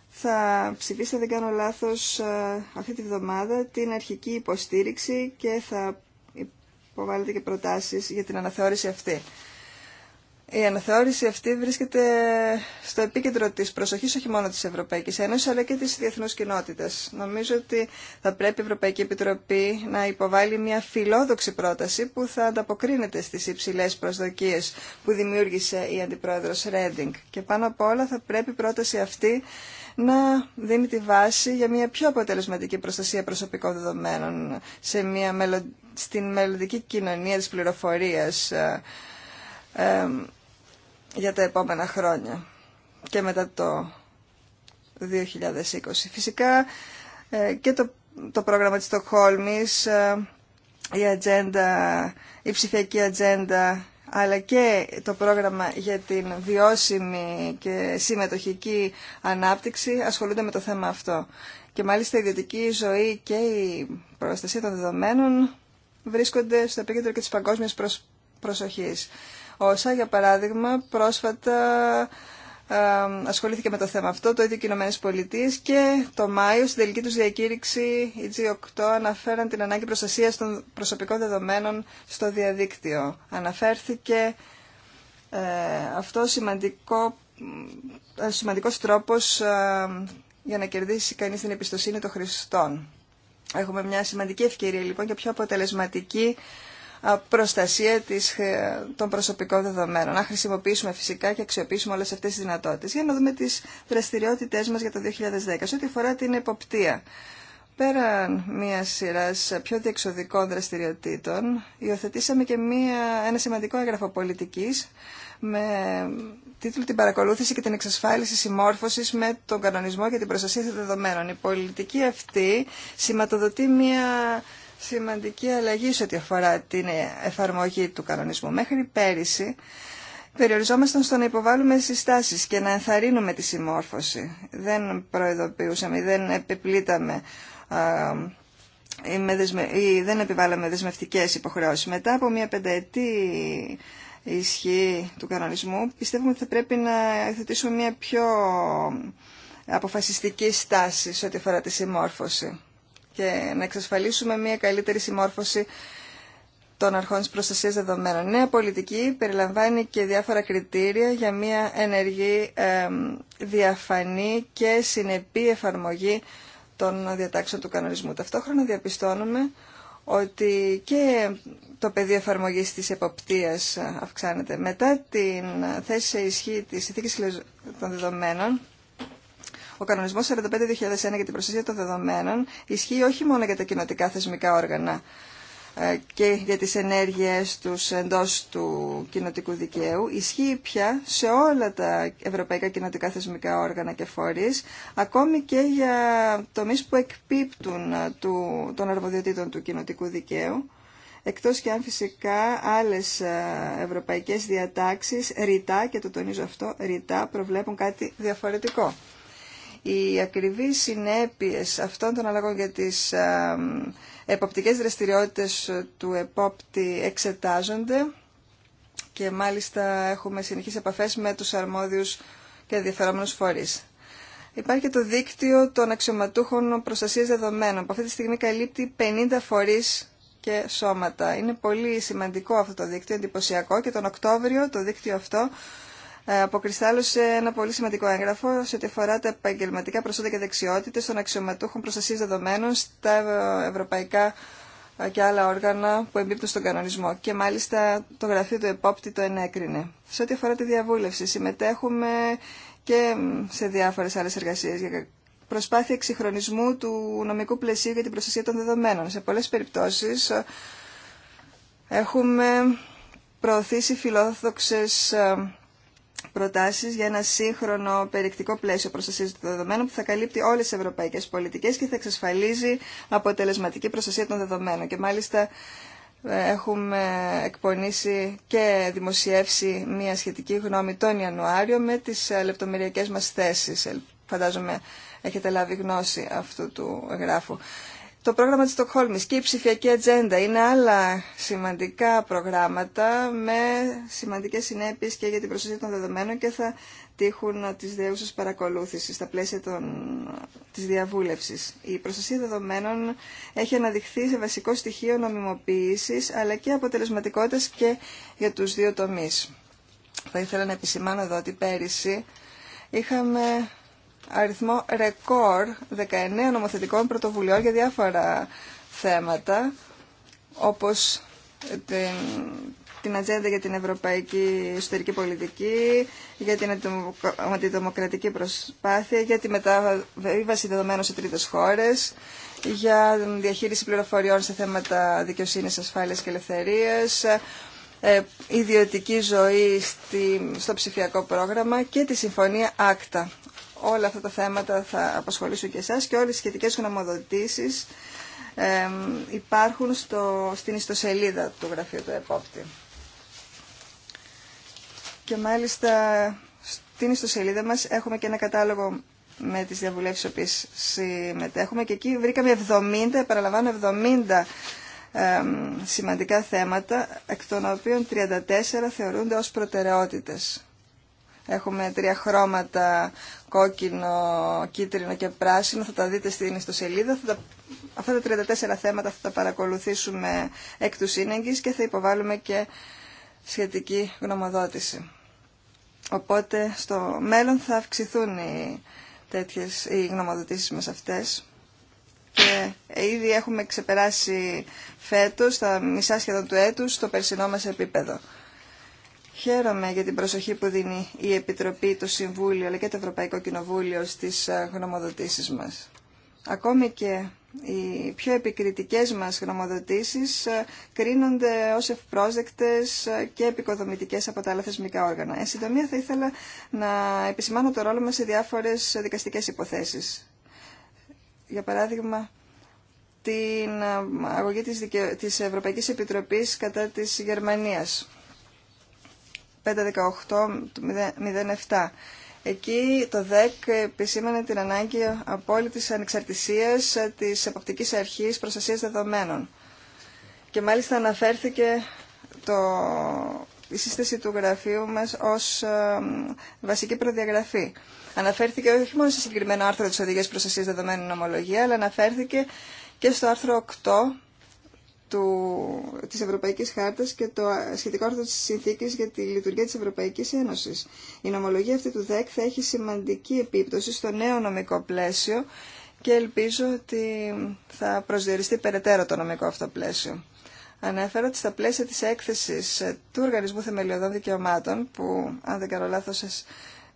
Speaker 2: θα ψηφίσει, δεν κάνω λάθος, ε, αυτή τη βδομάδα την αρχική υποστήριξη και θα υποβάλλεται και προτάσεις για την αναθεώρηση αυτή. Η αναθεώρηση αυτή βρίσκεται στο επίκεντρο της προσοχής όχι μόνο της Ευρωπαϊκής Ένωσης αλλά και της διεθνούς κοινότητας. Νομίζω ότι θα πρέπει η Ευρωπαϊκή Επιτροπή να υποβάλει μια φιλόδοξη πρόταση που θα ανταποκρίνεται στις υψηλές προσδοκίες που δημιούργησε η Αντιπρόεδρος Ρέντινγκ. Και πάνω απ' όλα θα πρέπει η πρόταση αυτή να δίνει τη βάση για μια πιο αποτελεσματική προστασία προσωπικών δεδομένων σε μια στην μελλοντική κοινωνία της πληροφορίας. Ε, ε, για τα επόμενα χρόνια και μετά το 2020. Φυσικά ε, και το, το πρόγραμμα της Στοκχόλμης, ε, η, ατζέντα, η ψηφιακή ατζέντα αλλά και το πρόγραμμα για την βιώσιμη και συμμετοχική ανάπτυξη ασχολούνται με το θέμα αυτό. Και μάλιστα η ιδιωτική ζωή και η προστασία των δεδομένων βρίσκονται στο επίκεντρο και της παγκόσμιας προσοχής όσα, για παράδειγμα, πρόσφατα ασχολήθηκε με το θέμα αυτό, το ίδιο και οι και το Μάιο στην τελική τους διακήρυξη οι G8 αναφέραν την ανάγκη προστασίας των προσωπικών δεδομένων στο διαδίκτυο. Αναφέρθηκε ε, αυτό σημαντικό, ε, σημαντικός τρόπος για να κερδίσει κανείς την εμπιστοσύνη των χρηστών. Έχουμε μια σημαντική ευκαιρία λοιπόν και πιο αποτελεσματική προστασία της, ε, των προσωπικών δεδομένων. Να χρησιμοποιήσουμε φυσικά και αξιοποιήσουμε όλες αυτές τις δυνατότητες για να δούμε τις δραστηριότητές μας για το 2010 σε ό,τι αφορά την εποπτεία. Πέραν μια σειρά πιο διεξοδικών δραστηριοτήτων, υιοθετήσαμε και μια, ένα σημαντικό έγγραφο πολιτική με τίτλο Την παρακολούθηση και την εξασφάλιση συμμόρφωση με τον κανονισμό για την προστασία των δεδομένων. Η πολιτική αυτή σηματοδοτεί μια σημαντική αλλαγή σε ό,τι αφορά την εφαρμογή του κανονισμού. Μέχρι πέρυσι περιοριζόμασταν στο να υποβάλουμε συστάσεις και να ενθαρρύνουμε τη συμμόρφωση. Δεν προειδοποιούσαμε, δεν επιπλήταμε ή δεν επιβάλαμε δεσμευτικές υποχρεώσεις. Μετά από μια πενταετή ισχύ του κανονισμού πιστεύουμε ότι θα πρέπει να εθετήσουμε μια πιο αποφασιστική στάση σε ό,τι αφορά τη συμμόρφωση και να εξασφαλίσουμε μια καλύτερη συμμόρφωση των αρχών της προστασίας δεδομένων. Νέα πολιτική περιλαμβάνει και διάφορα κριτήρια για μια ενεργή διαφανή και συνεπή εφαρμογή των διατάξεων του κανονισμού. Ταυτόχρονα διαπιστώνουμε ότι και το πεδίο εφαρμογής της εποπτείας αυξάνεται. Μετά την θέση σε ισχύ της ηθίκης των δεδομένων, ο κανονισμός 45-2001 για την προστασία των δεδομένων ισχύει όχι μόνο για τα κοινοτικά θεσμικά όργανα ε, και για τις ενέργειές τους εντός του κοινοτικού δικαίου ισχύει πια σε όλα τα ευρωπαϊκά κοινοτικά θεσμικά όργανα και φορείς ακόμη και για τομείς που εκπίπτουν ε, των αρμοδιοτήτων του κοινοτικού δικαίου εκτός και αν φυσικά άλλες ε, ευρωπαϊκές διατάξεις ρητά, και το τονίζω αυτό, ρητά προβλέπουν κάτι διαφορετικό. Οι ακριβείς συνέπειες αυτών των αλλαγών για τις εποπτικές δραστηριότητες του επόπτη εξετάζονται και μάλιστα έχουμε συνεχίσει επαφές με τους αρμόδιους και ενδιαφερόμενους φορείς. Υπάρχει και το δίκτυο των αξιωματούχων προστασίας δεδομένων που αυτή τη στιγμή καλύπτει 50 φορείς και σώματα. Είναι πολύ σημαντικό αυτό το δίκτυο, εντυπωσιακό και τον Οκτώβριο το δίκτυο αυτό ε, αποκριστάλλωσε ένα πολύ σημαντικό έγγραφο σε ό,τι αφορά τα επαγγελματικά προσόντα και δεξιότητες των αξιωματούχων προστασίας δεδομένων στα ευρωπαϊκά ε, και άλλα όργανα που εμπίπτουν στον κανονισμό. Και μάλιστα το γραφείο του επόπτη το ενέκρινε. Σε ό,τι αφορά τη διαβούλευση, συμμετέχουμε και σε διάφορες άλλες εργασίες για προσπάθεια εξυγχρονισμού του νομικού πλαισίου για την προστασία των δεδομένων. Σε πολλές περιπτώσεις ε, έχουμε προωθήσει φιλόδοξες προτάσεις για ένα σύγχρονο περιεκτικό πλαίσιο προστασίας των δεδομένων που θα καλύπτει όλες τις ευρωπαϊκές πολιτικές και θα εξασφαλίζει αποτελεσματική προστασία των δεδομένων. Και μάλιστα ε, έχουμε εκπονήσει και δημοσιεύσει μια σχετική γνώμη τον Ιανουάριο με τις ε, λεπτομεριακές μας θέσεις. Ε, φαντάζομαι έχετε λάβει γνώση αυτού του εγγράφου το πρόγραμμα της Στοκχόλμης και η ψηφιακή ατζέντα είναι άλλα σημαντικά προγράμματα με σημαντικές συνέπειες και για την προστασία των δεδομένων και θα τύχουν της δέουσας παρακολούθησης στα πλαίσια των, της διαβούλευσης. Η προστασία δεδομένων έχει αναδειχθεί σε βασικό στοιχείο νομιμοποίησης αλλά και αποτελεσματικότητας και για τους δύο τομείς. Θα ήθελα να επισημάνω εδώ ότι πέρυσι είχαμε αριθμό ρεκόρ 19 νομοθετικών πρωτοβουλειών για διάφορα θέματα, όπως την, την ατζέντα για την ευρωπαϊκή εσωτερική πολιτική, για την αντιδημοκρατική προσπάθεια, για τη μεταβίβαση δεδομένων σε τρίτες χώρες, για διαχείριση πληροφοριών σε θέματα δικαιοσύνης, ασφάλειας και ελευθερίας, ε, ιδιωτική ζωή στο ψηφιακό πρόγραμμα και τη Συμφωνία Άκτα όλα αυτά τα θέματα θα απασχολήσουν και εσάς και όλες οι σχετικές γνωμοδοτήσεις υπάρχουν στο, στην ιστοσελίδα του Γραφείου του Επόπτη. Και μάλιστα στην ιστοσελίδα μας έχουμε και ένα κατάλογο με τις διαβουλεύσεις που συμμετέχουμε και εκεί βρήκαμε 70, παραλαμβάνω 70 σημαντικά θέματα, εκ των οποίων 34 θεωρούνται ως προτεραιότητες. Έχουμε τρία χρώματα κόκκινο, κίτρινο και πράσινο, θα τα δείτε στην ιστοσελίδα. Θα αυτά τα 34 θέματα θα τα παρακολουθήσουμε εκ του σύνεγγης και θα υποβάλουμε και σχετική γνωμοδότηση. Οπότε στο μέλλον θα αυξηθούν οι, τέτοιες, οι γνωμοδοτήσεις μας αυτές. Και ήδη έχουμε ξεπεράσει φέτος, τα μισά σχεδόν του έτους, το περσινό μας επίπεδο. Χαίρομαι για την προσοχή που δίνει η Επιτροπή, το Συμβούλιο αλλά και το Ευρωπαϊκό Κοινοβούλιο στις ε, γνωμοδοτήσεις μας. Ακόμη και οι πιο επικριτικές μας γνωμοδοτήσεις ε, κρίνονται ως ευπρόσδεκτες ε, και επικοδομητικές από τα άλλα θεσμικά όργανα. Εν συντομία θα ήθελα να επισημάνω το ρόλο μας σε διάφορες δικαστικές υποθέσεις. Για παράδειγμα, την αγωγή της, Ευρωπαϊκής Επιτροπής κατά της Γερμανίας 518-07. Εκεί το ΔΕΚ επισήμανε την ανάγκη απόλυτης ανεξαρτησίας της εποπτικής αρχής προστασίας δεδομένων. Και μάλιστα αναφέρθηκε το, η σύσταση του γραφείου μας ως ε, βασική προδιαγραφή. Αναφέρθηκε όχι μόνο σε συγκεκριμένο άρθρο της Οδηγίας Προστασίας Δεδομένων Ομολογία, αλλά αναφέρθηκε και στο άρθρο 8 του, της Ευρωπαϊκής Χάρτας και το σχετικό άρθρο της Συνθήκης για τη λειτουργία της Ευρωπαϊκής Ένωσης. Η νομολογία αυτή του ΔΕΚ θα έχει σημαντική επίπτωση στο νέο νομικό πλαίσιο και ελπίζω ότι θα προσδιοριστεί περαιτέρω το νομικό αυτό πλαίσιο. Ανέφερα ότι στα πλαίσια της έκθεσης του Οργανισμού Θεμελιωδών Δικαιωμάτων, που αν δεν κάνω λάθος σας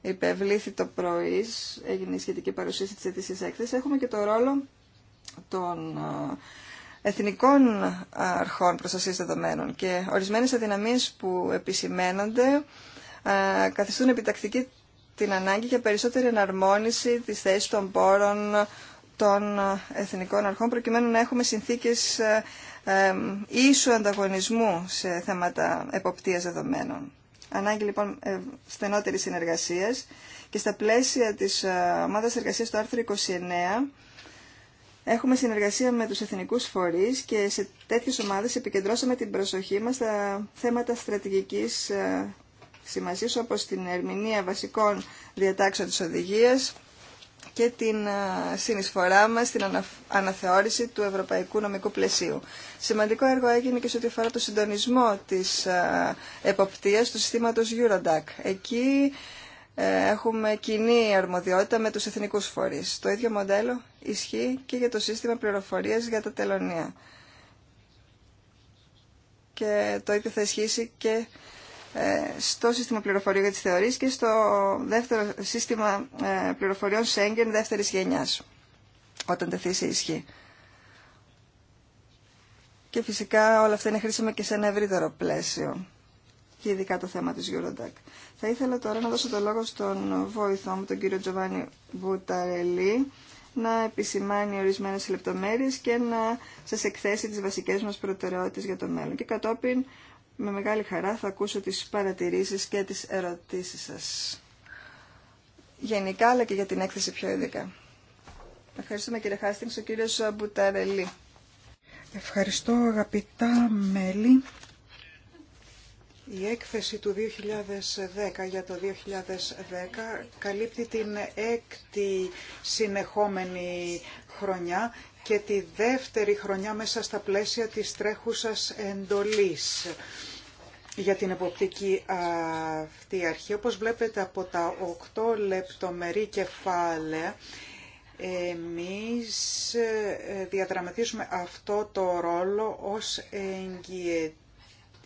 Speaker 2: υπευλήθη το πρωί, έγινε η σχετική παρουσίαση της ετήσιας έκθεσης, έχουμε και το ρόλο των εθνικών αρχών προστασίας δεδομένων και ορισμένες αδυναμίες που επισημένονται καθιστούν επιτακτική την ανάγκη για περισσότερη εναρμόνιση της θέσης των πόρων των εθνικών αρχών προκειμένου να έχουμε συνθήκες ε, ίσου ανταγωνισμού σε θέματα εποπτείας δεδομένων. Ανάγκη λοιπόν ε, στενότερης συνεργασίας και στα πλαίσια της ομάδας εργασίας του άρθρου 29 Έχουμε συνεργασία με τους εθνικούς φορείς και σε τέτοιες ομάδες επικεντρώσαμε την προσοχή μας στα θέματα στρατηγικής ε, σημασίας όπως την ερμηνεία βασικών διατάξεων της οδηγίας και την ε, συνεισφορά μας στην αναθεώρηση του ευρωπαϊκού νομικού πλαισίου. Σημαντικό έργο έγινε και σε ό,τι αφορά το συντονισμό της ε, εποπτείας του συστήματος Eurodac. Εκεί ε, έχουμε κοινή αρμοδιότητα με τους εθνικούς φορείς. Το ίδιο μοντέλο ισχύει και για το σύστημα πληροφορίας για τα τελωνία. Και το ίδιο θα ισχύσει και ε, στο σύστημα πληροφοριών για τις θεωρίες και στο δεύτερο σύστημα ε, πληροφοριών Σέγγεν δεύτερης γενιάς, όταν τεθεί σε ισχύ. Και φυσικά όλα αυτά είναι χρήσιμα και σε ένα ευρύτερο πλαίσιο και ειδικά το θέμα της Eurodac. Θα ήθελα τώρα να δώσω το λόγο στον βοηθό μου, τον κύριο Τζοβάνι Μπουταρελή, να επισημάνει ορισμένες λεπτομέρειες και να σας εκθέσει τις βασικές μας προτεραιότητες για το μέλλον. Και κατόπιν, με μεγάλη χαρά, θα ακούσω τις παρατηρήσεις και τις ερωτήσεις σας. Γενικά, αλλά και για την έκθεση πιο ειδικά. Ευχαριστούμε κύριε Χάστινγκ, ο κύριος Μπουταρελή.
Speaker 3: Ευχαριστώ αγαπητά μέλη. Η έκθεση του 2010 για το 2010 καλύπτει την έκτη συνεχόμενη χρονιά και τη δεύτερη χρονιά μέσα στα πλαίσια της τρέχουσας εντολής για την εποπτική αυτή αρχή. Όπως βλέπετε από τα 8 λεπτομερή κεφάλαια, εμείς ε, διαδραματίζουμε αυτό το ρόλο ως εγγυητή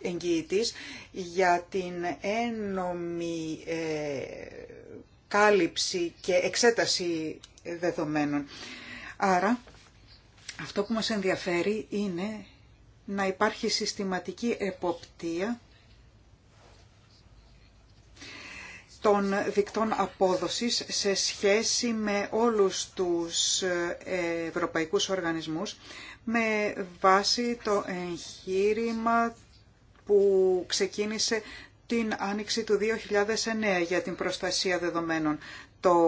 Speaker 3: εγγυητής για την ένομη ε, κάλυψη και εξέταση δεδομένων. Άρα, αυτό που μας ενδιαφέρει είναι να υπάρχει συστηματική εποπτεία των δικτών απόδοσης σε σχέση με όλους τους ε, ευρωπαϊκούς οργανισμούς με βάση το εγχείρημα που ξεκίνησε την άνοιξη του 2009 για την προστασία δεδομένων. Το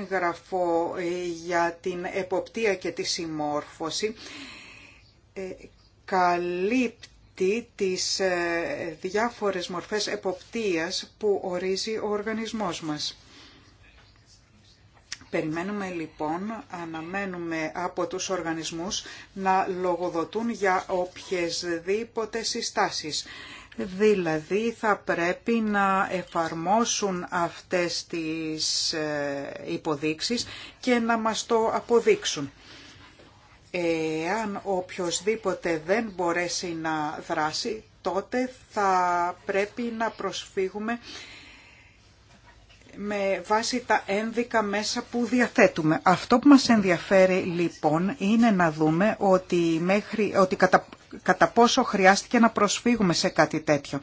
Speaker 3: έγγραφο ε, για την εποπτεία και τη συμμόρφωση ε, καλύπτει τις ε, διάφορες μορφές εποπτείας που ορίζει ο οργανισμός μας. Περιμένουμε λοιπόν, αναμένουμε από τους οργανισμούς να λογοδοτούν για οποιασδήποτε συστάσεις. Δηλαδή θα πρέπει να εφαρμόσουν αυτές τις ε, υποδείξεις και να μας το αποδείξουν. Εάν οποιοδήποτε δεν μπορέσει να δράσει, τότε θα πρέπει να προσφύγουμε με βάση τα ένδικα μέσα που διαθέτουμε. Αυτό που μας ενδιαφέρει λοιπόν είναι να δούμε ότι, μέχρι, ότι κατά, πόσο χρειάστηκε να προσφύγουμε σε κάτι τέτοιο.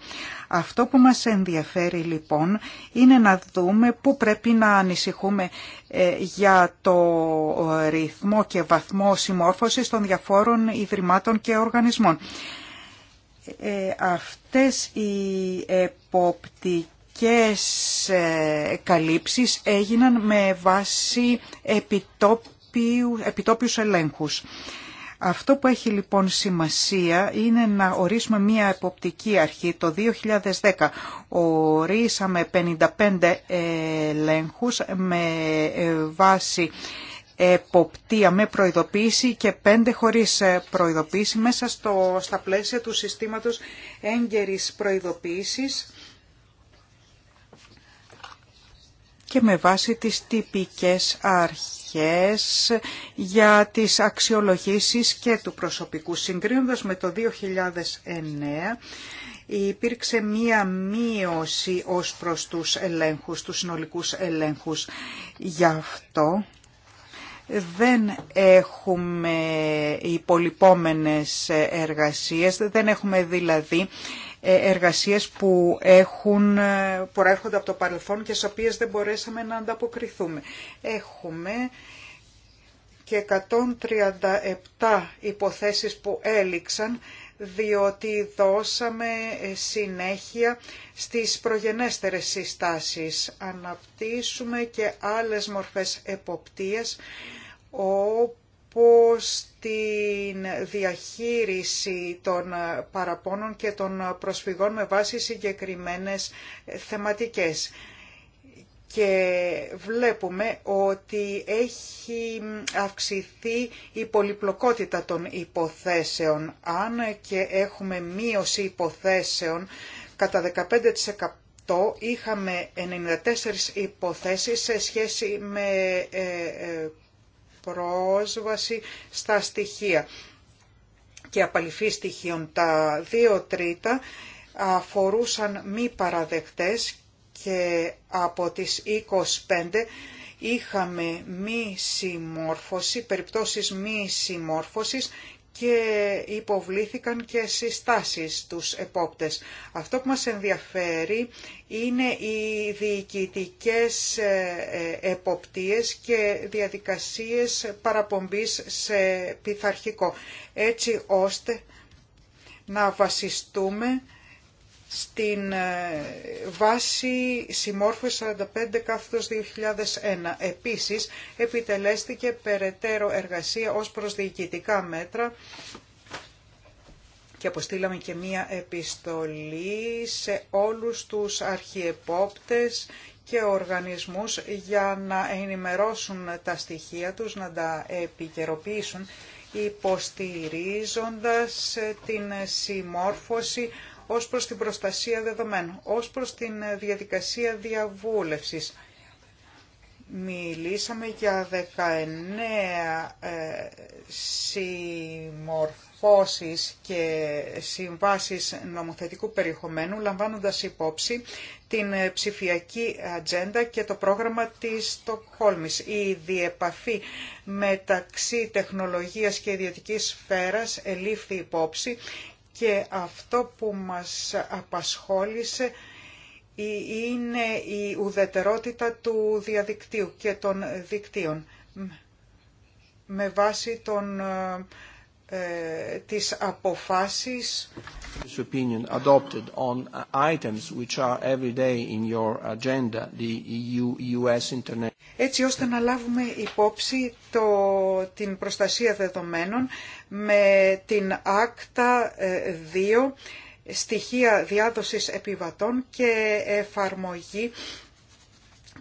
Speaker 3: Αυτό που μας ενδιαφέρει λοιπόν είναι να δούμε πού πρέπει να ανησυχούμε ε, για το ε, ρυθμό και βαθμό συμμόρφωσης των διαφόρων ιδρυμάτων και οργανισμών. Ε, αυτές οι εποπτικές και ε, καλύψεις έγιναν με βάση επιτόπιου, επιτόπιους ελέγχους. Αυτό που έχει λοιπόν σημασία είναι να ορίσουμε μία εποπτική αρχή. Το 2010 ορίσαμε 55 ελέγχους με ε, βάση εποπτεία με προειδοποίηση και 5 χωρίς ε, προειδοποίηση μέσα στο, στα πλαίσια του συστήματος έγκαιρης προειδοποίησης και με βάση τις τυπικές αρχές για τις αξιολογήσεις και του προσωπικού. Συγκρίνοντας με το 2009 υπήρξε μία μείωση ως προς τους ελέγχους, τους συνολικούς ελέγχους. Γι' αυτό δεν έχουμε υπολοιπόμενες εργασίες, δεν έχουμε δηλαδή ε, εργασίες που, έχουν, ε, που από το παρελθόν και στις οποίες δεν μπορέσαμε να ανταποκριθούμε. Έχουμε και 137 υποθέσεις που έληξαν διότι δώσαμε ε, συνέχεια στις προγενέστερες συστάσεις. Αναπτύσσουμε και άλλες μορφές εποπτείας όπου πως την διαχείριση των παραπώνων και των προσφυγών με βάση συγκεκριμένες θεματικές. Και βλέπουμε ότι έχει αυξηθεί η πολυπλοκότητα των υποθέσεων. Αν και έχουμε μείωση υποθέσεων κατά 15% είχαμε 94 υποθέσεις σε σχέση με ε, ε, πρόσβαση στα στοιχεία και απαλυφή στοιχείων. Τα δύο τρίτα αφορούσαν μη παραδεκτές και από τις 25 είχαμε μη συμμόρφωση, περιπτώσεις μη συμμόρφωσης και υποβλήθηκαν και συστάσεις τους επόπτες. Αυτό που μας ενδιαφέρει είναι οι διοικητικές ε, ε, εποπτείες και διαδικασίες παραπομπής σε πειθαρχικό, έτσι ώστε να βασιστούμε στην ε, βάση συμμόρφωση 45 2001. Επίσης, επιτελέστηκε περαιτέρω εργασία ως προς διοικητικά μέτρα και αποστήλαμε και μία επιστολή σε όλους τους αρχιεπόπτες και οργανισμούς για να ενημερώσουν τα στοιχεία τους, να τα επικαιροποιήσουν, υποστηρίζοντας την συμμόρφωση ως προς την προστασία δεδομένων, ως προς την ε, διαδικασία διαβούλευσης. Μιλήσαμε για 19 ε, συμμορφώσεις και συμβάσεις νομοθετικού περιεχομένου, λαμβάνοντας υπόψη την ε, ψηφιακή ατζέντα και το πρόγραμμα της Στοκχόλμης. Η διεπαφή μεταξύ τεχνολογίας και ιδιωτικής σφαίρας ελήφθη υπόψη και αυτό που μας απασχόλησε είναι η ουδετερότητα του διαδικτύου και των δικτύων με βάση τον ε, ε, τις αποφάσεις This opinion adopted on uh, items which are every day in your agenda, the EU, US internet. Έτσι ώστε να λάβουμε υπόψη το, την προστασία δεδομένων με την άκτα 2 ε, στοιχεία διάδοσης επιβατών και εφαρμογή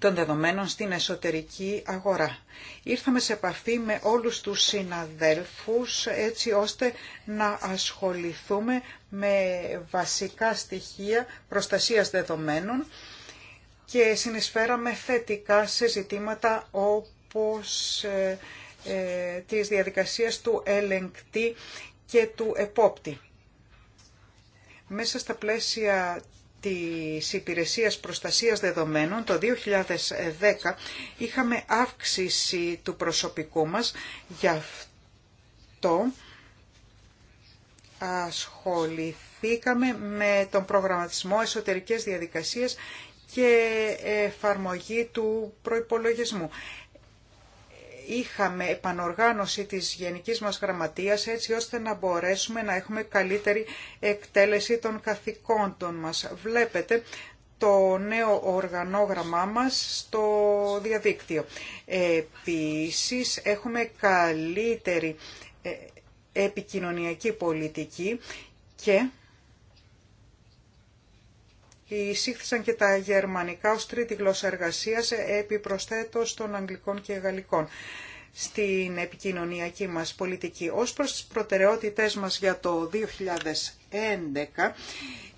Speaker 3: των δεδομένων στην εσωτερική αγορά. Ήρθαμε σε επαφή με όλους τους συναδέλφους έτσι ώστε να ασχοληθούμε με βασικά στοιχεία προστασίας δεδομένων και συνεισφέραμε θετικά σε ζητήματα όπως ε, ε, του ελεγκτή και του επόπτη. Μέσα στα πλαίσια τη Υπηρεσίας Προστασίας Δεδομένων το 2010 είχαμε αύξηση του προσωπικού μας, γι' αυτό ασχοληθήκαμε με τον προγραμματισμό εσωτερικές διαδικασίες και εφαρμογή του προϋπολογισμού είχαμε επανοργάνωση της Γενικής μας Γραμματείας έτσι ώστε να μπορέσουμε να έχουμε καλύτερη εκτέλεση των καθηκόντων μας. Βλέπετε το νέο οργανόγραμμά μας στο διαδίκτυο. Επίσης έχουμε καλύτερη ε, επικοινωνιακή πολιτική και εισήχθησαν και τα γερμανικά ως τρίτη γλώσσα εργασίας επιπροσθέτως των αγγλικών και γαλλικών στην επικοινωνιακή μας πολιτική. Ως προς τις προτεραιότητές μας για το 2011,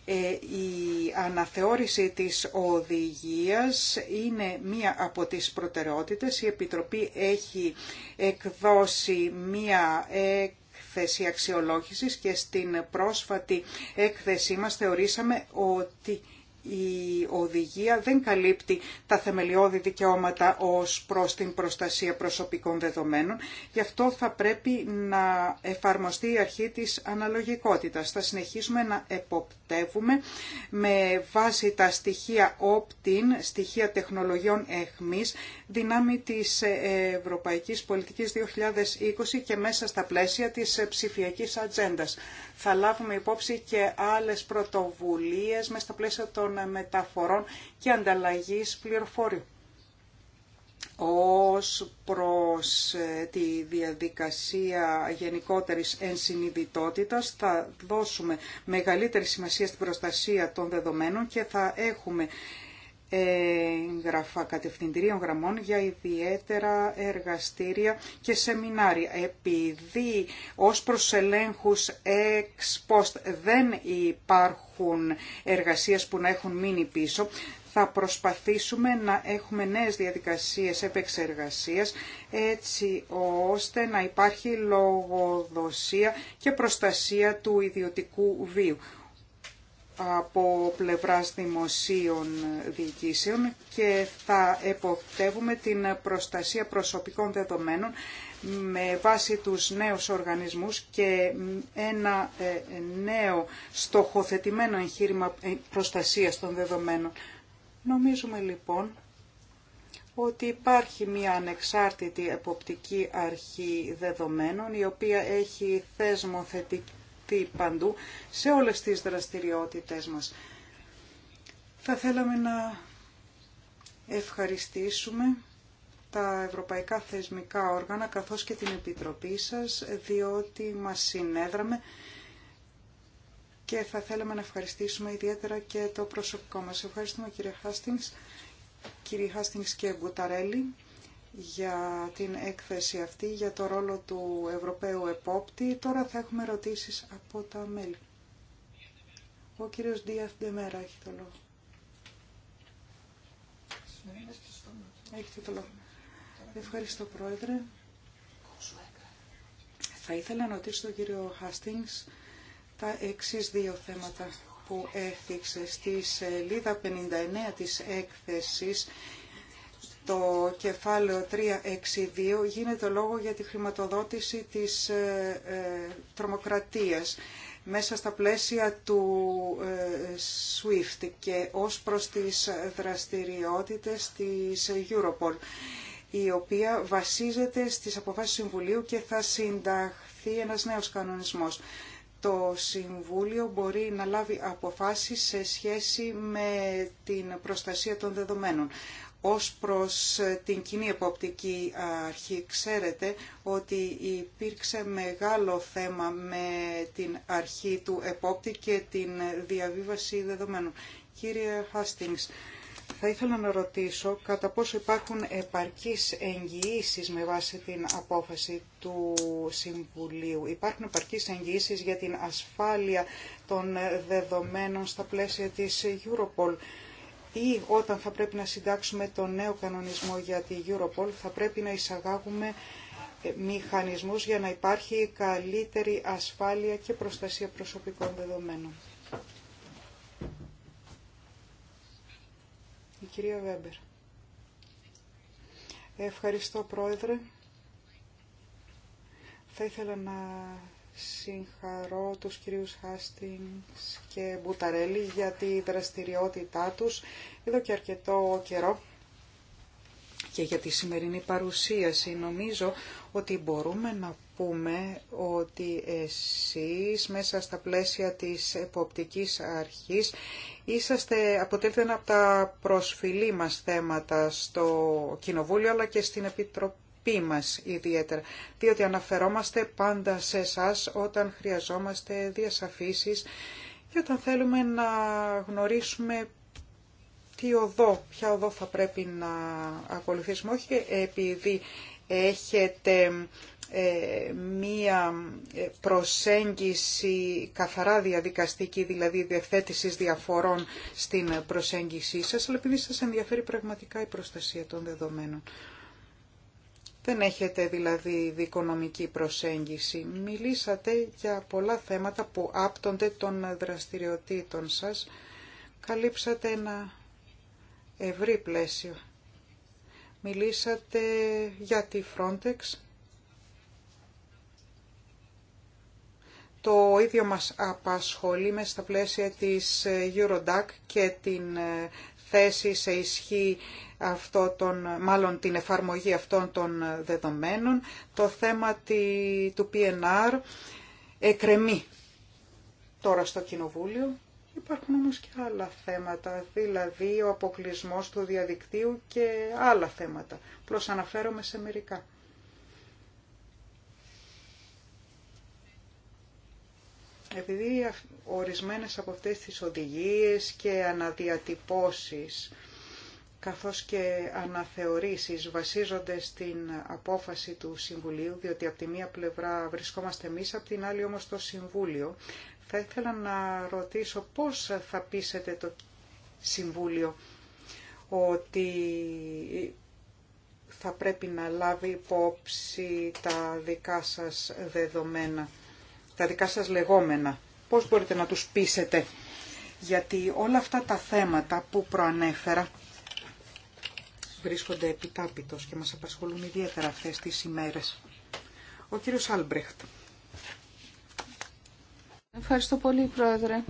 Speaker 3: ε, η αναθεώρηση της οδηγίας είναι μία από τις προτεραιότητες. Η Επιτροπή έχει εκδώσει μία έκθεση αξιολόγησης και στην πρόσφατη έκθεσή μας θεωρήσαμε ότι η οδηγία δεν καλύπτει τα θεμελιώδη δικαιώματα ως προς την προστασία προσωπικών δεδομένων. Γι' αυτό θα πρέπει να εφαρμοστεί η αρχή της αναλογικότητας. Θα συνεχίσουμε να εποπτεύουμε με βάση τα στοιχεία opt-in, στοιχεία τεχνολογιών εχμής, δυνάμει της Ευρωπαϊκής Πολιτικής 2020 και μέσα στα πλαίσια της ψηφιακής ατζέντας θα λάβουμε υπόψη και άλλες πρωτοβουλίες μέσα στο πλαίσιο των μεταφορών και ανταλλαγής πληροφόριου ως προς ε, τη διαδικασία γενικότερης ενσυνειδητότητας θα δώσουμε μεγαλύτερη σημασία στην προστασία των δεδομένων και θα έχουμε γραφα κατευθυντηρίων γραμμών για ιδιαίτερα εργαστήρια και σεμινάρια. Επειδή ως προσελέγχους ex post δεν υπάρχουν εργασίες που να έχουν μείνει πίσω, θα προσπαθήσουμε να έχουμε νέες διαδικασίες επεξεργασίας έτσι ώστε να υπάρχει λογοδοσία και προστασία του ιδιωτικού βίου από πλευράς δημοσίων διοικήσεων και θα εποπτεύουμε την προστασία προσωπικών δεδομένων με βάση τους νέους οργανισμούς και ένα ε, νέο στοχοθετημένο εγχείρημα ε, προστασίας των δεδομένων. Νομίζουμε λοιπόν ότι υπάρχει μια ανεξάρτητη εποπτική αρχή δεδομένων η οποία έχει θεσμοθετική παντού, σε όλες τις δραστηριότητες μας. Θα θέλαμε να ευχαριστήσουμε τα ευρωπαϊκά θεσμικά όργανα καθώς και την Επιτροπή σας, διότι μας συνέδραμε και θα θέλαμε να ευχαριστήσουμε ιδιαίτερα και το προσωπικό μας. Ευχαριστούμε κύριε Χάστινγκς, κύριε Χάστινγκς και Γκουταρέλη για την έκθεση αυτή, για το ρόλο του Ευρωπαίου Επόπτη. Τώρα θα έχουμε ερωτήσεις από τα μέλη. Ο κύριος Δίαφ Ντεμέρα έχει το λόγο. Έχετε το λόγο. Ευχαριστώ, Πρόεδρε. Θα ήθελα να ρωτήσω τον κύριο Χάστινγκς τα εξής δύο θέματα που έφτιαξε στη σελίδα 59 της έκθεσης το κεφάλαιο 362 γίνεται λόγο για τη χρηματοδότηση της ε, ε τρομοκρατίας μέσα στα πλαίσια του ε, SWIFT και ως προς τις δραστηριότητες της Europol, η οποία βασίζεται στις αποφάσεις του Συμβουλίου και θα συνταχθεί ένας νέος κανονισμός. Το Συμβούλιο μπορεί να λάβει αποφάσεις σε σχέση με την προστασία των δεδομένων. Ως προς ε, την κοινή εποπτική αρχή, ξέρετε ότι υπήρξε μεγάλο θέμα με την αρχή του επόπτη και την διαβίβαση δεδομένων. Κύριε Χάστινγκς, θα ήθελα να ρωτήσω κατά πόσο υπάρχουν επαρκείς εγγυήσεις με βάση την απόφαση του Συμβουλίου. Υπάρχουν επαρκείς εγγυήσεις για την ασφάλεια των δεδομένων στα πλαίσια της Europol ή όταν θα πρέπει να συντάξουμε το νέο κανονισμό για τη Europol θα πρέπει να εισαγάγουμε ε, μηχανισμούς για να υπάρχει καλύτερη ασφάλεια και προστασία προσωπικών δεδομένων. Η κυρία Βέμπερ. Ευχαριστώ Πρόεδρε. Θα ήθελα να συγχαρώ τους κυρίους Χάστινγκς και Μπουταρέλη για τη δραστηριότητά τους εδώ και αρκετό καιρό και για τη σημερινή παρουσίαση. Νομίζω ότι μπορούμε να πούμε ότι εσείς μέσα στα πλαίσια της εποπτικής αρχής είσαστε, αποτελείτε ένα από τα προσφυλή μας θέματα στο Κοινοβούλιο αλλά και στην Επιτροπή αγάπη μας ιδιαίτερα, διότι αναφερόμαστε πάντα σε εσά όταν χρειαζόμαστε διασαφήσεις και όταν θέλουμε να γνωρίσουμε τι οδό, ποια οδό θα πρέπει να ακολουθήσουμε, όχι επειδή έχετε ε, μία ε, προσέγγιση καθαρά διαδικαστική, δηλαδή διευθέτησης διαφορών στην προσέγγισή σας, αλλά επειδή σας ενδιαφέρει πραγματικά η προστασία των δεδομένων. Δεν έχετε δηλαδή δικονομική προσέγγιση. Μιλήσατε για πολλά θέματα που άπτονται των δραστηριοτήτων σας. Καλύψατε ένα ευρύ πλαίσιο. Μιλήσατε για τη Frontex. Το ίδιο μας απασχολεί με στα πλαίσια της Eurodac και την θέσει σε ισχύ αυτό τον, μάλλον την εφαρμογή αυτών των δεδομένων. Το θέμα του PNR εκρεμεί τώρα στο Κοινοβούλιο. Υπάρχουν όμως και άλλα θέματα, δηλαδή ο αποκλεισμός του διαδικτύου και άλλα θέματα. Απλώς αναφέρομαι σε μερικά. Επειδή ορισμένες από αυτές τις οδηγίες και αναδιατυπώσεις καθώς και αναθεωρήσεις βασίζονται στην απόφαση του Συμβουλίου, διότι από τη μία πλευρά βρισκόμαστε εμείς, από την άλλη όμως το Συμβούλιο. Θα ήθελα να ρωτήσω πώς θα πείσετε το Συμβούλιο ότι θα πρέπει να λάβει υπόψη τα δικά σας δεδομένα τα δικά σας λεγόμενα. Πώς μπορείτε να τους πείσετε. Γιατί όλα αυτά τα θέματα που προανέφερα βρίσκονται επιτάπητος και μας απασχολούν ιδιαίτερα αυτές τις ημέρες. Ο κύριος Άλμπρεχτ.
Speaker 1: Ευχαριστώ πολύ, Πρόεδρε.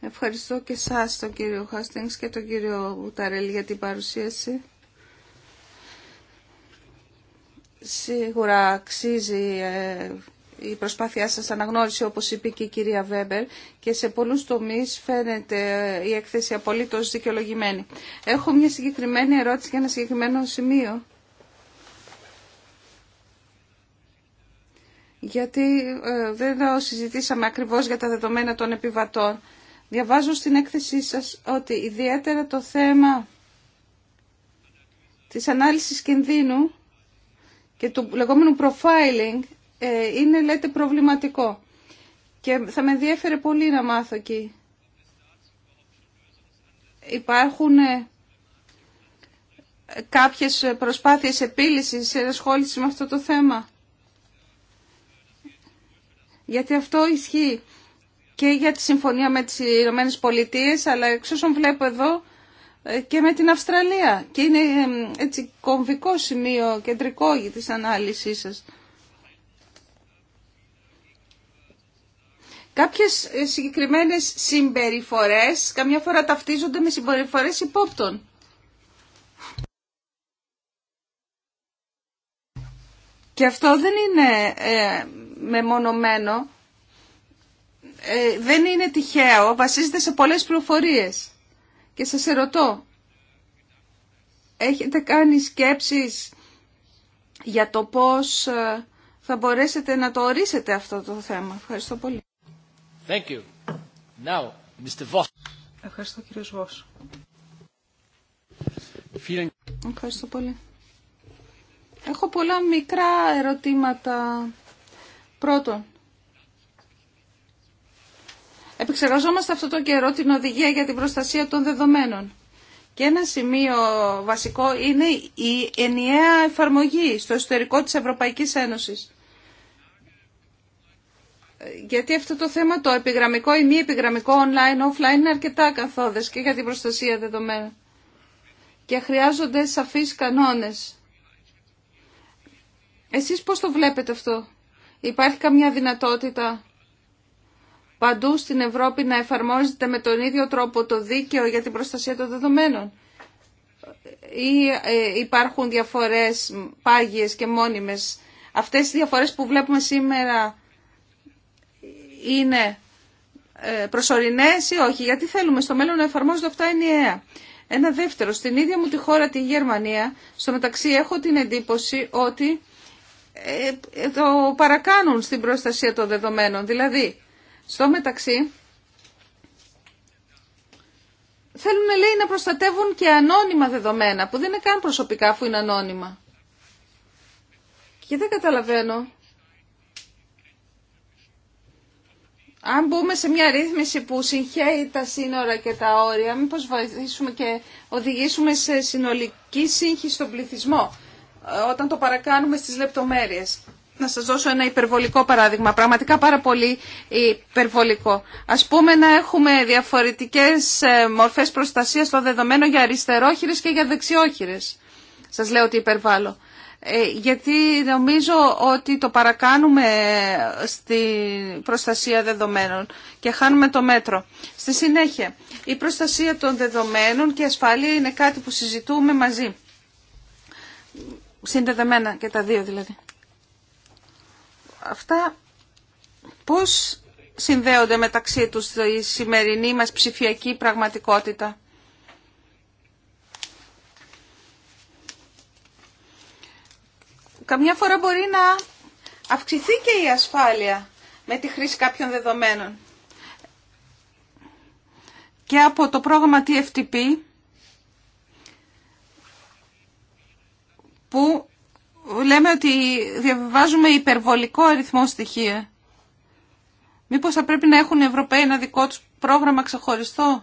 Speaker 1: Ευχαριστώ και σας τον κύριο Χάστινγκς και τον κύριο Βουταρέλη για την παρουσίαση. Σίγουρα αξίζει ε, η προσπάθειά σας αναγνώριση όπως είπε και η κυρία Βέμπερ και σε πολλούς τομείς φαίνεται ε, η έκθεση απολύτως δικαιολογημένη. Έχω μια συγκεκριμένη ερώτηση για ένα συγκεκριμένο σημείο. Γιατί ε, δεν συζητήσαμε ακριβώς για τα δεδομένα των επιβατών. Διαβάζω στην έκθεσή σας ότι ιδιαίτερα το θέμα της ανάλυσης κινδύνου και του λεγόμενου profiling ε, είναι, λέτε, προβληματικό. Και θα με ενδιέφερε πολύ να μάθω εκεί. Υπάρχουν ε, κάποιες προσπάθειες επίλυσης, ενασχόληση με αυτό το θέμα. Γιατί αυτό ισχύει και για τη συμφωνία με τις Ηνωμένες Πολιτείες, αλλά εξ όσων βλέπω εδώ ε, και με την Αυστραλία. Και είναι ε, έτσι κομβικό σημείο, κεντρικό για τις ανάλυσεις σας. Κάποιες ε, συγκεκριμένες συμπεριφορές, καμιά φορά ταυτίζονται με συμπεριφορές υπόπτων. Και αυτό δεν είναι ε, μεμονωμένο, δεν είναι τυχαίο, βασίζεται σε πολλές πληροφορίες. Και σας ερωτώ, έχετε κάνει σκέψεις για το πώς ε, θα μπορέσετε να το ορίσετε αυτό το θέμα. Ευχαριστώ πολύ. Thank you. Now, Mr. Voss. Ευχαριστώ κύριο Βος. Ευχαριστώ πολύ. Έχω πολλά μικρά ερωτήματα. Πρώτον, Επεξεργαζόμαστε αυτό το καιρό την οδηγία για την προστασία των δεδομένων. Και ένα σημείο βασικό είναι η ενιαία εφαρμογή στο εσωτερικό της Ευρωπαϊκής Ένωσης. Γιατί αυτό το θέμα το επιγραμμικό ή μη επιγραμμικό online, offline είναι αρκετά καθόδες και για την προστασία δεδομένων. Και χρειάζονται σαφείς κανόνες. Εσείς πώς το βλέπετε αυτό. Υπάρχει καμιά δυνατότητα παντού στην Ευρώπη να εφαρμόζεται με τον ίδιο τρόπο το δίκαιο για την προστασία των δεδομένων. Ή ε, υπάρχουν διαφορές πάγιες και μόνιμες. Αυτές οι διαφορές που βλέπουμε σήμερα είναι ε, προσωρινές ή όχι, γιατί θέλουμε στο μέλλον να εφαρμόζονται αυτά ενιαία. Ένα δεύτερο, στην ίδια μου τη χώρα, τη Γερμανία, στο μεταξύ έχω την εντύπωση ότι ε, το παρακάνουν στην προστασία των δεδομένων. Δηλαδή, στο μεταξύ, θέλουν λέει, να προστατεύουν και ανώνυμα δεδομένα, που δεν είναι καν προσωπικά αφού είναι ανώνυμα. Και δεν καταλαβαίνω. Αν μπούμε σε μια ρύθμιση που συγχαίει τα σύνορα και τα όρια, μήπως βοηθήσουμε και οδηγήσουμε σε συνολική σύγχυση στον πληθυσμό, ε, όταν το παρακάνουμε στις λεπτομέρειες να σας δώσω ένα υπερβολικό παράδειγμα, πραγματικά πάρα πολύ υπερβολικό. Ας πούμε να έχουμε διαφορετικές ε, μορφές προστασίας των δεδομένων για αριστερόχειρες και για δεξιόχειρες. Σας λέω ότι υπερβάλλω. Ε, γιατί νομίζω ότι το παρακάνουμε στη προστασία δεδομένων και χάνουμε το μέτρο. Στη συνέχεια, η προστασία των δεδομένων και ασφάλεια είναι κάτι που συζητούμε μαζί. Συνδεδεμένα και τα δύο δηλαδή αυτά πώς συνδέονται μεταξύ τους η σημερινή μας ψηφιακή πραγματικότητα. Καμιά φορά μπορεί να αυξηθεί και η ασφάλεια με τη χρήση κάποιων δεδομένων. Και από το πρόγραμμα TFTP που λέμε ότι διαβάζουμε υπερβολικό αριθμό στοιχεία. Μήπως θα πρέπει να έχουν οι Ευρωπαίοι ένα δικό τους πρόγραμμα ξεχωριστό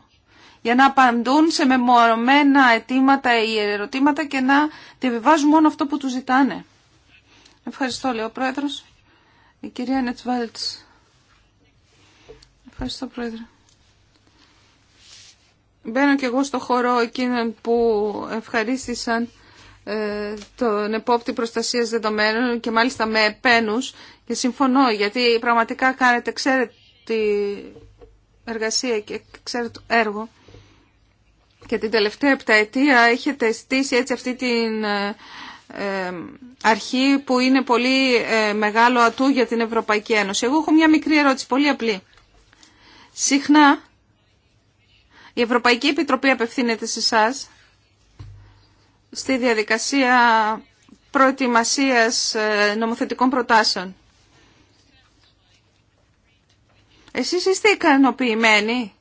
Speaker 1: για να απαντούν σε μεμονωμένα αιτήματα ή ερωτήματα και να διαβιβάζουν μόνο αυτό που τους ζητάνε. Ευχαριστώ, λέει ο Πρόεδρος. Η κυρία Νετσβάλτς. Ευχαριστώ, Πρόεδρε. Μπαίνω κι εγώ στο χώρο εκείνων που ευχαρίστησαν ε, τον επόπτη προστασίας δεδομένων και μάλιστα με επένους και συμφωνώ γιατί πραγματικά κάνετε τη εργασία και ξέρετε έργο και την τελευταία επταετία έχετε στήσει έτσι αυτή την ε, ε, αρχή που είναι πολύ μεγάλο ατού για την Ευρωπαϊκή Ένωση. Εγώ έχω μια μικρή ερώτηση, πολύ απλή. Συχνά η Ευρωπαϊκή Επιτροπή απευθύνεται σε εσάς στη διαδικασία προετοιμασίας ε, νομοθετικών προτάσεων. Εσείς είστε ικανοποιημένοι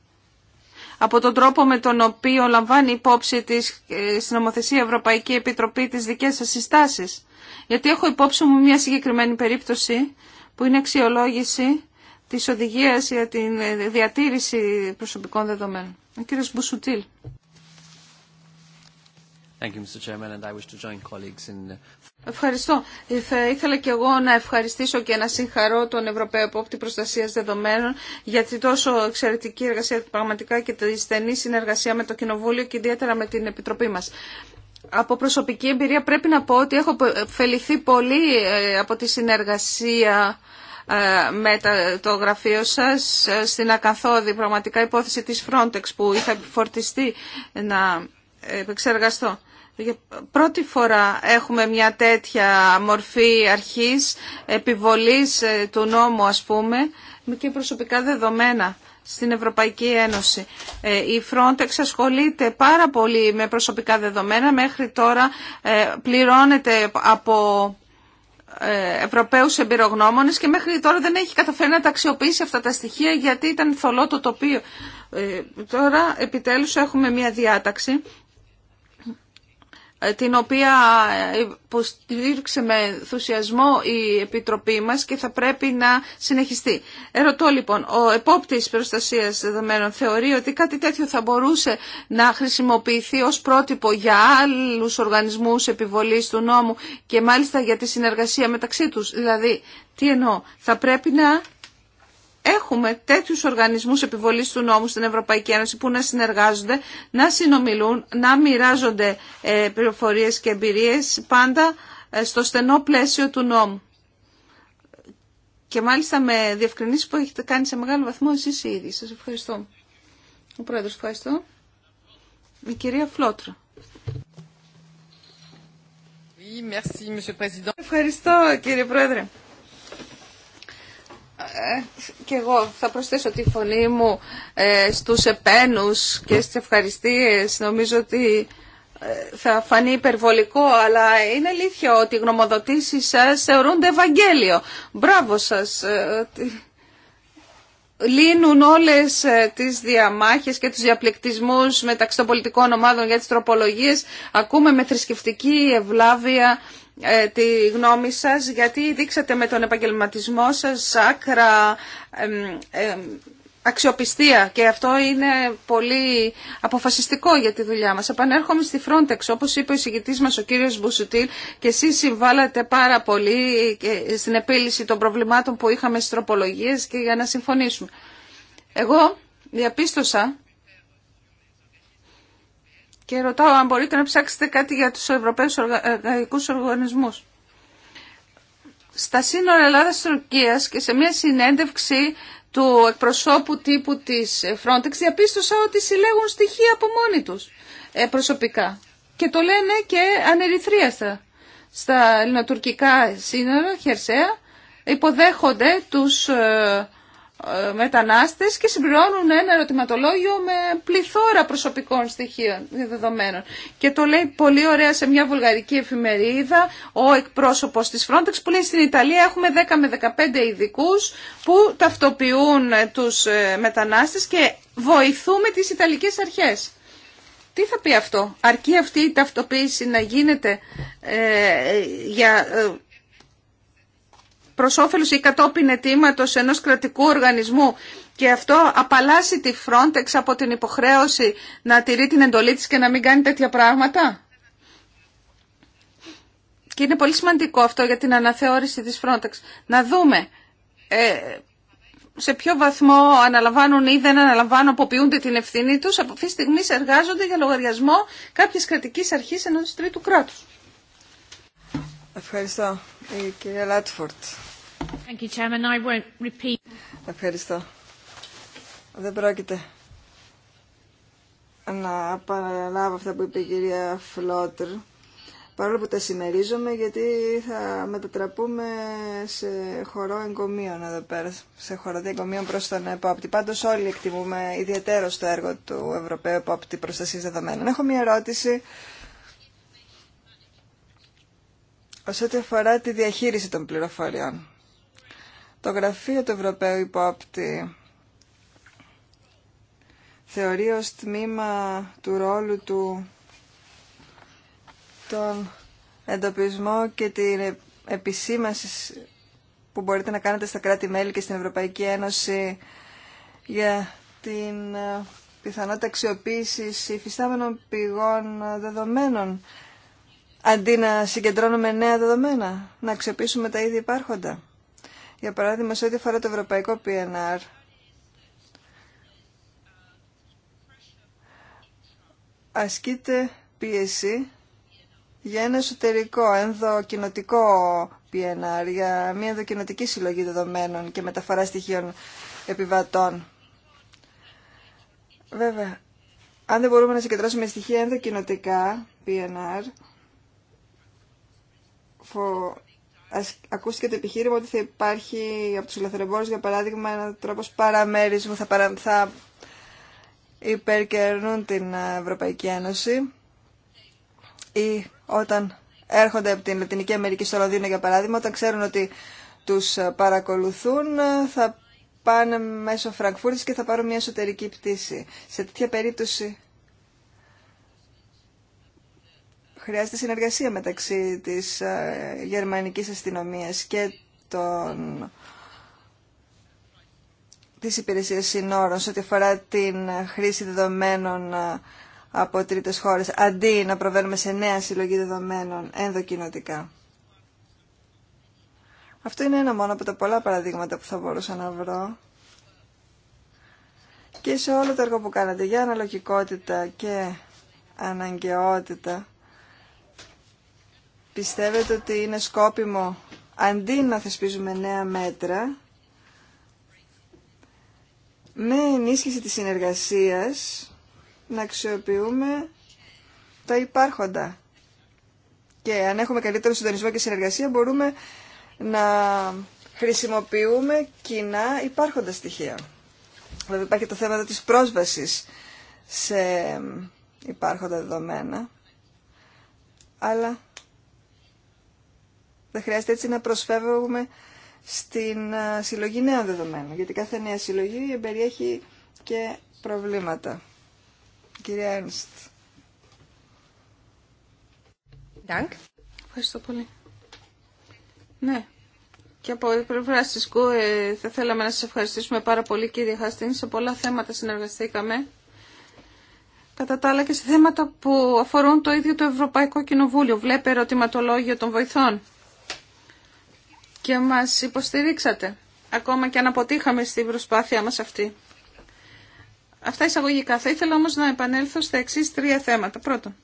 Speaker 1: από τον τρόπο με τον οποίο λαμβάνει υπόψη της ε, στην νομοθεσία Ευρωπαϊκή Επιτροπή τις δικές σας συστάσεις. Γιατί έχω υπόψη μου μια συγκεκριμένη περίπτωση που είναι αξιολόγηση της οδηγίας για την ε, διατήρηση προσωπικών δεδομένων. Ο κύριος Μπουσουτήλ. Ευχαριστώ. Ε, θα ήθελα και εγώ να ευχαριστήσω και να συγχαρώ τον Ευρωπαίο Επόπτη Προστασίας Δεδομένων για τη τόσο εξαιρετική εργασία πραγματικά και τη στενή συνεργασία με το Κοινοβούλιο και ιδιαίτερα με την Επιτροπή μας. Από προσωπική εμπειρία πρέπει να πω ότι έχω φεληθεί πολύ ε, από τη συνεργασία ε, με το γραφείο σας στην ακαθόδη πραγματικά υπόθεση της Frontex που είχα φορτιστεί να επεξεργαστώ. πρώτη φορά έχουμε μια τέτοια μορφή αρχής επιβολής ε, του νόμου ας πούμε και προσωπικά δεδομένα στην Ευρωπαϊκή Ένωση. Ε, η Frontex ασχολείται πάρα πολύ με προσωπικά δεδομένα. Μέχρι τώρα ε, πληρώνεται από Ευρωπαίους εμπειρογνώμονες και μέχρι τώρα δεν έχει καταφέρει να τα αξιοποιήσει αυτά τα στοιχεία γιατί ήταν θολό το τοπίο. Τώρα επιτέλους έχουμε μια διάταξη την οποία υποστήριξε ε, με ενθουσιασμό η Επιτροπή μας και θα πρέπει να συνεχιστεί. Ερωτώ λοιπόν, ο επόπτης προστασίας δεδομένων θεωρεί ότι κάτι τέτοιο θα μπορούσε να χρησιμοποιηθεί ως πρότυπο για άλλους οργανισμούς επιβολής του νόμου και μάλιστα για τη συνεργασία μεταξύ τους. Δηλαδή, τι εννοώ, θα πρέπει να έχουμε τέτοιους οργανισμούς επιβολής του νόμου στην Ευρωπαϊκή Ένωση που να συνεργάζονται, να συνομιλούν, να μοιράζονται ε, πληροφορίε και εμπειρίες πάντα ε, στο στενό πλαίσιο του νόμου. Και μάλιστα με διευκρινήσεις που έχετε κάνει σε μεγάλο βαθμό εσείς οι ίδιοι. Σας ευχαριστώ. Ο Πρόεδρος, ευχαριστώ. Η κυρία Φλότρα. Ευχαριστώ κύριε Πρόεδρε. Ε, και εγώ θα προσθέσω τη φωνή μου ε, στους επένους και στις ευχαριστίες. Νομίζω ότι ε, θα φανεί υπερβολικό, αλλά είναι αλήθεια ότι οι γνωμοδοτήσεις σας θεωρούνται Ευαγγέλιο. Μπράβο σας. Λύνουν όλες τις διαμάχες και τους διαπληκτισμούς μεταξύ των πολιτικών ομάδων για τις τροπολογίες. Ακούμε με θρησκευτική ευλάβεια ε, τη γνώμη σας γιατί δείξατε με τον επαγγελματισμό σας άκρα αξιοπιστία και αυτό είναι πολύ αποφασιστικό για τη δουλειά μας. Επανέρχομαι στη Frontex, όπως είπε ο εισηγητής μας ο κύριος Μπουσουτήλ και εσείς συμβάλλατε πάρα πολύ στην επίλυση των προβλημάτων που είχαμε στις τροπολογίες και για να συμφωνήσουμε. Εγώ διαπίστωσα και ρωτάω αν μπορείτε να ψάξετε κάτι για τους ευρωπαίους οργανικούς οργανισμούς. Στα σύνορα Ελλάδας-Τουρκίας και σε μια συνέντευξη του εκπροσώπου τύπου της Frontex διαπίστωσα ότι συλλέγουν στοιχεία από μόνοι τους ε, προσωπικά. Και το λένε και ανερυθρίαστα. Στα ελληνοτουρκικά σύνορα, χερσαία, υποδέχονται τους ε, μετανάστες και συμπληρώνουν ένα ερωτηματολόγιο με πληθώρα προσωπικών στοιχείων δεδομένων. Και το λέει πολύ ωραία σε μια βουλγαρική εφημερίδα ο εκπρόσωπος της Frontex που λέει στην Ιταλία έχουμε 10 με 15 ειδικού που ταυτοποιούν τους ε, μετανάστες και βοηθούμε τις Ιταλικές αρχές. Τι θα πει αυτό, αρκεί αυτή η ταυτοποίηση να γίνεται ε, για ε, προς όφελος ή κατόπιν αιτήματος ενός κρατικού οργανισμού και αυτό απαλλάσσει τη Frontex από την υποχρέωση να τηρεί την εντολή της και να μην κάνει τέτοια πράγματα. Και είναι πολύ σημαντικό αυτό για την αναθεώρηση της Frontex. Να δούμε ε, σε ποιο βαθμό αναλαμβάνουν ή δεν αναλαμβάνουν, αποποιούνται την ευθύνη τους. Από αυτή τη στιγμή εργάζονται για λογαριασμό κάποιες κρατικής αρχής ενός τρίτου κράτους.
Speaker 2: Ευχαριστώ. Η κυρία Λάτφορτ. Ευχαριστώ. Δεν πρόκειται να παραλάβω αυτά που είπε η κυρία Φλότρ. Παρόλο που τα συμμερίζομαι, γιατί θα μετατραπούμε σε χορό εγκομείων εδώ πέρα, σε χώρο εγκομείων προ τον επόπτη. Πάντω, όλοι εκτιμούμε ιδιαίτερο το έργο του Ευρωπαίου Επόπτη προστασίας Δεδομένων. Έχω μία ερώτηση ως ό,τι αφορά τη διαχείριση των πληροφοριών. Το γραφείο του Ευρωπαίου Υπόπτη θεωρεί ως τμήμα του ρόλου του τον εντοπισμό και την επισήμασης που μπορείτε να κάνετε στα κράτη-μέλη και στην Ευρωπαϊκή Ένωση για την ε, πιθανότητα αξιοποίηση υφιστάμενων πηγών δεδομένων αντί να συγκεντρώνουμε νέα δεδομένα, να αξιοποιήσουμε τα ήδη υπάρχοντα. Για παράδειγμα, σε ό,τι αφορά το ευρωπαϊκό PNR, ασκείται πίεση για ένα εσωτερικό, ενδοκινοτικό PNR, για μια ενδοκινοτική συλλογή δεδομένων και μεταφορά στοιχείων επιβατών. Βέβαια, αν δεν μπορούμε να συγκεντρώσουμε στοιχεία ενδοκινοτικά PNR, ακούστηκε το επιχείρημα ότι θα υπάρχει από τους ελευθερεμπόρους, για παράδειγμα, ένα τρόπος παραμέρισμα θα, παρα, θα υπερκερνούν την Ευρωπαϊκή Ένωση ή όταν έρχονται από την Λατινική Αμερική στο Λονδίνο, για παράδειγμα, όταν ξέρουν ότι τους παρακολουθούν, θα πάνε μέσω Φραγκφούρτης και θα πάρουν μια εσωτερική πτήση. Σε τέτοια περίπτωση χρειάζεται συνεργασία μεταξύ της ε, γερμανικής αστυνομίας και των της υπηρεσίας συνόρων σε ό,τι αφορά την χρήση δεδομένων ε, από τρίτες χώρες, αντί να προβαίνουμε σε νέα συλλογή δεδομένων ενδοκινοτικά. Αυτό είναι ένα μόνο από τα πολλά παραδείγματα που θα μπορούσα να βρω. Και σε όλο το έργο που κάνατε για αναλογικότητα και αναγκαιότητα, Πιστεύετε ότι είναι σκόπιμο αντί να θεσπίζουμε νέα μέτρα με ενίσχυση της συνεργασίας να αξιοποιούμε τα υπάρχοντα. Και αν έχουμε καλύτερο συντονισμό και συνεργασία μπορούμε να χρησιμοποιούμε κοινά υπάρχοντα στοιχεία. Βέβαια υπάρχει το θέμα της πρόσβασης σε υπάρχοντα δεδομένα, αλλά θα χρειάζεται έτσι να προσφεύγουμε στην ε, συλλογή νέων δεδομένων, γιατί κάθε νέα συλλογή περιέχει και προβλήματα. Κυρία Ένστ.
Speaker 1: Ευχαριστώ πολύ. Ναι. Και από την πλευρά τη ΚΟΕ θα θέλαμε να σα ευχαριστήσουμε πάρα πολύ, κύριε Χαστίν. Σε πολλά θέματα συνεργαστήκαμε. Κατά τα άλλα και σε θέματα που αφορούν το ίδιο το Ευρωπαϊκό Κοινοβούλιο. Βλέπετε ερωτηματολόγιο των βοηθών και μας υποστηρίξατε, ακόμα και αν αποτύχαμε στην προσπάθειά μας αυτή. Αυτά εισαγωγικά. Θα ήθελα όμως να επανέλθω στα εξή τρία θέματα. Πρώτον,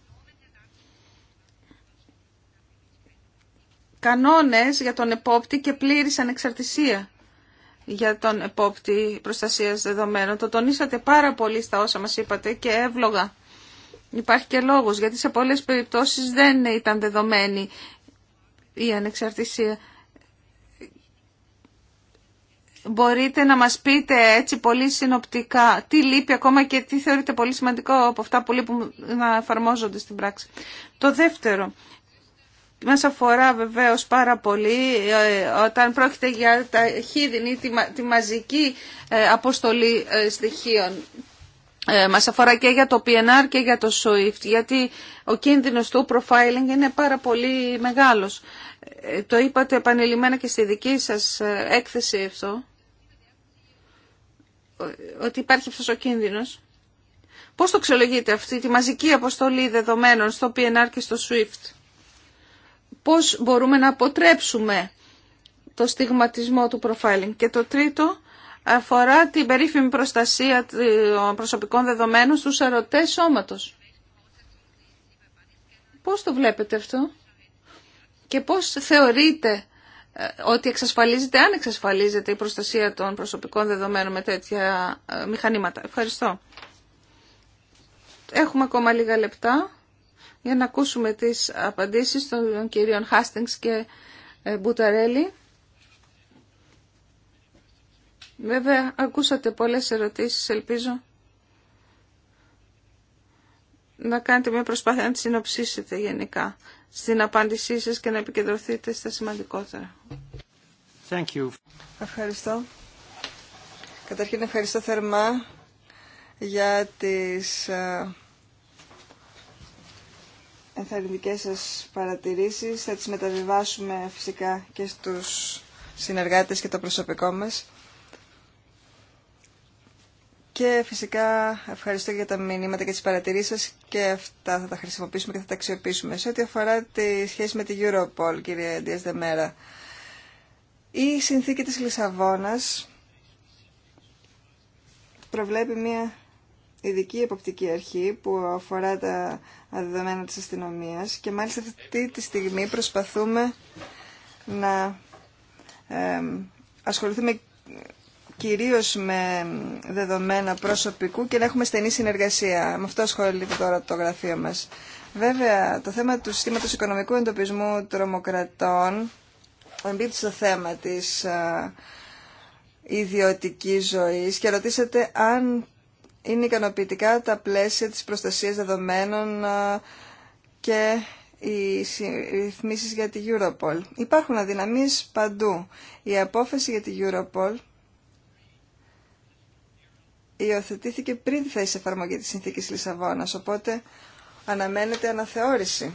Speaker 1: κανόνες για τον επόπτη και πλήρης ανεξαρτησία για τον επόπτη προστασίας δεδομένων. Το τονίσατε πάρα πολύ στα όσα μας είπατε και εύλογα. Υπάρχει και λόγος, γιατί σε πολλές περιπτώσεις δεν ήταν δεδομένη η ανεξαρτησία μπορείτε να μας πείτε έτσι πολύ συνοπτικά τι λείπει ακόμα και τι θεωρείτε πολύ σημαντικό από αυτά που λείπουν να εφαρμόζονται στην πράξη. Το δεύτερο, μας αφορά βεβαίως πάρα πολύ ε, όταν πρόκειται για τα χίδινη, τη, τη μαζική ε, αποστολή ε, στοιχείων. Μας αφορά και για το PNR και για το SWIFT, γιατί ο κίνδυνος του profiling είναι πάρα πολύ μεγάλος. Το είπατε επανειλημμένα και στη δική σας έκθεση αυτό ότι υπάρχει αυτός ο κίνδυνος. Πώς το αξιολογείτε αυτή τη μαζική αποστολή δεδομένων στο PNR και στο SWIFT. Πώς μπορούμε να αποτρέψουμε το στιγματισμό του profiling. Και το τρίτο αφορά την περίφημη προστασία των προσωπικών δεδομένων στους ερωτές σώματος. Πώς το βλέπετε αυτό και πώς θεωρείτε ε, ότι εξασφαλίζεται, αν εξασφαλίζεται η προστασία των προσωπικών δεδομένων με τέτοια ε, μηχανήματα. Ευχαριστώ. Έχουμε ακόμα λίγα λεπτά για να ακούσουμε τις απαντήσεις των κυρίων Χάστινγκς και ε, Μπουταρέλη. Βέβαια, ακούσατε πολλές ερωτήσεις, ελπίζω. Να κάνετε μια προσπάθεια να τις συνοψίσετε γενικά στην απάντησή σας και να επικεντρωθείτε στα σημαντικότερα. Ευχαριστώ. Καταρχήν ευχαριστώ θερμά
Speaker 2: για τις ε, ενθαρρυντικές σας παρατηρήσεις. Θα τις μεταβιβάσουμε φυσικά και στους συνεργάτες και το προσωπικό μας. Και φυσικά ευχαριστώ για τα μηνύματα και τις παρατηρήσεις σας και αυτά θα τα χρησιμοποιήσουμε και θα τα αξιοποιήσουμε. Σε ό,τι αφορά τη σχέση με τη Europol, κύριε Ντίας Δεμέρα, η συνθήκη της Λισαβόνας προβλέπει μια ειδική εποπτική αρχή που αφορά τα δεδομένα της αστυνομίας και μάλιστα αυτή τη στιγμή προσπαθούμε να ασχοληθούμε κυρίως με δεδομένα προσωπικού και να έχουμε στενή συνεργασία. Με αυτό ασχολείται τώρα το γραφείο μας. Βέβαια, το θέμα του συστήματος οικονομικού εντοπισμού τρομοκρατών εμπίπτει στο θέμα της ιδιωτικής ζωής και ρωτήσατε αν είναι ικανοποιητικά τα πλαίσια της προστασίας δεδομένων και οι ρυθμίσεις για τη Europol. Υπάρχουν αδυναμίες παντού. Η απόφαση για τη Europol υιοθετήθηκε πριν θέσει εφαρμογή της συνθήκης Λισαβόνας, οπότε αναμένεται αναθεώρηση.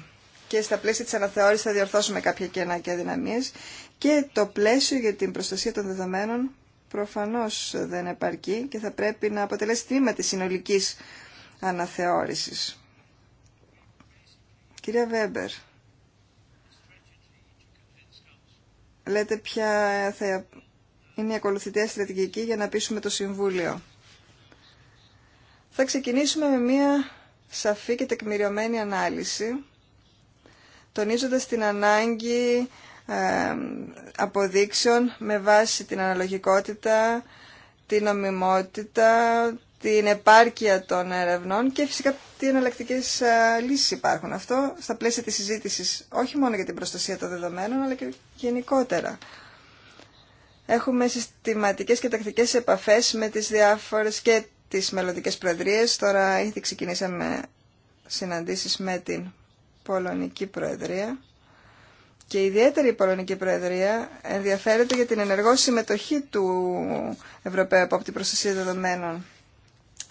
Speaker 2: Και στα πλαίσια της αναθεώρησης θα διορθώσουμε κάποια κενά και αδυναμίες και το πλαίσιο για την προστασία των δεδομένων προφανώς δεν επαρκεί και θα πρέπει να αποτελέσει τμήμα της συνολικής αναθεώρησης. Κυρία Βέμπερ, λέτε ποια θα είναι η ακολουθητή στρατηγική για να πείσουμε το Συμβούλιο. Θα ξεκινήσουμε με μία σαφή και τεκμηριωμένη ανάλυση, τονίζοντας την ανάγκη ε, αποδείξεων με βάση την αναλογικότητα, την νομιμότητα, την επάρκεια των ερευνών και φυσικά τι εναλλακτικέ ε, λύσεις υπάρχουν. Αυτό στα πλαίσια της συζήτηση, όχι μόνο για την προστασία των δεδομένων αλλά και γενικότερα. Έχουμε συστηματικέ και τακτικέ επαφέ με τι διάφορε. και τις μελλοντικέ προεδρίες. Τώρα ήδη ξεκινήσαμε συναντήσεις με την Πολωνική Προεδρία και ιδιαίτερη Πολωνική Προεδρία ενδιαφέρεται για την ενεργό συμμετοχή του Ευρωπαίου από την προστασία δεδομένων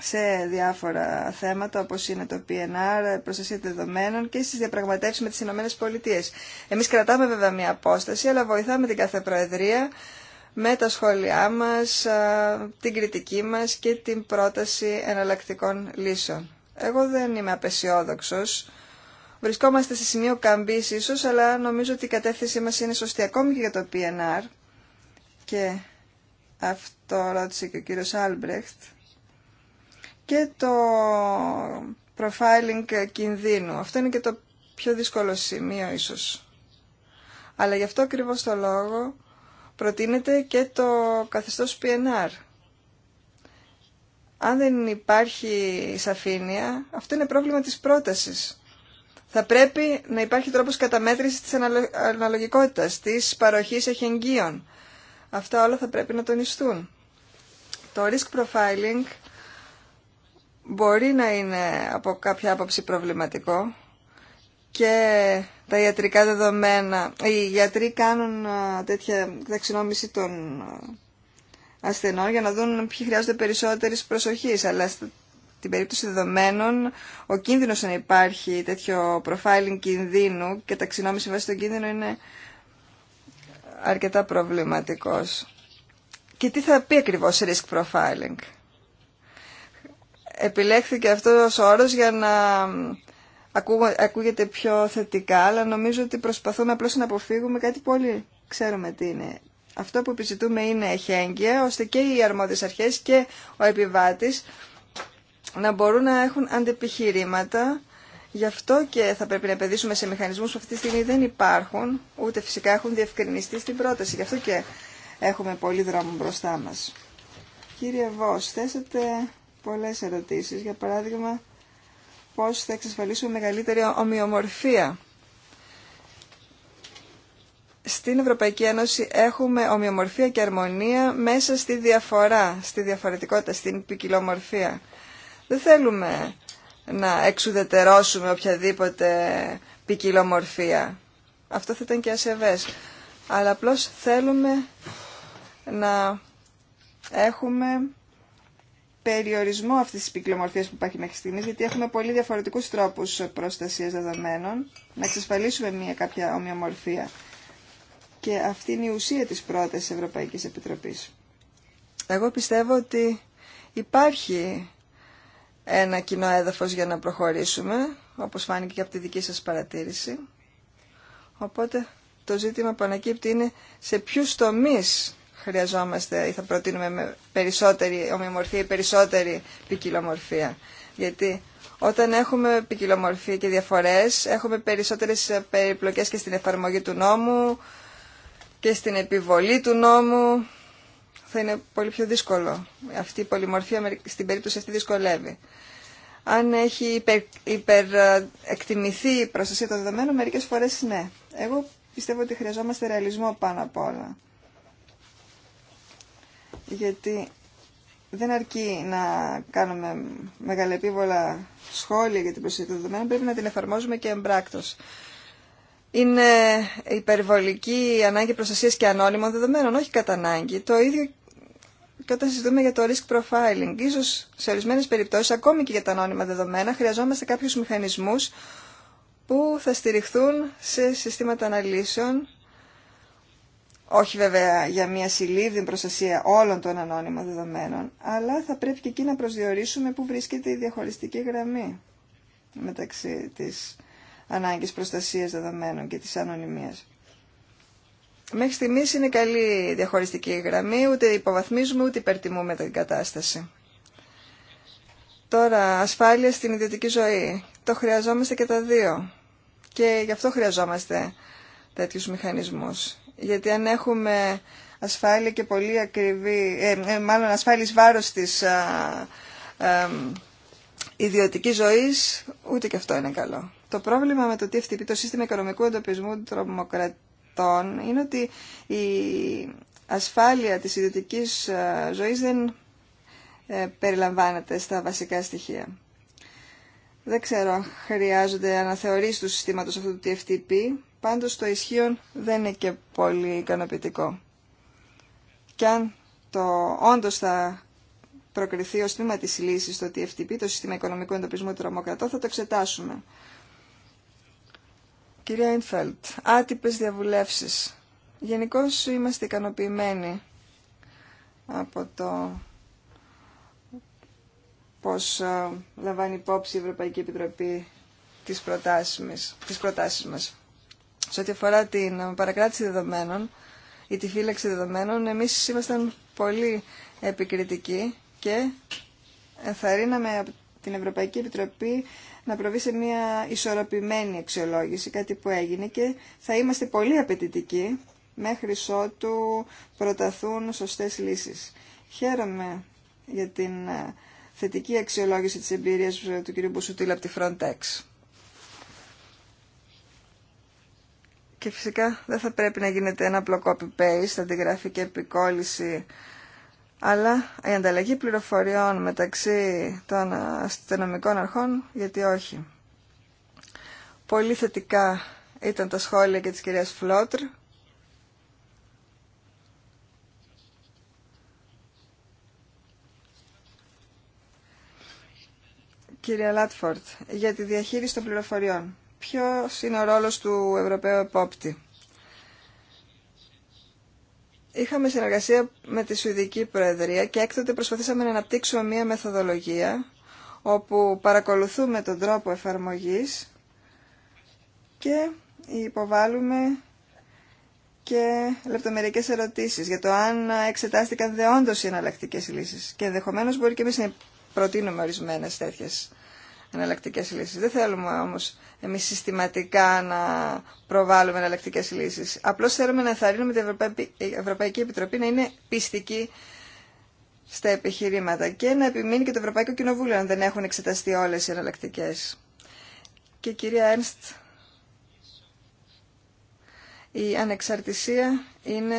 Speaker 2: σε διάφορα θέματα όπως είναι το PNR, προστασία δεδομένων και στις διαπραγματεύσεις με τις Ηνωμένες Πολιτείες. Εμείς κρατάμε βέβαια μια απόσταση αλλά βοηθάμε την κάθε Προεδρία με τα σχόλιά μας, την κριτική μας και την πρόταση εναλλακτικών λύσεων. Εγώ δεν είμαι απεσιόδοξος. Βρισκόμαστε σε σημείο καμπής ίσως, αλλά νομίζω ότι η κατεύθυνσή μας είναι σωστή ακόμη και για το PNR. Και αυτό ρώτησε και ο κύριος Άλμπρεχτ. Και το profiling κινδύνου. Αυτό είναι και το πιο δύσκολο σημείο ίσως. Αλλά γι' αυτό ακριβώ το λόγο προτείνεται και το καθεστώς PNR. Αν δεν υπάρχει σαφήνεια, αυτό είναι πρόβλημα της πρότασης. Θα πρέπει να υπάρχει τρόπος καταμέτρησης της αναλογικότητας, της παροχής εχεγγύων. Αυτά όλα θα πρέπει να τονιστούν. Το risk profiling μπορεί να είναι από κάποια άποψη προβληματικό και τα ιατρικά δεδομένα. Οι γιατροί κάνουν τέτοια ταξινόμηση των ασθενών για να δουν ποιοι χρειάζονται περισσότερης προσοχής, αλλά στην περίπτωση δεδομένων ο κίνδυνος να υπάρχει τέτοιο profiling κινδύνου και ταξινόμηση βάσει τον κίνδυνο είναι αρκετά προβληματικός. Και τι θα πει ακριβώς risk profiling. Επιλέχθηκε αυτός ο όρος για να ακούγεται πιο θετικά, αλλά νομίζω ότι προσπαθούμε απλώς να αποφύγουμε κάτι που όλοι ξέρουμε τι είναι. Αυτό που επιζητούμε είναι εχέγγυα, ώστε και οι αρμόδιες αρχές και ο επιβάτης να μπορούν να έχουν αντεπιχειρήματα. Γι' αυτό και θα πρέπει να επενδύσουμε σε μηχανισμούς που αυτή τη στιγμή δεν υπάρχουν, ούτε φυσικά έχουν διευκρινιστεί στην πρόταση. Γι' αυτό και έχουμε πολύ δρόμο μπροστά μας. Κύριε Βός, θέσατε πολλές ερωτήσεις. Για παράδειγμα, πώς θα εξασφαλίσουμε μεγαλύτερη ομοιομορφία. Στην Ευρωπαϊκή Ένωση έχουμε ομοιομορφία και αρμονία μέσα στη διαφορά, στη διαφορετικότητα, στην ποικιλομορφία. Δεν θέλουμε να εξουδετερώσουμε οποιαδήποτε ποικιλομορφία. Αυτό θα ήταν και ασεβές. Αλλά απλώς θέλουμε να έχουμε περιορισμό αυτής της πυκλομορφίας που υπάρχει μέχρι στιγμής, γιατί έχουμε πολύ διαφορετικούς τρόπους προστασίας δεδομένων, να εξασφαλίσουμε μια κάποια ομοιομορφία. Και αυτή είναι η ουσία της πρώτης Ευρωπαϊκής Επιτροπής. Εγώ πιστεύω ότι υπάρχει ένα κοινό έδαφος για να προχωρήσουμε, όπως φάνηκε και από τη δική σας παρατήρηση. Οπότε το ζήτημα που ανακύπτει είναι σε ποιους τομείς χρειαζόμαστε ή θα προτείνουμε με περισσότερη ομοιομορφία ή περισσότερη ποικιλομορφία. Γιατί όταν έχουμε ποικιλομορφία και διαφορές, έχουμε περισσότερες ε, περιπλοκές και στην εφαρμογή του νόμου και στην επιβολή του νόμου. Θα είναι πολύ πιο δύσκολο. Αυτή η πολυμορφία στην περίπτωση αυτή δυσκολεύει. Αν έχει υπερ, υπερεκτιμηθεί η προστασία των δεδομένων, μερικές φορές ναι. Εγώ πιστεύω ότι χρειαζόμαστε ρεαλισμό πάνω απ' όλα γιατί δεν αρκεί να κάνουμε μεγαλεπίβολα σχόλια για την προσοχή των δεδομένων, πρέπει να την εφαρμόζουμε και εμπράκτος. Είναι υπερβολική ανάγκη προστασίας και ανώνυμων δεδομένων, όχι κατά ανάγκη. Το ίδιο και όταν συζητούμε για το risk profiling. Ίσως σε ορισμένε περιπτώσεις, ακόμη και για τα ανώνυμα δεδομένα, χρειαζόμαστε κάποιου μηχανισμού που θα στηριχθούν σε συστήματα αναλύσεων όχι βέβαια για μια συλλήβδη προστασία όλων των ανώνυμων δεδομένων, αλλά θα πρέπει και εκεί να προσδιορίσουμε πού βρίσκεται η διαχωριστική γραμμή μεταξύ της ανάγκης προστασίας δεδομένων και της ανωνυμίας. Μέχρι στιγμής είναι καλή διαχωριστική γραμμή, ούτε υποβαθμίζουμε ούτε υπερτιμούμε την κατάσταση. Τώρα, ασφάλεια στην ιδιωτική ζωή. Το χρειαζόμαστε και τα δύο. Και γι' αυτό χρειαζόμαστε τέτοιους μηχανισμούς γιατί αν έχουμε ασφάλεια και πολύ ακριβή, ε, ε μάλλον ασφάλεις βάρος της ε, ιδιωτικής ζωής, ούτε και αυτό είναι καλό. Το πρόβλημα με το TFTP, το σύστημα οικονομικού εντοπισμού τρομοκρατών, είναι ότι η ασφάλεια της ιδιωτικής ζωής δεν ε, περιλαμβάνεται στα βασικά στοιχεία. Δεν ξέρω αν χρειάζονται αναθεωρήσεις του συστήματος αυτού του TFTP, Πάντως το ισχύον δεν είναι και πολύ ικανοποιητικό. Και αν το όντως θα προκριθεί ως τμήμα της λύσης το TFTP, το Σύστημα Οικονομικού Εντοπισμού του θα το εξετάσουμε. Κυρία Ινφέλτ, άτυπες διαβουλεύσεις. Γενικώ είμαστε ικανοποιημένοι από το πώς ε, λαμβάνει υπόψη η Ευρωπαϊκή Επιτροπή τις προτάσεις μας. Σε ό,τι αφορά την ε, παρακράτηση δεδομένων ή τη φύλαξη δεδομένων, εμείς ήμασταν πολύ επικριτικοί και ενθαρρύναμε την Ευρωπαϊκή Επιτροπή να προβεί σε μια ισορροπημένη αξιολόγηση, κάτι που έγινε και θα είμαστε πολύ απαιτητικοί μέχρι ότου προταθούν σωστές λύσεις. Χαίρομαι για την ε, θετική αξιολόγηση της εμπειρίας ε, του κ. Μπουσουτήλα από τη Frontex. Και φυσικά δεν θα πρέπει να γίνεται ένα απλό copy-paste, και επικόλυση, αλλά η ανταλλαγή πληροφοριών μεταξύ των αστυνομικών αρχών, γιατί όχι. Πολύ θετικά ήταν τα σχόλια και της κυρίας Φλότρ. Κυρία Λάτφορτ, για τη διαχείριση των πληροφοριών ποιος είναι ο ρόλος του Ευρωπαίου Επόπτη. Είχαμε συνεργασία με τη Σουηδική Προεδρία και έκτοτε προσπαθήσαμε να αναπτύξουμε μία μεθοδολογία όπου παρακολουθούμε τον τρόπο εφαρμογής και υποβάλλουμε και λεπτομερικές ερωτήσεις για το αν εξετάστηκαν δεόντως οι εναλλακτικέ λύσεις και ενδεχομένω μπορεί και εμείς να προτείνουμε ορισμένες τέτοιες εναλλακτικέ λύσεις. Δεν θέλουμε όμω εμεί συστηματικά να προβάλλουμε εναλλακτικέ λύσεις. Απλώς θέλουμε να ενθαρρύνουμε την Ευρωπαϊκή Επιτροπή να είναι πιστική στα επιχειρήματα και να επιμείνει και το Ευρωπαϊκό Κοινοβούλιο αν δεν έχουν εξεταστεί όλες οι εναλλακτικέ. Και κυρία Ένστ, η ανεξαρτησία είναι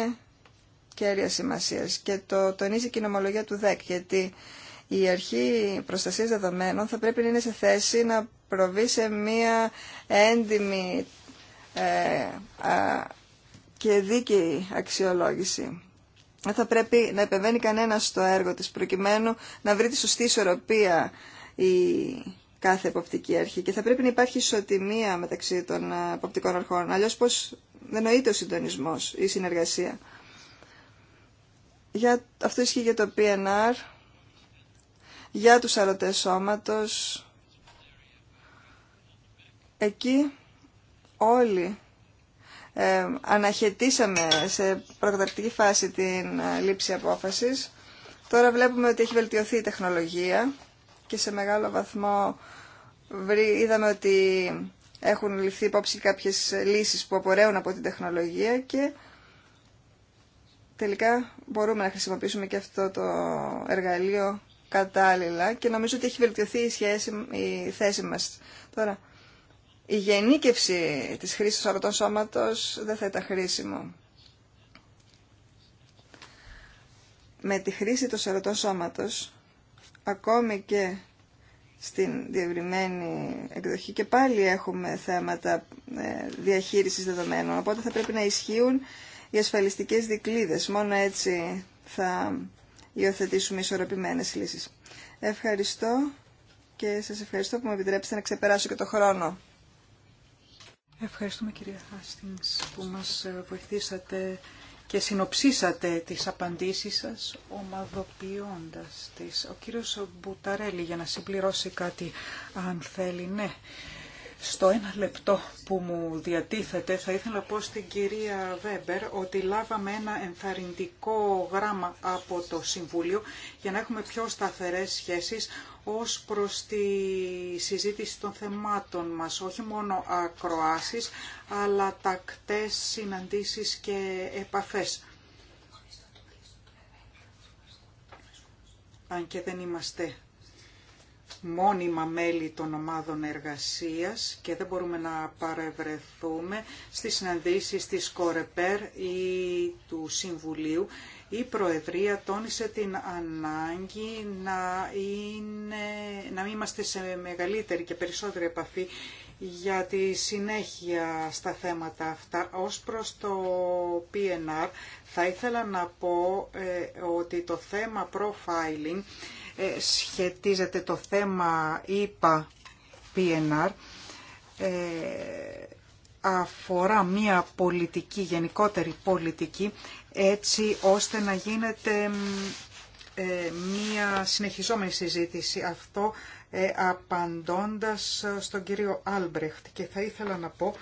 Speaker 2: κέρια σημασία και το τονίζει η κοινομολογία του ΔΕΚ γιατί η αρχή προστασίας δεδομένων θα πρέπει να είναι σε θέση να προβεί σε μία έντιμη ε, και δίκαιη αξιολόγηση. Δεν θα πρέπει να επεμβαίνει κανένα στο έργο της προκειμένου να βρει τη σωστή ισορροπία η κάθε εποπτική αρχή και θα πρέπει να υπάρχει ισοτιμία μεταξύ των ε, εποπτικών αρχών. Αλλιώς πώς δεν νοείται ο συντονισμός ή η συνεργασία. Για, αυτό ισχύει για το PNR για τους αρωτές σώματος. Εκεί όλοι ε, αναχαιτήσαμε σε προκαταρκτική φάση την ε, λήψη απόφασης. Τώρα βλέπουμε ότι έχει βελτιωθεί η τεχνολογία και σε μεγάλο βαθμό είδαμε ότι έχουν ληφθεί υπόψη κάποιες λύσεις που απορρέουν από την τεχνολογία και τελικά μπορούμε να χρησιμοποιήσουμε και αυτό το εργαλείο κατάλληλα και νομίζω ότι έχει βελτιωθεί η, σχέση, η θέση μας. Τώρα, η γενίκευση της χρήσης αρωτών σώματος δεν θα ήταν χρήσιμο. Με τη χρήση των σαρωτών σώματος, ακόμη και στην διευρυμένη εκδοχή και πάλι έχουμε θέματα ε, διαχείρισης δεδομένων, οπότε θα πρέπει να ισχύουν οι ασφαλιστικές δικλίδες. Μόνο έτσι θα υιοθετήσουμε ισορροπημένες λύσεις. Ευχαριστώ και σας ευχαριστώ που μου επιτρέψετε να ξεπεράσω και το χρόνο. Ευχαριστούμε
Speaker 3: κυρία Χάστινς που μας βοηθήσατε και συνοψίσατε τις απαντήσεις σας ομαδοποιώντας τις. Ο κύριος Μπουταρέλη για να συμπληρώσει κάτι αν θέλει, ναι. Στο ένα λεπτό που μου διατίθεται θα ήθελα να πω στην κυρία Βέμπερ ότι λάβαμε ένα ενθαρρυντικό γράμμα από το Συμβούλιο για να έχουμε πιο σταθερές σχέσεις ως προς τη συζήτηση των θεμάτων μας, όχι μόνο ακροάσεις, αλλά τακτές συναντήσεις και επαφές. Αν και δεν είμαστε μόνιμα μέλη των ομάδων εργασίας και δεν μπορούμε να παρευρεθούμε στις συναντήσεις της ΚΟΡΕΠΕΡ ή του Συμβουλίου. Η Προεδρία τόνισε την ανάγκη να, είναι, να είμαστε σε μεγαλύτερη και περισσότερη επαφή για τη συνέχεια στα θέματα αυτά. Ως προς το PNR θα ήθελα να πω ε, ότι το θέμα profiling ε, σχετίζεται το θέμα είπα PNR ε, αφορά μια πολιτική, γενικότερη πολιτική, έτσι ώστε να γίνεται ε, μια συνεχιζόμενη συζήτηση. Αυτό απαντώντας στον κύριο Άλμπρεχτ και θα ήθελα να πω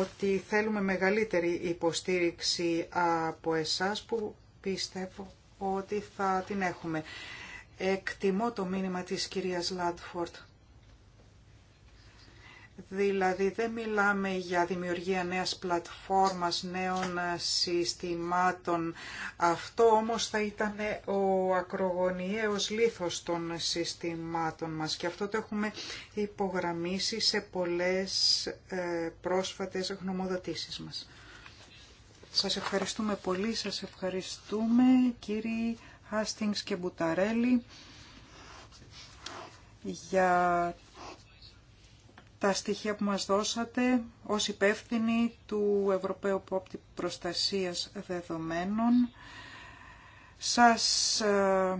Speaker 3: ότι θέλουμε μεγαλύτερη υποστήριξη από εσάς που πιστεύω ότι θα την έχουμε. Εκτιμώ το μήνυμα της κυρίας Λάντφορτ. Δηλαδή δεν μιλάμε για δημιουργία νέας πλατφόρμας, νέων συστημάτων. Αυτό όμως θα ήταν ο ακρογωνιαίος λίθος των συστημάτων μας και αυτό το έχουμε υπογραμμίσει σε πολλές ε, πρόσφατες γνωμοδοτήσεις μας. Σας ευχαριστούμε πολύ, σας ευχαριστούμε κύριοι Hastings και Μπουταρέλη για τα στοιχεία που μας δώσατε ως υπεύθυνοι του Ευρωπαίου Πόπτη Προστασίας Δεδομένων. Σας ε,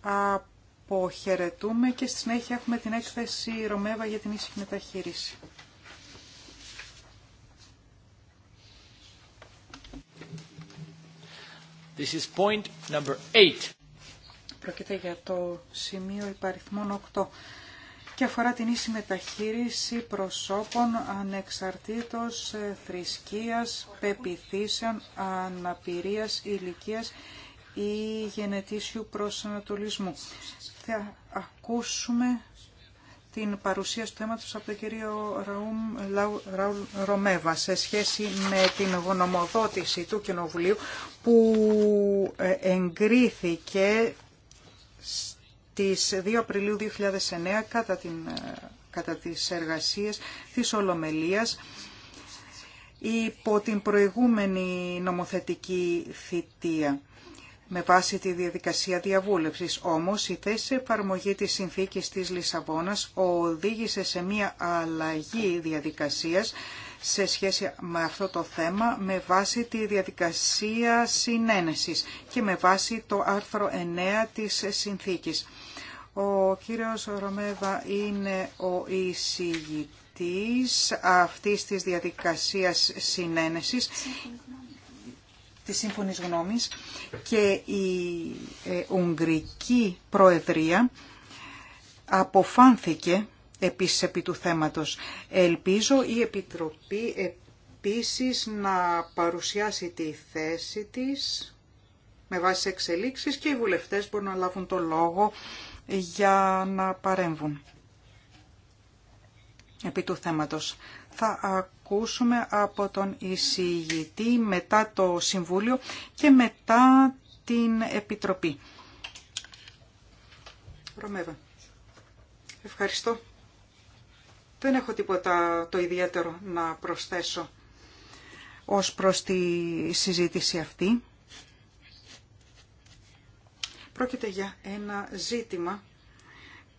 Speaker 3: αποχαιρετούμε και στη συνέχεια έχουμε την έκθεση Ρωμέβα για την ίση μεταχείριση. Πρόκειται για το σημείο υπαριθμών 8 και αφορά την ίση μεταχείριση προσώπων ανεξαρτήτως ε, θρησκείας, πεπιθήσεων, αναπηρίας, ηλικίας ή γενετήσιου προσανατολισμού. Θα ακούσουμε την παρουσίαση του θέματος από τον κύριο Ραούλ Ρομέβα σε σχέση με την γνωμοδότηση του Κοινοβουλίου που ε, εγκρίθηκε στις 2 Απριλίου 2009 κατά, την, ε, κατά τις εργασίες της Ολομελίας υπό την προηγούμενη νομοθετική θητεία με βάση τη διαδικασία διαβούλευσης. Όμως η θέση εφαρμογή της συνθήκης της Λισαβόνας οδήγησε σε μια αλλαγή διαδικασίας σε σχέση με αυτό το θέμα με βάση τη διαδικασία συνένεσης και με βάση το άρθρο 9 της συνθήκης. Ο κύριος Ρωμέβα είναι ο εισηγητής αυτής της διαδικασίας συνένεσης της σύμφωνης γνώμης και η ε, Ουγγρική Προεδρία αποφάνθηκε επίσης επί του θέματος. Ελπίζω η Επιτροπή επίσης να παρουσιάσει τη θέση της με βάση εξελίξεις και οι βουλευτές μπορούν να λάβουν το λόγο για να παρέμβουν επί του θέματος. Θα ακούσουμε από τον εισηγητή, μετά το Συμβούλιο και μετά την Επιτροπή. Ρωμέβα. Ευχαριστώ. Δεν έχω τίποτα το ιδιαίτερο να προσθέσω ως προς τη συζήτηση αυτή. Πρόκειται για ένα ζήτημα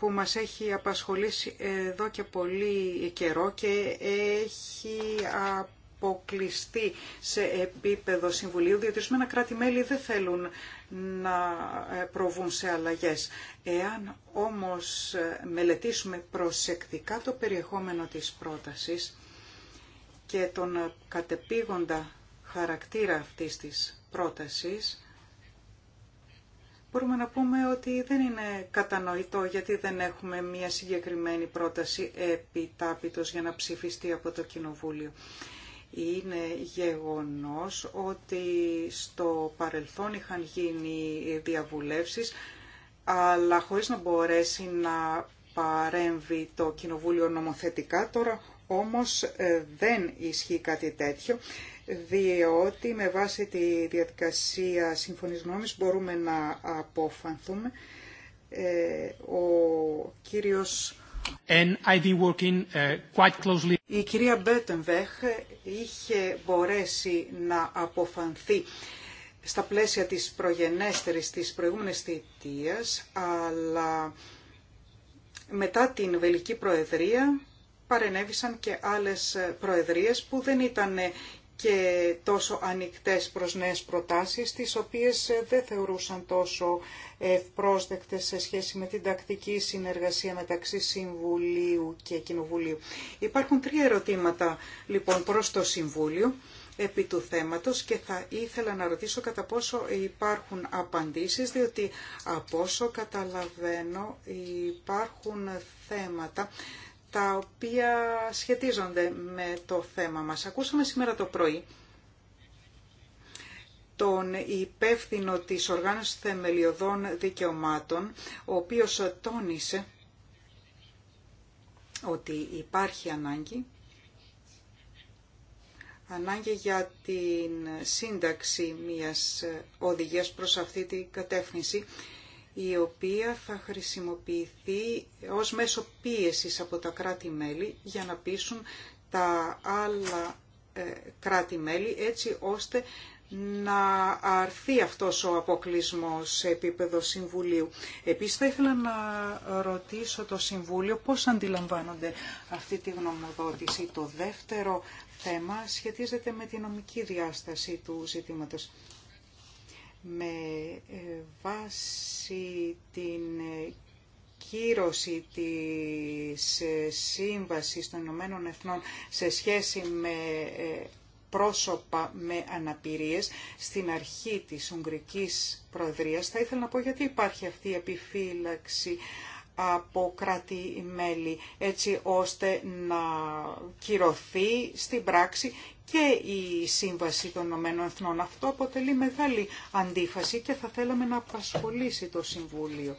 Speaker 3: που μας έχει απασχολήσει εδώ και πολύ καιρό και έχει αποκλειστεί σε επίπεδο συμβουλίου, διότι ορισμένα κράτη-μέλη δεν θέλουν να προβούν σε αλλαγές. Εάν όμως μελετήσουμε προσεκτικά το περιεχόμενο της πρότασης και τον κατεπήγοντα χαρακτήρα αυτής της πρότασης, μπορούμε να πούμε ότι δεν είναι κατανοητό γιατί δεν έχουμε μία συγκεκριμένη πρόταση επιτάπητος για να ψηφιστεί από το Κοινοβούλιο. Είναι γεγονός ότι στο παρελθόν είχαν γίνει διαβουλεύσεις, αλλά χωρίς να μπορέσει να παρέμβει το Κοινοβούλιο νομοθετικά. Τώρα όμως ε, δεν ισχύει κάτι τέτοιο διότι με βάση τη διαδικασία συμφωνής γνώμης μπορούμε να αποφανθούμε. Ε, ο κύριος And working, uh, quite closely. Η κυρία Μπέτεμβεχ είχε μπορέσει να αποφανθεί στα πλαίσια της προγενέστερης της προηγούμενης θητείας, αλλά μετά την Βελική Προεδρία παρενέβησαν και άλλες προεδρίες που δεν ήταν και τόσο ανοιχτές προς νέες προτάσεις, τις οποίες ε, δεν θεωρούσαν τόσο πρόσδεκτες σε σχέση με την τακτική συνεργασία μεταξύ Συμβουλίου και Κοινοβουλίου. Υπάρχουν τρία ερωτήματα λοιπόν προς το Συμβούλιο επί του θέματος και θα ήθελα να ρωτήσω κατά πόσο υπάρχουν απαντήσεις, διότι από όσο καταλαβαίνω υπάρχουν θέματα τα οποία σχετίζονται με το θέμα μας. Ακούσαμε σήμερα το πρωί τον υπεύθυνο της Οργάνωσης Θεμελιωδών Δικαιωμάτων, ο οποίος τόνισε ότι υπάρχει ανάγκη ανάγκη για την σύνταξη μιας οδηγίας προς αυτή την κατεύθυνση η οποία θα χρησιμοποιηθεί ως μέσο πίεσης από τα κράτη-μέλη για να πείσουν τα άλλα ε, κράτη-μέλη έτσι ώστε να αρθεί αυτός ο αποκλεισμός σε επίπεδο Συμβουλίου. Επίσης θα ήθελα να ρωτήσω το Συμβούλιο πώς αντιλαμβάνονται αυτή τη γνωμοδότηση. Το δεύτερο θέμα σχετίζεται με τη νομική διάσταση του ζητήματος με ε, βάση την ε, κύρωση της ε, Σύμβασης των Ηνωμένων Εθνών σε σχέση με πρόσωπα με αναπηρίες στην αρχή της Ουγγρικής Προεδρίας. Θα ήθελα να πω γιατί υπάρχει αυτή η επιφύλαξη από κράτη-μέλη, έτσι ώστε να κυρωθεί στην πράξη και η Σύμβαση των Ηνωμένων Εθνών. Αυτό αποτελεί μεγάλη αντίφαση και θα θέλαμε να απασχολήσει το Συμβούλιο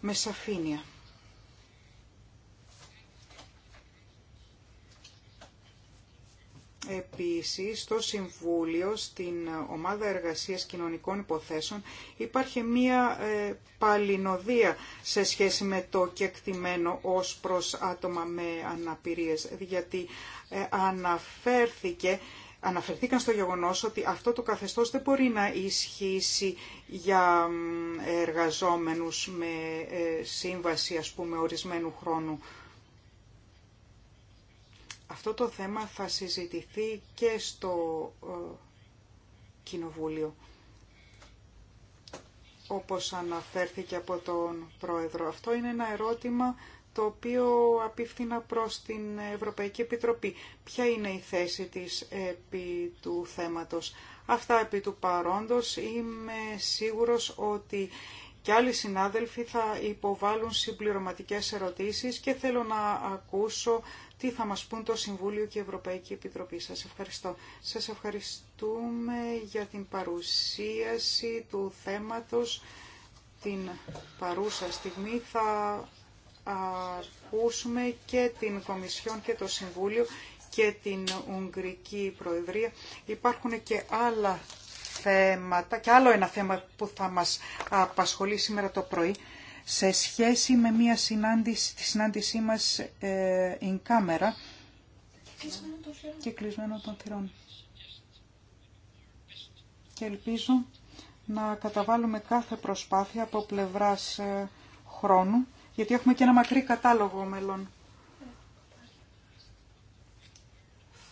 Speaker 3: με σαφήνεια. Επίσης, στο Συμβούλιο, στην Ομάδα Εργασίας Κοινωνικών Υποθέσεων, υπάρχει μία ε, παλινοδία σε σχέση με το κεκτημένο ως προς άτομα με αναπηρίες, γιατί ε, αναφέρθηκε Αναφερθήκαν στο γεγονός ότι αυτό το καθεστώς δεν μπορεί να ισχύσει για εργαζόμενους με ε, σύμβαση ας πούμε ορισμένου χρόνου αυτό το θέμα θα συζητηθεί και στο ε, Κοινοβούλιο. Όπως αναφέρθηκε από τον Πρόεδρο. Αυτό είναι ένα ερώτημα το οποίο απίφθηνα προς την Ευρωπαϊκή Επιτροπή. Ποια είναι η θέση της επί του θέματος. Αυτά επί του παρόντος είμαι σίγουρος ότι και άλλοι συνάδελφοι θα υποβάλουν συμπληρωματικές ερωτήσεις και θέλω να ακούσω τι θα μας πούν το Συμβούλιο και η Ευρωπαϊκή Επιτροπή. Σας ευχαριστώ. Σας ευχαριστούμε για την παρουσίαση του θέματος την παρούσα στιγμή. Θα ακούσουμε και την Κομισιόν και το Συμβούλιο και την Ουγγρική Προεδρία. Υπάρχουν και άλλα θέματα και άλλο ένα θέμα που θα μας απασχολεί σήμερα το πρωί σε σχέση με μια συνάντηση, τη συνάντησή μας ε, in camera και κλεισμένο των θυρών. Και ελπίζω να καταβάλουμε κάθε προσπάθεια από πλευράς ε, χρόνου, γιατί έχουμε και ένα μακρύ κατάλογο μελών.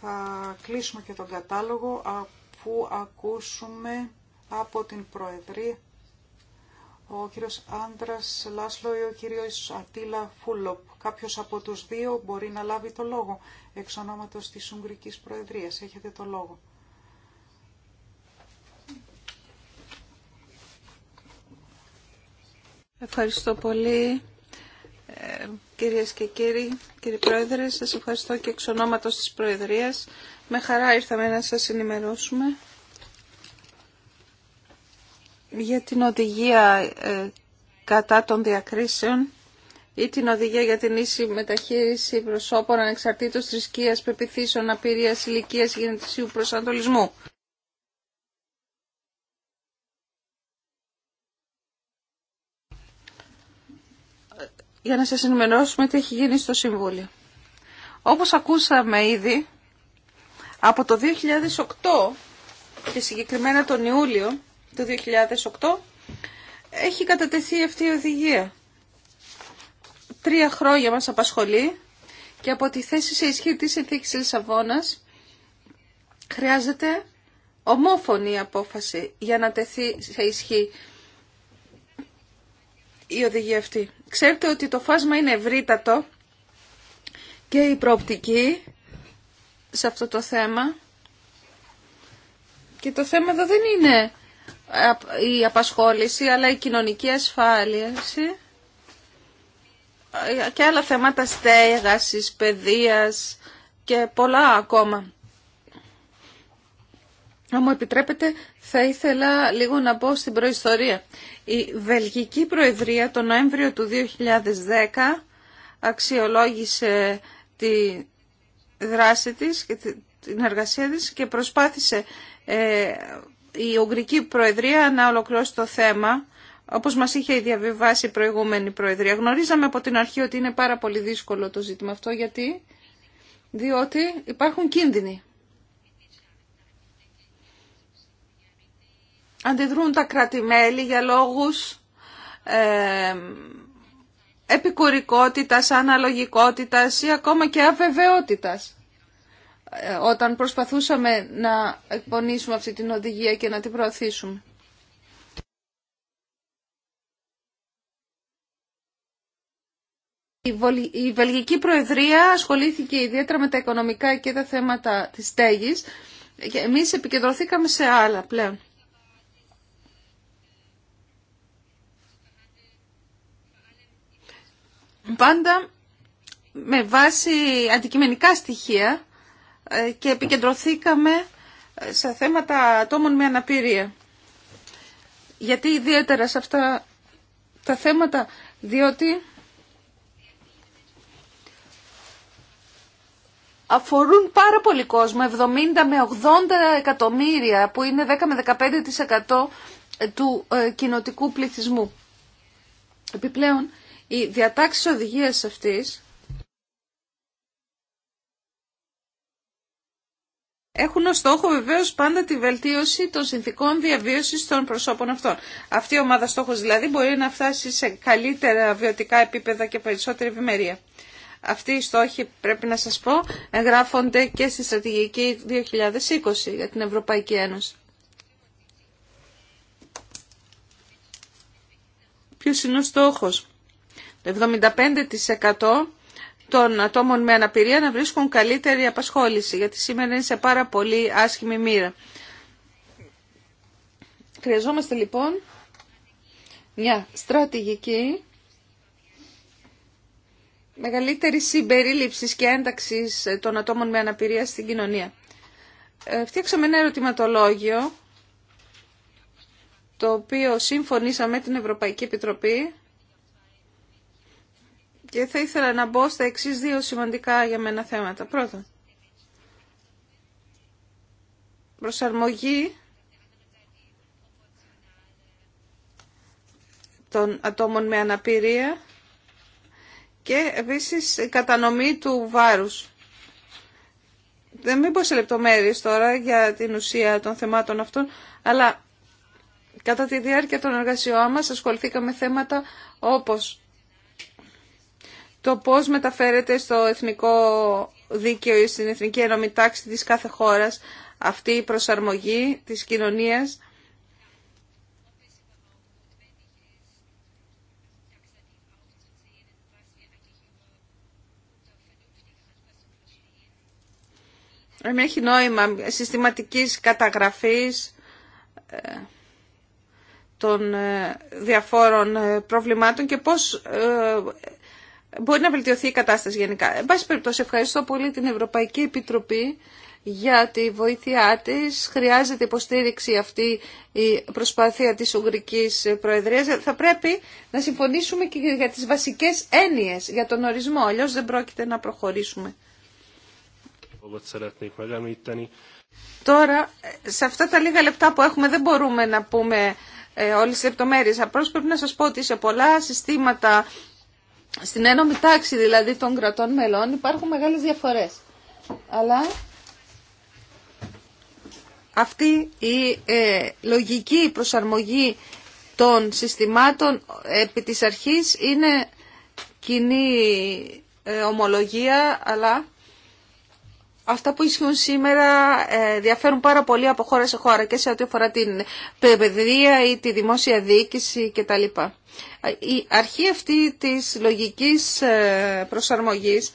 Speaker 3: Θα κλείσουμε και τον κατάλογο αφού ακούσουμε από την Προεδρία ο κύριος Άντρας Λάσλο ή ο κύριος Ατίλα Φούλοπ. Κάποιος από τους δύο μπορεί να λάβει το λόγο εξ ονόματος της Ουγγρικής Προεδρίας. Έχετε το λόγο.
Speaker 1: Ευχαριστώ πολύ ε, κυρίες και κύριοι, κύριε Πρόεδρε. Σας ευχαριστώ και εξ ονόματος της Προεδρίας. Με χαρά ήρθαμε να σας ενημερώσουμε για την οδηγία ε, κατά των διακρίσεων ή την οδηγία για την ίση μεταχείριση προσώπων ανεξαρτήτως θρησκείας, πεπιθήσεων, απειρίας, ηλικίας, γενετησίου προσανατολισμού. Για να σας ενημερώσουμε τι έχει γίνει στο Συμβούλιο. Όπως ακούσαμε ήδη, από το 2008 και συγκεκριμένα τον Ιούλιο, το 2008 έχει κατατεθεί αυτή η οδηγία. Τρία χρόνια μας απασχολεί και από τη θέση σε ισχύ της συνθήκης Λισαβόνας χρειάζεται ομόφωνη απόφαση για να τεθεί σε ισχύ η οδηγία αυτή. Ξέρετε ότι το φάσμα είναι ευρύτατο και η προοπτική σε αυτό το θέμα. Και το θέμα εδώ δεν είναι η απασχόληση, αλλά η κοινωνική ασφάλιση ε, και άλλα θέματα στέγασης, παιδείας και πολλά ακόμα. Αν μου επιτρέπετε, θα ήθελα λίγο να πω στην προϊστορία. Η Βελγική Προεδρία το Νοέμβριο του 2010 αξιολόγησε τη δράση της και την εργασία της και προσπάθησε ε, η Ουγγρική Προεδρία να ολοκληρώσει το θέμα, όπως μας είχε διαβιβάσει η προηγούμενη Προεδρία. Γνωρίζαμε από την αρχή ότι είναι πάρα πολύ δύσκολο το ζήτημα αυτό, γιατί διότι υπάρχουν κίνδυνοι. Αντιδρούν τα κρατη για λόγους ε, επικουρικότητας, αναλογικότητας ή ακόμα και αβεβαιότητας. Ε, όταν προσπαθούσαμε να εκπονήσουμε αυτή την οδηγία και να την προωθήσουμε. Η Βελγική Προεδρία ασχολήθηκε ιδιαίτερα με τα οικονομικά και τα θέματα της στέγης και εμείς επικεντρωθήκαμε σε άλλα πλέον. Πάντα με βάση αντικειμενικά στοιχεία ε, και επικεντρωθήκαμε ε, σε θέματα ατόμων με αναπηρία. Γιατί ιδιαίτερα σε αυτά τα θέματα, διότι αφορούν πάρα πολύ κόσμο, 70 με 80 εκατομμύρια, που είναι 10 με 15% του ε, κοινοτικού πληθυσμού. Επιπλέον, οι διατάξεις οδηγίας αυτής έχουν ως στόχο βεβαίως πάντα τη βελτίωση των συνθήκων διαβίωσης των προσώπων αυτών. Αυτή η ομάδα στόχος δηλαδή μπορεί να φτάσει σε καλύτερα βιωτικά επίπεδα και περισσότερη ευημερία. Αυτοί οι στόχοι πρέπει να σας πω εγγράφονται και στη στρατηγική 2020 για την Ευρωπαϊκή Ένωση. Ποιος είναι ο στόχος. Το 75% των ατόμων με αναπηρία να βρίσκουν καλύτερη απασχόληση, γιατί σήμερα είναι σε πάρα πολύ άσχημη μοίρα. Χρειαζόμαστε λοιπόν μια στρατηγική μεγαλύτερη συμπερίληψη και ένταξη των ατόμων με αναπηρία στην κοινωνία. Ε, φτιάξαμε ένα ερωτηματολόγιο το οποίο συμφωνήσαμε με την Ευρωπαϊκή Επιτροπή και θα ήθελα να μπω στα εξής δύο σημαντικά για μένα θέματα. Πρώτον, προσαρμογή των ατόμων με αναπηρία και επίσης κατανομή του βάρους. Δεν μην πω σε λεπτομέρειες τώρα για την ουσία των θεμάτων αυτών, αλλά κατά τη διάρκεια των εργασιών μας ασχοληθήκαμε θέματα όπως το πώς μεταφέρεται στο εθνικό δίκαιο ή στην εθνική ενόμη τάξη της κάθε χώρας αυτή η προσαρμογή της κοινωνίας Έχει νόημα συστηματικής καταγραφής ε, των ε, διαφόρων ε, προβλημάτων και πώς μπορεί να βελτιωθεί η κατάσταση γενικά. Εν πάση περιπτώσει, ευχαριστώ πολύ την Ευρωπαϊκή Επιτροπή για τη βοήθειά της. Χρειάζεται υποστήριξη αυτή η προσπάθεια της Ουγγρικής Προεδρίας. Θα πρέπει να συμφωνήσουμε και για τις βασικές έννοιες, για τον ορισμό, Αλλιώ δεν πρόκειται να προχωρήσουμε. Τώρα, σε αυτά τα λίγα λεπτά που έχουμε δεν μπορούμε να πούμε ε, όλες τις λεπτομέρειες. πρέπει να σας πω ότι σε πολλά συστήματα στην ένωμη τάξη δηλαδή των κρατών μελών υπάρχουν μεγάλες διαφορές. Αλλά αυτή η ε, λογική προσαρμογή των συστημάτων επί της αρχής είναι κοινή ε, ομολογία αλλά αυτά που ισχύουν σήμερα ε, διαφέρουν πάρα πολύ από χώρα σε χώρα και σε ό,τι αφορά την παιδεία ή τη δημόσια διοίκηση κτλ. Η αρχή αυτή της λογικής ε, προσαρμογής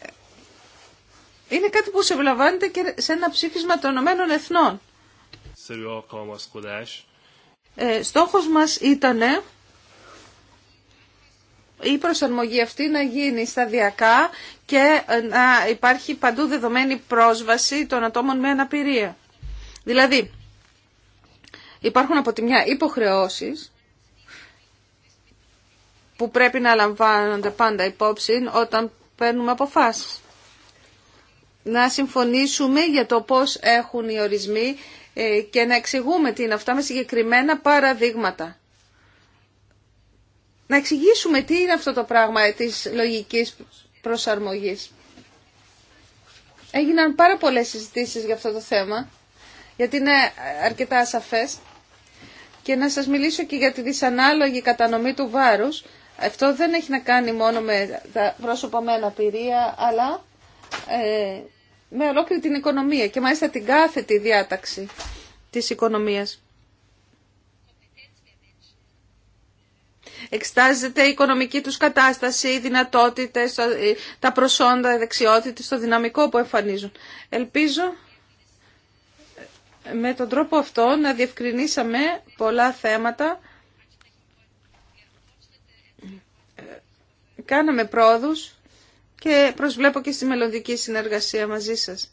Speaker 1: ε, είναι κάτι που βλαβάνεται και σε ένα ψήφισμα των Ηνωμένων Εθνών. Ε, στόχος μας ήτανε η προσαρμογή αυτή να γίνει σταδιακά και να υπάρχει παντού δεδομένη πρόσβαση των ατόμων με αναπηρία. Δηλαδή, υπάρχουν από τη μια υποχρεώσεις που πρέπει να λαμβάνονται πάντα υπόψη όταν παίρνουμε αποφάσεις. Να συμφωνήσουμε για το πώς έχουν οι ορισμοί ε, και να εξηγούμε τι είναι αυτά με συγκεκριμένα παραδείγματα να εξηγήσουμε τι είναι αυτό το πράγμα της λογικής προσαρμογής. Έγιναν πάρα πολλές συζητήσεις για αυτό το θέμα, γιατί είναι αρκετά ασαφές. Και να σας μιλήσω και για τη δυσανάλογη κατανομή του βάρους. Αυτό δεν έχει να κάνει μόνο με τα πρόσωπα με αναπηρία, αλλά ε, με ολόκληρη την οικονομία και μάλιστα την κάθετη διάταξη της οικονομίας. Εξετάζεται η οικονομική τους κατάσταση, οι δυνατότητες, ε, τα προσόντα, οι δεξιότητες, το δυναμικό που εμφανίζουν. Ελπίζω ε, με τον τρόπο αυτό να διευκρινίσαμε πολλά θέματα. Ε, κάναμε πρόοδους και προσβλέπω και στη μελλοντική συνεργασία μαζί σας.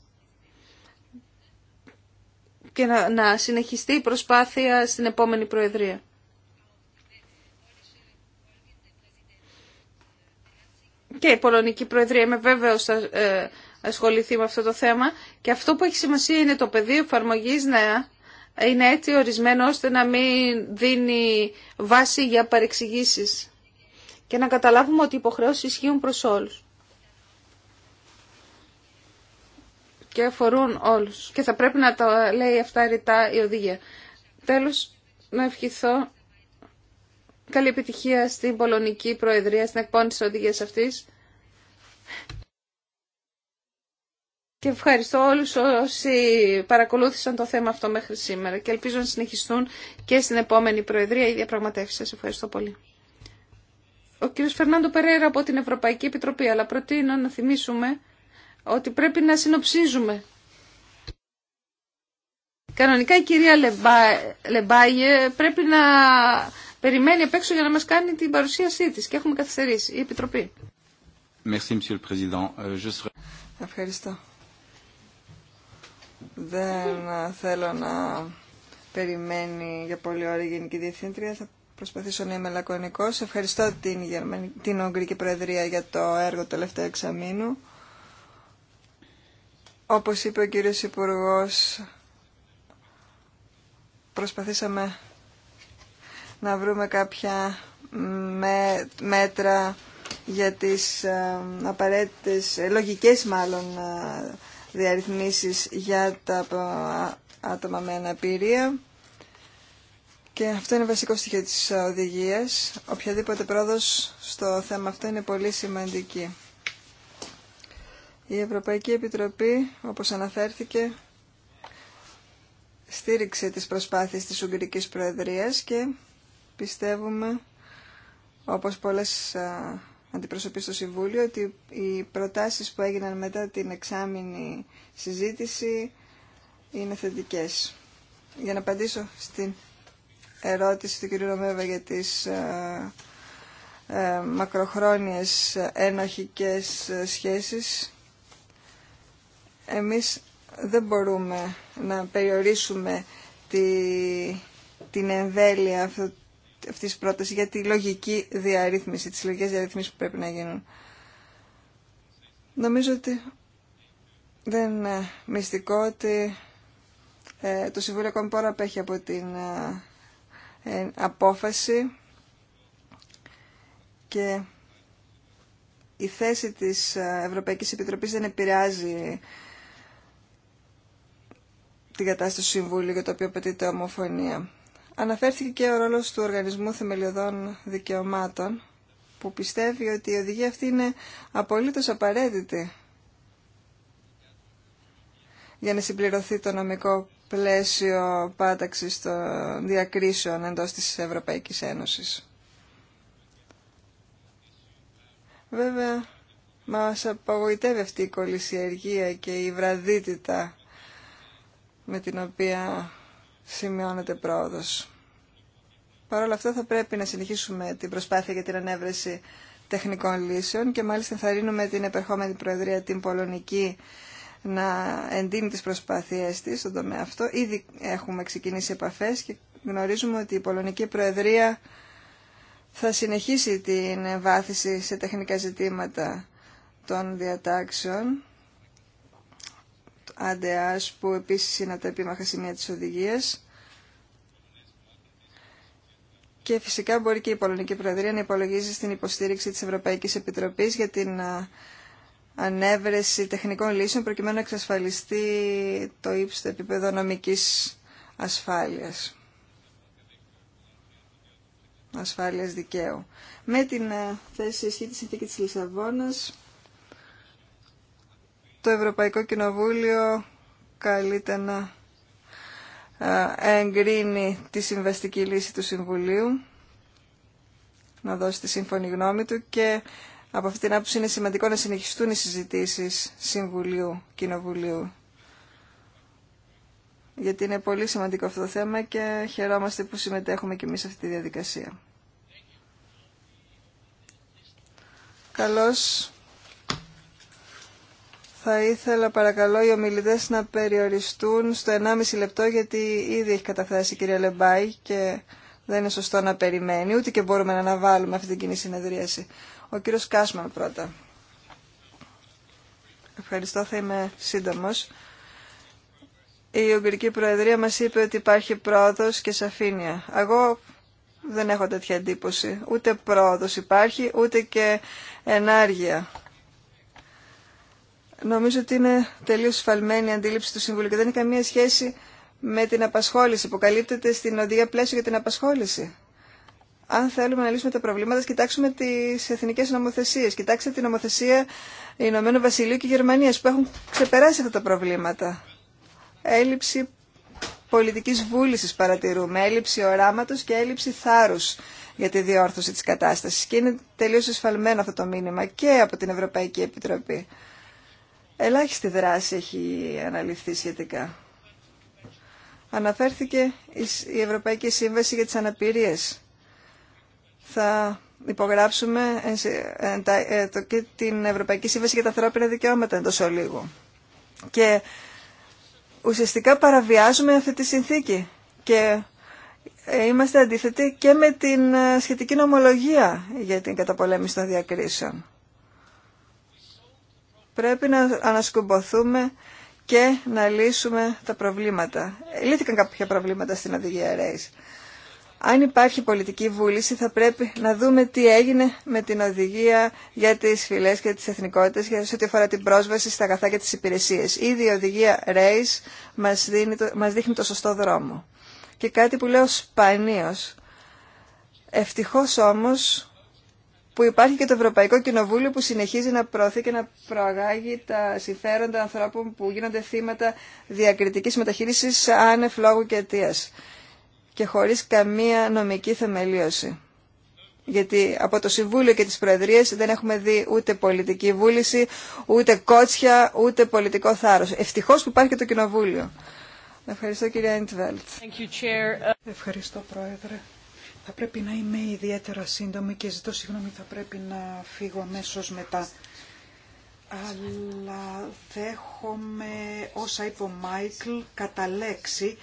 Speaker 1: Και να, να συνεχιστεί η προσπάθεια στην επόμενη Προεδρία. και η Πολωνική Προεδρία είμαι βέβαιο θα ε, ασχοληθεί με αυτό το θέμα και αυτό που έχει σημασία είναι το πεδίο εφαρμογή νέα είναι έτσι ορισμένο ώστε να μην δίνει βάση για παρεξηγήσεις και να καταλάβουμε ότι οι υποχρεώσεις ισχύουν προ όλου. και αφορούν όλους. Και θα πρέπει να τα λέει αυτά ρητά η οδηγία. Τέλος, να ευχηθώ Καλή επιτυχία στην Πολωνική Προεδρία, στην εκπόνηση της οδηγίας αυτής. Και ευχαριστώ όλους όσοι παρακολούθησαν το θέμα αυτό μέχρι σήμερα και ελπίζω να συνεχιστούν και στην επόμενη Προεδρία η διαπραγματεύσεις. Σας ευχαριστώ πολύ. Ο κ. Φερνάντο Περέρα από την Ευρωπαϊκή Επιτροπή, αλλά προτείνω να θυμίσουμε ότι πρέπει να συνοψίζουμε. Κανονικά η κυρία Λεμπάγε πρέπει να περιμένει απ' έξω για να μας κάνει την παρουσίασή της και έχουμε καθυστερήσει η Επιτροπή.
Speaker 2: Euh, Ευχαριστώ. Δεν ε, θέλω να περιμένει για πολλή ώρα η Γενική Διευθύντρια. Θα προσπαθήσω να είμαι λακωνικό. Ευχαριστώ την, Ογγρική την Προεδρία για το έργο τελευταίο τελευταίου εξαμήνου. Όπως είπε ο κύριος Υπουργός, προσπαθήσαμε να βρούμε κάποια μέτρα για τις ε, απαραίτητες, ε, λογικές μάλλον, ε, διαρρυθμίσεις για τα άτομα με αναπηρία. Και αυτό είναι βασικό στοιχείο της οδηγίας. Οποιαδήποτε πρόοδος στο θέμα αυτό είναι πολύ σημαντική. Η Ευρωπαϊκή Επιτροπή, όπως αναφέρθηκε, στήριξε τις προσπάθειες της Ουγγρικής Προεδρίας και πιστεύουμε, όπως πολλές αντιπροσωπείς στο Συμβούλιο, ότι οι προτάσεις που έγιναν μετά την εξάμηνη συζήτηση είναι θετικές. Για να απαντήσω στην ερώτηση του κ. Ρωμέβα για τις ε, μακροχρόνιες ενοχικές σχέσεις, εμείς δεν μπορούμε να περιορίσουμε τη, την εμβέλεια αυτού αυτής της πρότασης για τη λογική διαρρύθμιση, τις λογικές διαρρύθμισεις που πρέπει να γίνουν. Νομίζω ότι δεν είναι μυστικό ότι ε, το Συμβούλιο ακόμη πόρα απέχει από την ε, ε, απόφαση και η θέση της Ευρωπαϊκής Επιτροπής δεν επηρεάζει την κατάσταση του Συμβούλου για το οποίο απαιτείται ομοφωνία. Αναφέρθηκε και ο ρόλος του Οργανισμού Θεμελιωδών Δικαιωμάτων, που πιστεύει ότι η οδηγία αυτή είναι απολύτως απαραίτητη για να συμπληρωθεί το νομικό πλαίσιο πάταξης των διακρίσεων εντός της Ευρωπαϊκής Ένωσης. Βέβαια, μας απογοητεύει αυτή η κολυσιεργία και η βραδύτητα με την οποία σημειώνεται πρόοδος. Παρ' όλα αυτά θα πρέπει να συνεχίσουμε την προσπάθεια για την ανέβρεση τεχνικών λύσεων και μάλιστα θα ρίνουμε την επερχόμενη Προεδρία την Πολωνική να εντείνει τις προσπάθειές της στον τομέα αυτό. Ήδη έχουμε ξεκινήσει επαφές και γνωρίζουμε ότι η Πολωνική Προεδρία θα συνεχίσει την βάθηση σε τεχνικά ζητήματα των διατάξεων ΑΝΤΕΑΣ που επίσης είναι από τα επίμαχα σημεία της οδηγίας. Και φυσικά μπορεί και η Πολωνική Προεδρία να υπολογίζει στην υποστήριξη της Ευρωπαϊκής Επιτροπής για την ανέβρεση τεχνικών λύσεων προκειμένου να εξασφαλιστεί το ύψο επίπεδο νομικής ασφάλειας. Ασφάλειας δικαίου. Με την θέση ισχύ της συνθήκη της Λισαβόνας το Ευρωπαϊκό Κοινοβούλιο καλείται να ε, εγκρίνει τη συμβαστική λύση του Συμβουλίου, να δώσει τη σύμφωνη γνώμη του και από αυτήν την άποψη είναι σημαντικό να συνεχιστούν οι συζητήσεις Συμβουλίου Κοινοβουλίου. Γιατί είναι πολύ σημαντικό αυτό το θέμα και χαιρόμαστε που συμμετέχουμε και εμείς σε αυτή τη διαδικασία. Καλώς θα ήθελα παρακαλώ οι ομιλητές να περιοριστούν στο 1,5 λεπτό γιατί ήδη έχει καταθέσει η κυρία Λεμπάη και δεν είναι σωστό να περιμένει, ούτε και μπορούμε να αναβάλουμε αυτή την κοινή συνεδρίαση. Ο κύριος Κάσμαν πρώτα. Ευχαριστώ, θα είμαι σύντομος. Η Ουγγρική Προεδρία μας είπε ότι υπάρχει πρόοδος και σαφήνεια. Εγώ δεν έχω τέτοια εντύπωση. Ούτε πρόοδος υπάρχει, ούτε και ενάργεια. Νομίζω ότι είναι τελείως σφαλμένη η αντίληψη του Συμβουλίου και δεν έχει καμία σχέση με την απασχόληση που καλύπτεται στην οδηγία πλαίσιο για την απασχόληση. Αν θέλουμε να λύσουμε τα προβλήματα, κοιτάξουμε τι εθνικέ νομοθεσίε. Κοιτάξτε την νομοθεσία Ηνωμένου Βασιλείου και Γερμανία που έχουν ξεπεράσει αυτά τα προβλήματα. Έλλειψη πολιτική βούληση παρατηρούμε, έλλειψη οράματο και έλλειψη θάρρου για τη διόρθωση τη κατάσταση. Και είναι τελείω εσφαλμένο αυτό το μήνυμα και από την Ευρωπαϊκή Επιτροπή. Ελάχιστη δράση έχει αναλυφθεί σχετικά. Αναφέρθηκε η Ευρωπαϊκή Σύμβαση για τις Αναπηρίες. Θα υπογράψουμε ε, και την Ευρωπαϊκή Σύμβαση για τα Ανθρώπινα Δικαιώματα εντός ολίγου. Και ουσιαστικά παραβιάζουμε αυτή τη συνθήκη και ε, είμαστε αντίθετοι και με την ε, σχετική νομολογία για την καταπολέμηση των διακρίσεων πρέπει να ανασκουμποθούμε και να λύσουμε τα προβλήματα. Λύθηκαν κάποια προβλήματα στην οδηγία ΡΕΙΣ. Αν υπάρχει πολιτική βούληση θα πρέπει να δούμε τι έγινε με την οδηγία για τις φυλές και τις εθνικότητες για σε ό,τι αφορά την πρόσβαση στα αγαθά και τις υπηρεσίες. Ήδη η οδηγία ΡΕΙΣ μας, δίνει, μας δείχνει το σωστό δρόμο. Και κάτι που λέω σπανίως. Ευτυχώς όμως που υπάρχει και το Ευρωπαϊκό Κοινοβούλιο που συνεχίζει να προωθεί και να προαγάγει τα συμφέροντα ανθρώπων που γίνονται θύματα διακριτικής μεταχείρισης άνευ λόγου και αιτίας και χωρίς καμία νομική θεμελίωση. Γιατί από το Συμβούλιο και τις Προεδρίες δεν έχουμε δει ούτε πολιτική βούληση, ούτε κότσια, ούτε πολιτικό θάρρος. Ευτυχώς που υπάρχει και το Κοινοβούλιο. Ευχαριστώ κυρία Ιντβέλτ. Ευχαριστώ Πρόεδρε. Θα
Speaker 3: πρέπει να είμαι ιδιαίτερα σύντομη και ζητώ συγγνώμη, θα πρέπει να φύγω αμέσω μετά. Αλλά δέχομαι όσα είπε ο Μάικλ κατά λέξη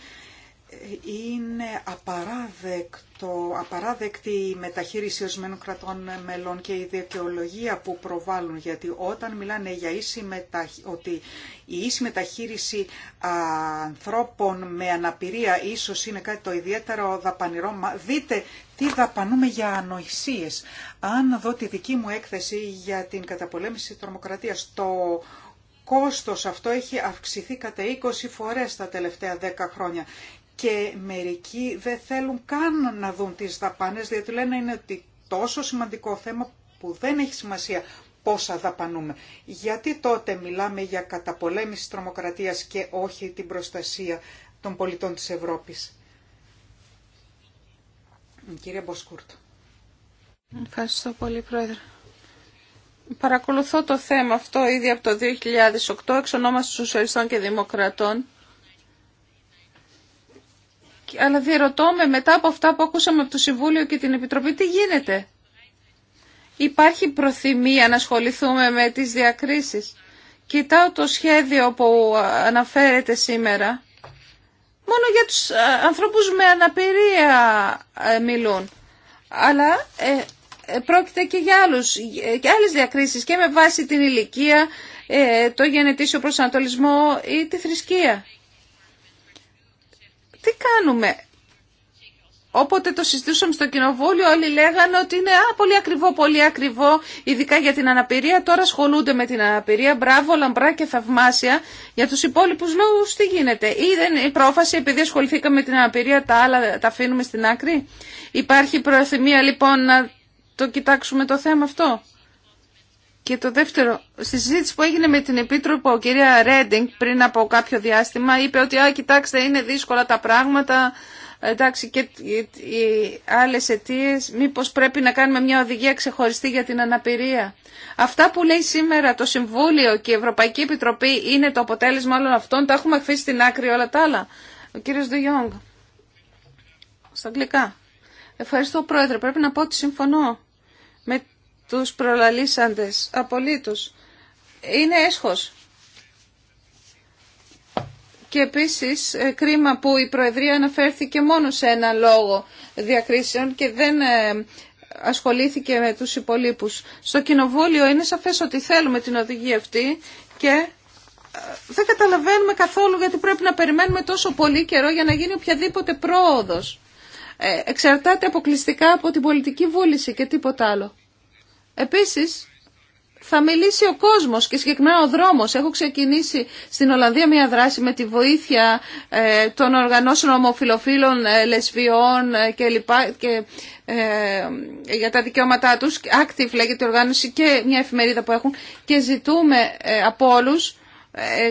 Speaker 3: είναι απαράδεκτο, απαράδεκτη η μεταχείριση ορισμένων κρατών μελών και η δικαιολογία που προβάλλουν, γιατί όταν μιλάνε για ίση μεταχ... ότι η ίση μεταχείριση ανθρώπων με αναπηρία ίσως είναι κάτι το ιδιαίτερο δαπανηρό, μα δείτε τι δαπανούμε για ανοησίες. Αν δω τη δική μου έκθεση για την καταπολέμηση τρομοκρατίας, το κόστος αυτό έχει αυξηθεί κατά 20 φορές τα τελευταία 10 χρόνια και μερικοί δεν θέλουν καν να δουν τις δαπάνες, διότι λένε είναι ότι τόσο σημαντικό θέμα που δεν έχει σημασία πόσα δαπανούμε. Γιατί τότε μιλάμε για καταπολέμηση της τρομοκρατίας και όχι την προστασία των πολιτών της Ευρώπης. Κύριε
Speaker 1: Μποσκούρτ. Ευχαριστώ πολύ, Πρόεδρε. Παρακολουθώ το θέμα αυτό ήδη από το 2008 εξ Σοσιαλιστών και Δημοκρατών αλλά διερωτώ με μετά από αυτά που ακούσαμε από το Συμβούλιο και την Επιτροπή, τι γίνεται. Υπάρχει προθυμία να ασχοληθούμε με τις διακρίσεις. Κοιτάω το σχέδιο που αναφέρεται σήμερα. Μόνο για τους ε, ανθρώπους με αναπηρία ε, μιλούν. Αλλά ε, πρόκειται και για άλλους, και άλλες διακρίσεις και με βάση την ηλικία, το γενετήσιο προσανατολισμό ή τη θρησκεία τι κάνουμε. Όποτε το συζητούσαμε στο κοινοβούλιο όλοι λέγανε ότι είναι α, πολύ ακριβό, πολύ ακριβό, ειδικά για την αναπηρία. Τώρα ασχολούνται με την αναπηρία. Μπράβο, λαμπρά και θαυμάσια. Για τους υπόλοιπους λόγου, τι γίνεται. Ή δεν η πρόφαση επειδή ασχοληθήκαμε με την αναπηρία τα άλλα τα αφήνουμε στην άκρη. Υπάρχει προεθυμία λοιπόν να το κοιτάξουμε το θέμα αυτό. Και το δεύτερο, στη συζήτηση που έγινε με την Επίτροπο, κυρία Ρέντινγκ, πριν από κάποιο διάστημα, είπε ότι, α, κοιτάξτε, είναι δύσκολα τα πράγματα, εντάξει, και οι άλλες αιτίε, μήπως πρέπει να κάνουμε μια οδηγία ξεχωριστή για την αναπηρία. Αυτά που λέει σήμερα το Συμβούλιο και η Ευρωπαϊκή Επιτροπή είναι το αποτέλεσμα όλων αυτών, τα έχουμε αφήσει στην άκρη όλα τα άλλα. Ο κύριος Ντουγιόγκ, στα αγγλικά. Ευχαριστώ, Πρόεδρε. Πρέπει να πω ότι συμφωνώ με τους προλαλήσαντες. Απολύτως. Είναι έσχος. Και επίσης ε, κρίμα που η Προεδρία αναφέρθηκε μόνο σε ένα λόγο διακρίσεων και δεν ε, ασχολήθηκε με τους υπολείπους. Στο Κοινοβούλιο είναι σαφές ότι θέλουμε την οδηγία αυτή και ε, δεν καταλαβαίνουμε καθόλου γιατί πρέπει να περιμένουμε τόσο πολύ καιρό για να γίνει οποιαδήποτε πρόοδος. εξαρτάται αποκλειστικά από την πολιτική βούληση και τίποτα άλλο. Επίσης, θα μιλήσει ο κόσμος και συγκεκριμένα ο δρόμος. Έχω ξεκινήσει στην Ολλανδία μια δράση με τη βοήθεια ε, των οργανώσεων ομοφιλοφίλων, ε, λεσβιών ε, και λοιπά και για τα δικαιώματά τους. Active λέγεται οργάνωση και μια εφημερίδα που έχουν και ζητούμε από όλους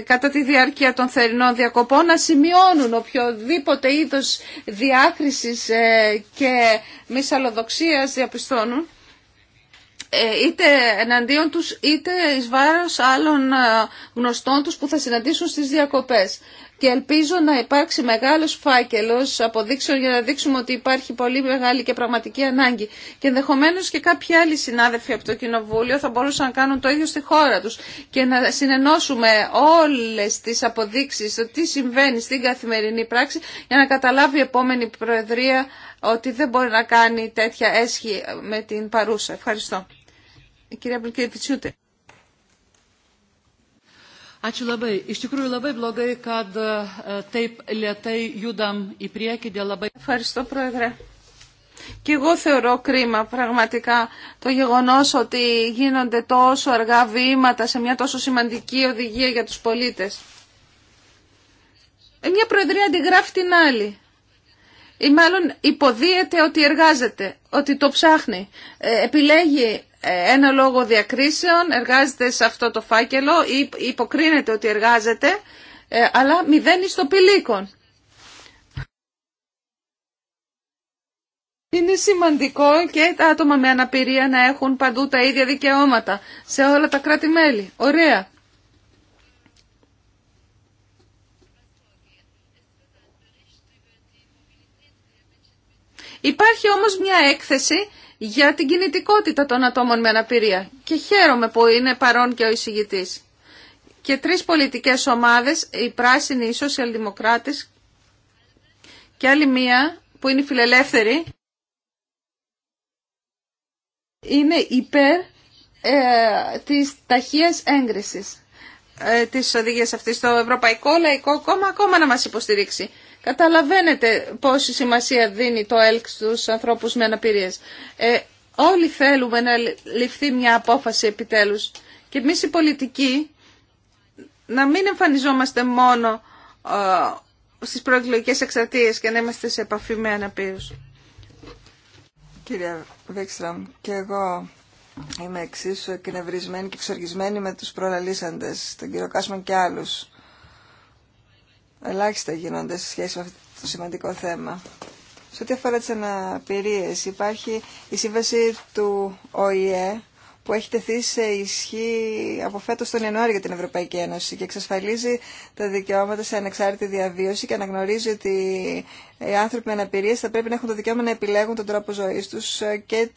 Speaker 1: κατά τη διάρκεια των θερινών διακοπών να σημειώνουν οποιοδήποτε είδος διάκρισης και μη διαπιστώνουν ε, είτε εναντίον τους είτε εις βάρος άλλων ε, γνωστών τους που θα συναντήσουν στις διακοπές και ελπίζω να υπάρξει μεγάλος φάκελος αποδείξεων για να δείξουμε ότι υπάρχει πολύ μεγάλη και πραγματική ανάγκη. Και ενδεχομένω και κάποιοι άλλοι συνάδελφοι από το Κοινοβούλιο θα μπορούσαν να κάνουν το ίδιο στη χώρα τους και να συνενώσουμε όλες τις αποδείξεις το τι συμβαίνει στην καθημερινή πράξη για να καταλάβει η επόμενη Προεδρία ότι δεν μπορεί να κάνει τέτοια έσχη με την παρούσα. Ευχαριστώ. κυρία Ačiū labai. Iš tikrųjų labai blogai, kad e, taip lietai judam į priekį dėl labai... Ευχαριστώ, Πρόεδρε. Και εγώ θεωρώ κρίμα πραγματικά το γεγονός ότι γίνονται τόσο αργά βήματα σε μια τόσο σημαντική οδηγία για τους πολίτες. Ε, μια προεδρία αντιγράφει την άλλη. Ή μάλλον υποδίεται ότι εργάζεται, ότι το ψάχνει, ε, επιλέγει ένα λόγο διακρίσεων εργάζεται σε αυτό το φάκελο ή υποκρίνεται ότι εργάζεται, ε, αλλά μηδέν στο πηλίκον. Είναι σημαντικό και τα άτομα με αναπηρία να έχουν παντού τα ίδια δικαιώματα σε όλα τα κράτη-μέλη. Ωραία. Υπάρχει όμως μια έκθεση για την κινητικότητα των ατόμων με αναπηρία. Και χαίρομαι που είναι παρόν και ο εισηγητής. Και τρεις πολιτικές ομάδες, οι πράσινοι, οι σοσιαλδημοκράτες και άλλη μία που είναι η φιλελεύθερη, είναι υπέρ ε, της ταχείας έγκρισης ε, της οδηγίας αυτής. Το Ευρωπαϊκό Λαϊκό Κόμμα ακόμα να μας υποστηρίξει. Καταλαβαίνετε πόση σημασία δίνει το ΕΛΚ στους ανθρώπους με αναπηρίες. Ε, όλοι θέλουμε να ληφθεί μια απόφαση επιτέλους. Και εμείς οι πολιτικοί να μην εμφανιζόμαστε μόνο ε, στις προεκλογικές εξαρτίες και να είμαστε σε επαφή με αναπήρους.
Speaker 2: Κύριε Βέξτραμ, και εγώ είμαι εξίσου εκνευρισμένη και εξοργισμένη με τους προλαλήσαντες, τον κύριο Κάσμαν και άλλους ελάχιστα γίνονται σε σχέση με αυτό το σημαντικό θέμα. Σε ό,τι αφορά τις αναπηρίες, υπάρχει η σύμβαση του ΟΗΕ που έχει τεθεί σε ισχύ από φέτο τον Ιανουάριο για την Ευρωπαϊκή Ένωση και εξασφαλίζει τα δικαιώματα σε ανεξάρτητη διαβίωση και αναγνωρίζει ότι οι άνθρωποι με αναπηρίες θα πρέπει να έχουν το δικαίωμα να επιλέγουν τον τρόπο ζωής τους και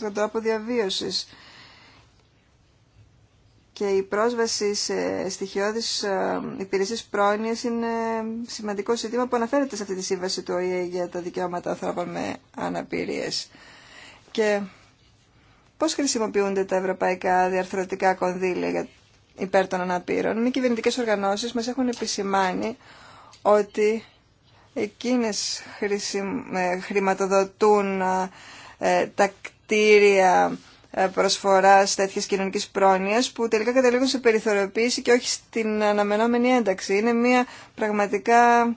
Speaker 2: τον τρόπο διαβίωση και η πρόσβαση σε στοιχειώδεις ε, υπηρεσίες πρόνοιας είναι σημαντικό ζήτημα που αναφέρεται σε αυτή τη σύμβαση του ΟΗΕ για τα δικαιώματα ανθρώπων με αναπηρίες. Και πώς χρησιμοποιούνται τα ευρωπαϊκά διαρθρωτικά κονδύλια για υπέρ των αναπήρων. Οι κυβερνητικέ οργανώσεις μας έχουν επισημάνει ότι εκείνες ε, χρηματοδοτούν ε, τα κτίρια ε, Προσφορά τέτοια κοινωνική πρόνοιας που τελικά καταλήγουν σε περιθωριοποίηση και όχι στην αναμενόμενη ένταξη. Είναι μια πραγματικά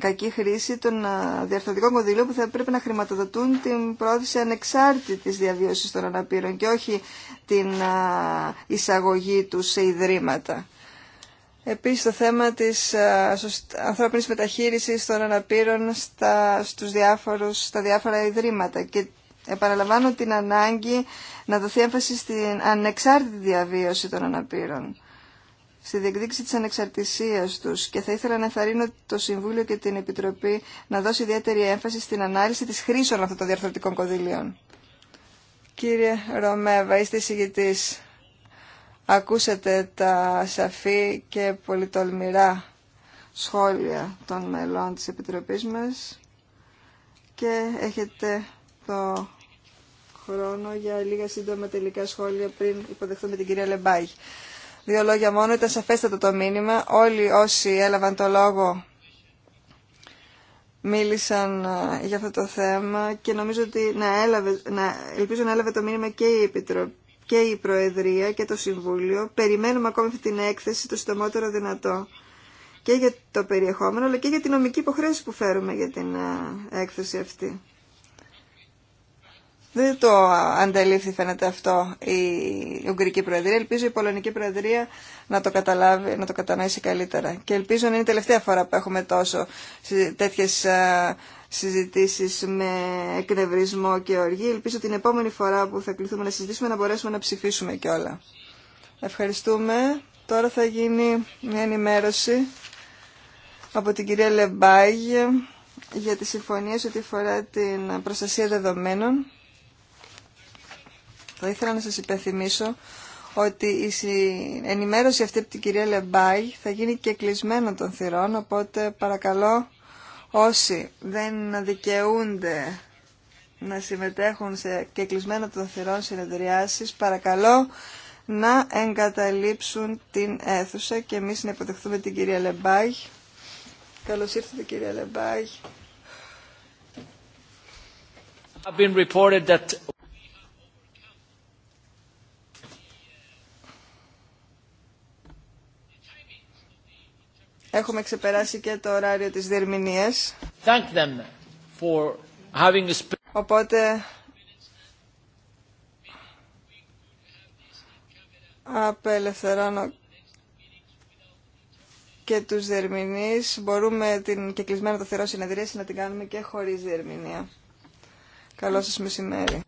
Speaker 2: κακή χρήση των ε, διαρθρωτικών κονδυλίων που θα πρέπει να χρηματοδοτούν την πρόθεση ανεξάρτητης διαβίωσης των αναπήρων και όχι την ε, εισαγωγή τους σε ιδρύματα. Επίσης το θέμα της ανθρώπινης μεταχείρισης των αναπήρων στα, στους διάφορους, στα διάφορα ιδρύματα και Επαναλαμβάνω την ανάγκη να δοθεί έμφαση στην ανεξάρτητη διαβίωση των αναπήρων, στη διεκδίκηση της ανεξαρτησίας τους και θα ήθελα να ενθαρρύνω το Συμβούλιο και την Επιτροπή να δώσει ιδιαίτερη έμφαση στην ανάλυση της χρήσης αυτών των διαρθρωτικών κονδυλίων. Κύριε Ρωμέβα, είστε εισηγητής. Ακούσατε τα σαφή και πολυτολμηρά σχόλια των μελών της Επιτροπής μας και έχετε το χρόνο για λίγα σύντομα τελικά σχόλια πριν υποδεχθούμε την κυρία Λεμπάγη. Δύο λόγια μόνο, ήταν σαφέστατο το μήνυμα. Όλοι όσοι έλαβαν το λόγο μίλησαν ε, για αυτό το θέμα και νομίζω ότι να έλαβε, να, ελπίζω να έλαβε το μήνυμα και η Επιτροπή και η Προεδρία και το Συμβούλιο. Περιμένουμε ακόμη αυτή την έκθεση το συντομότερο δυνατό και για το περιεχόμενο αλλά και για την νομική υποχρέωση που φέρουμε για την ε, έκθεση αυτή. Δεν το αντελήφθη φαίνεται αυτό η Ουγγρική Προεδρία. Ελπίζω η Πολωνική Προεδρία να το καταλάβει, να το κατανοήσει καλύτερα. Και ελπίζω να είναι η τελευταία φορά που έχουμε τόσο τέτοιες ε, συζητήσεις με εκνευρισμό και οργή. Ελπίζω την επόμενη φορά που θα κληθούμε να συζητήσουμε να μπορέσουμε να ψηφίσουμε κιόλα. Ευχαριστούμε. Τώρα θα γίνει μια ενημέρωση από την κυρία Λεμπάγι για τις συμφωνίες ότι αφορά την προστασία δεδομένων. Θα ήθελα να σας υπενθυμίσω ότι η ενημέρωση αυτή από την κυρία Λεμπάη θα γίνει και κλεισμένο των θυρών, οπότε παρακαλώ όσοι δεν δικαιούνται να συμμετέχουν σε κεκλεισμένα των θυρών συνεδριάσεις, παρακαλώ να εγκαταλείψουν την αίθουσα και εμείς να υποδεχθούμε την κυρία Λεμπάγ. Καλώς ήρθατε κυρία Λεμπάγ. Έχουμε ξεπεράσει και το ωράριο της διερμηνίας. Οπότε απελευθερώνω και τους διερμηνείς. Μπορούμε την κεκλεισμένα το θερό συνεδρίαση να την κάνουμε και χωρίς διερμηνία.
Speaker 3: Καλό σας μεσημέρι.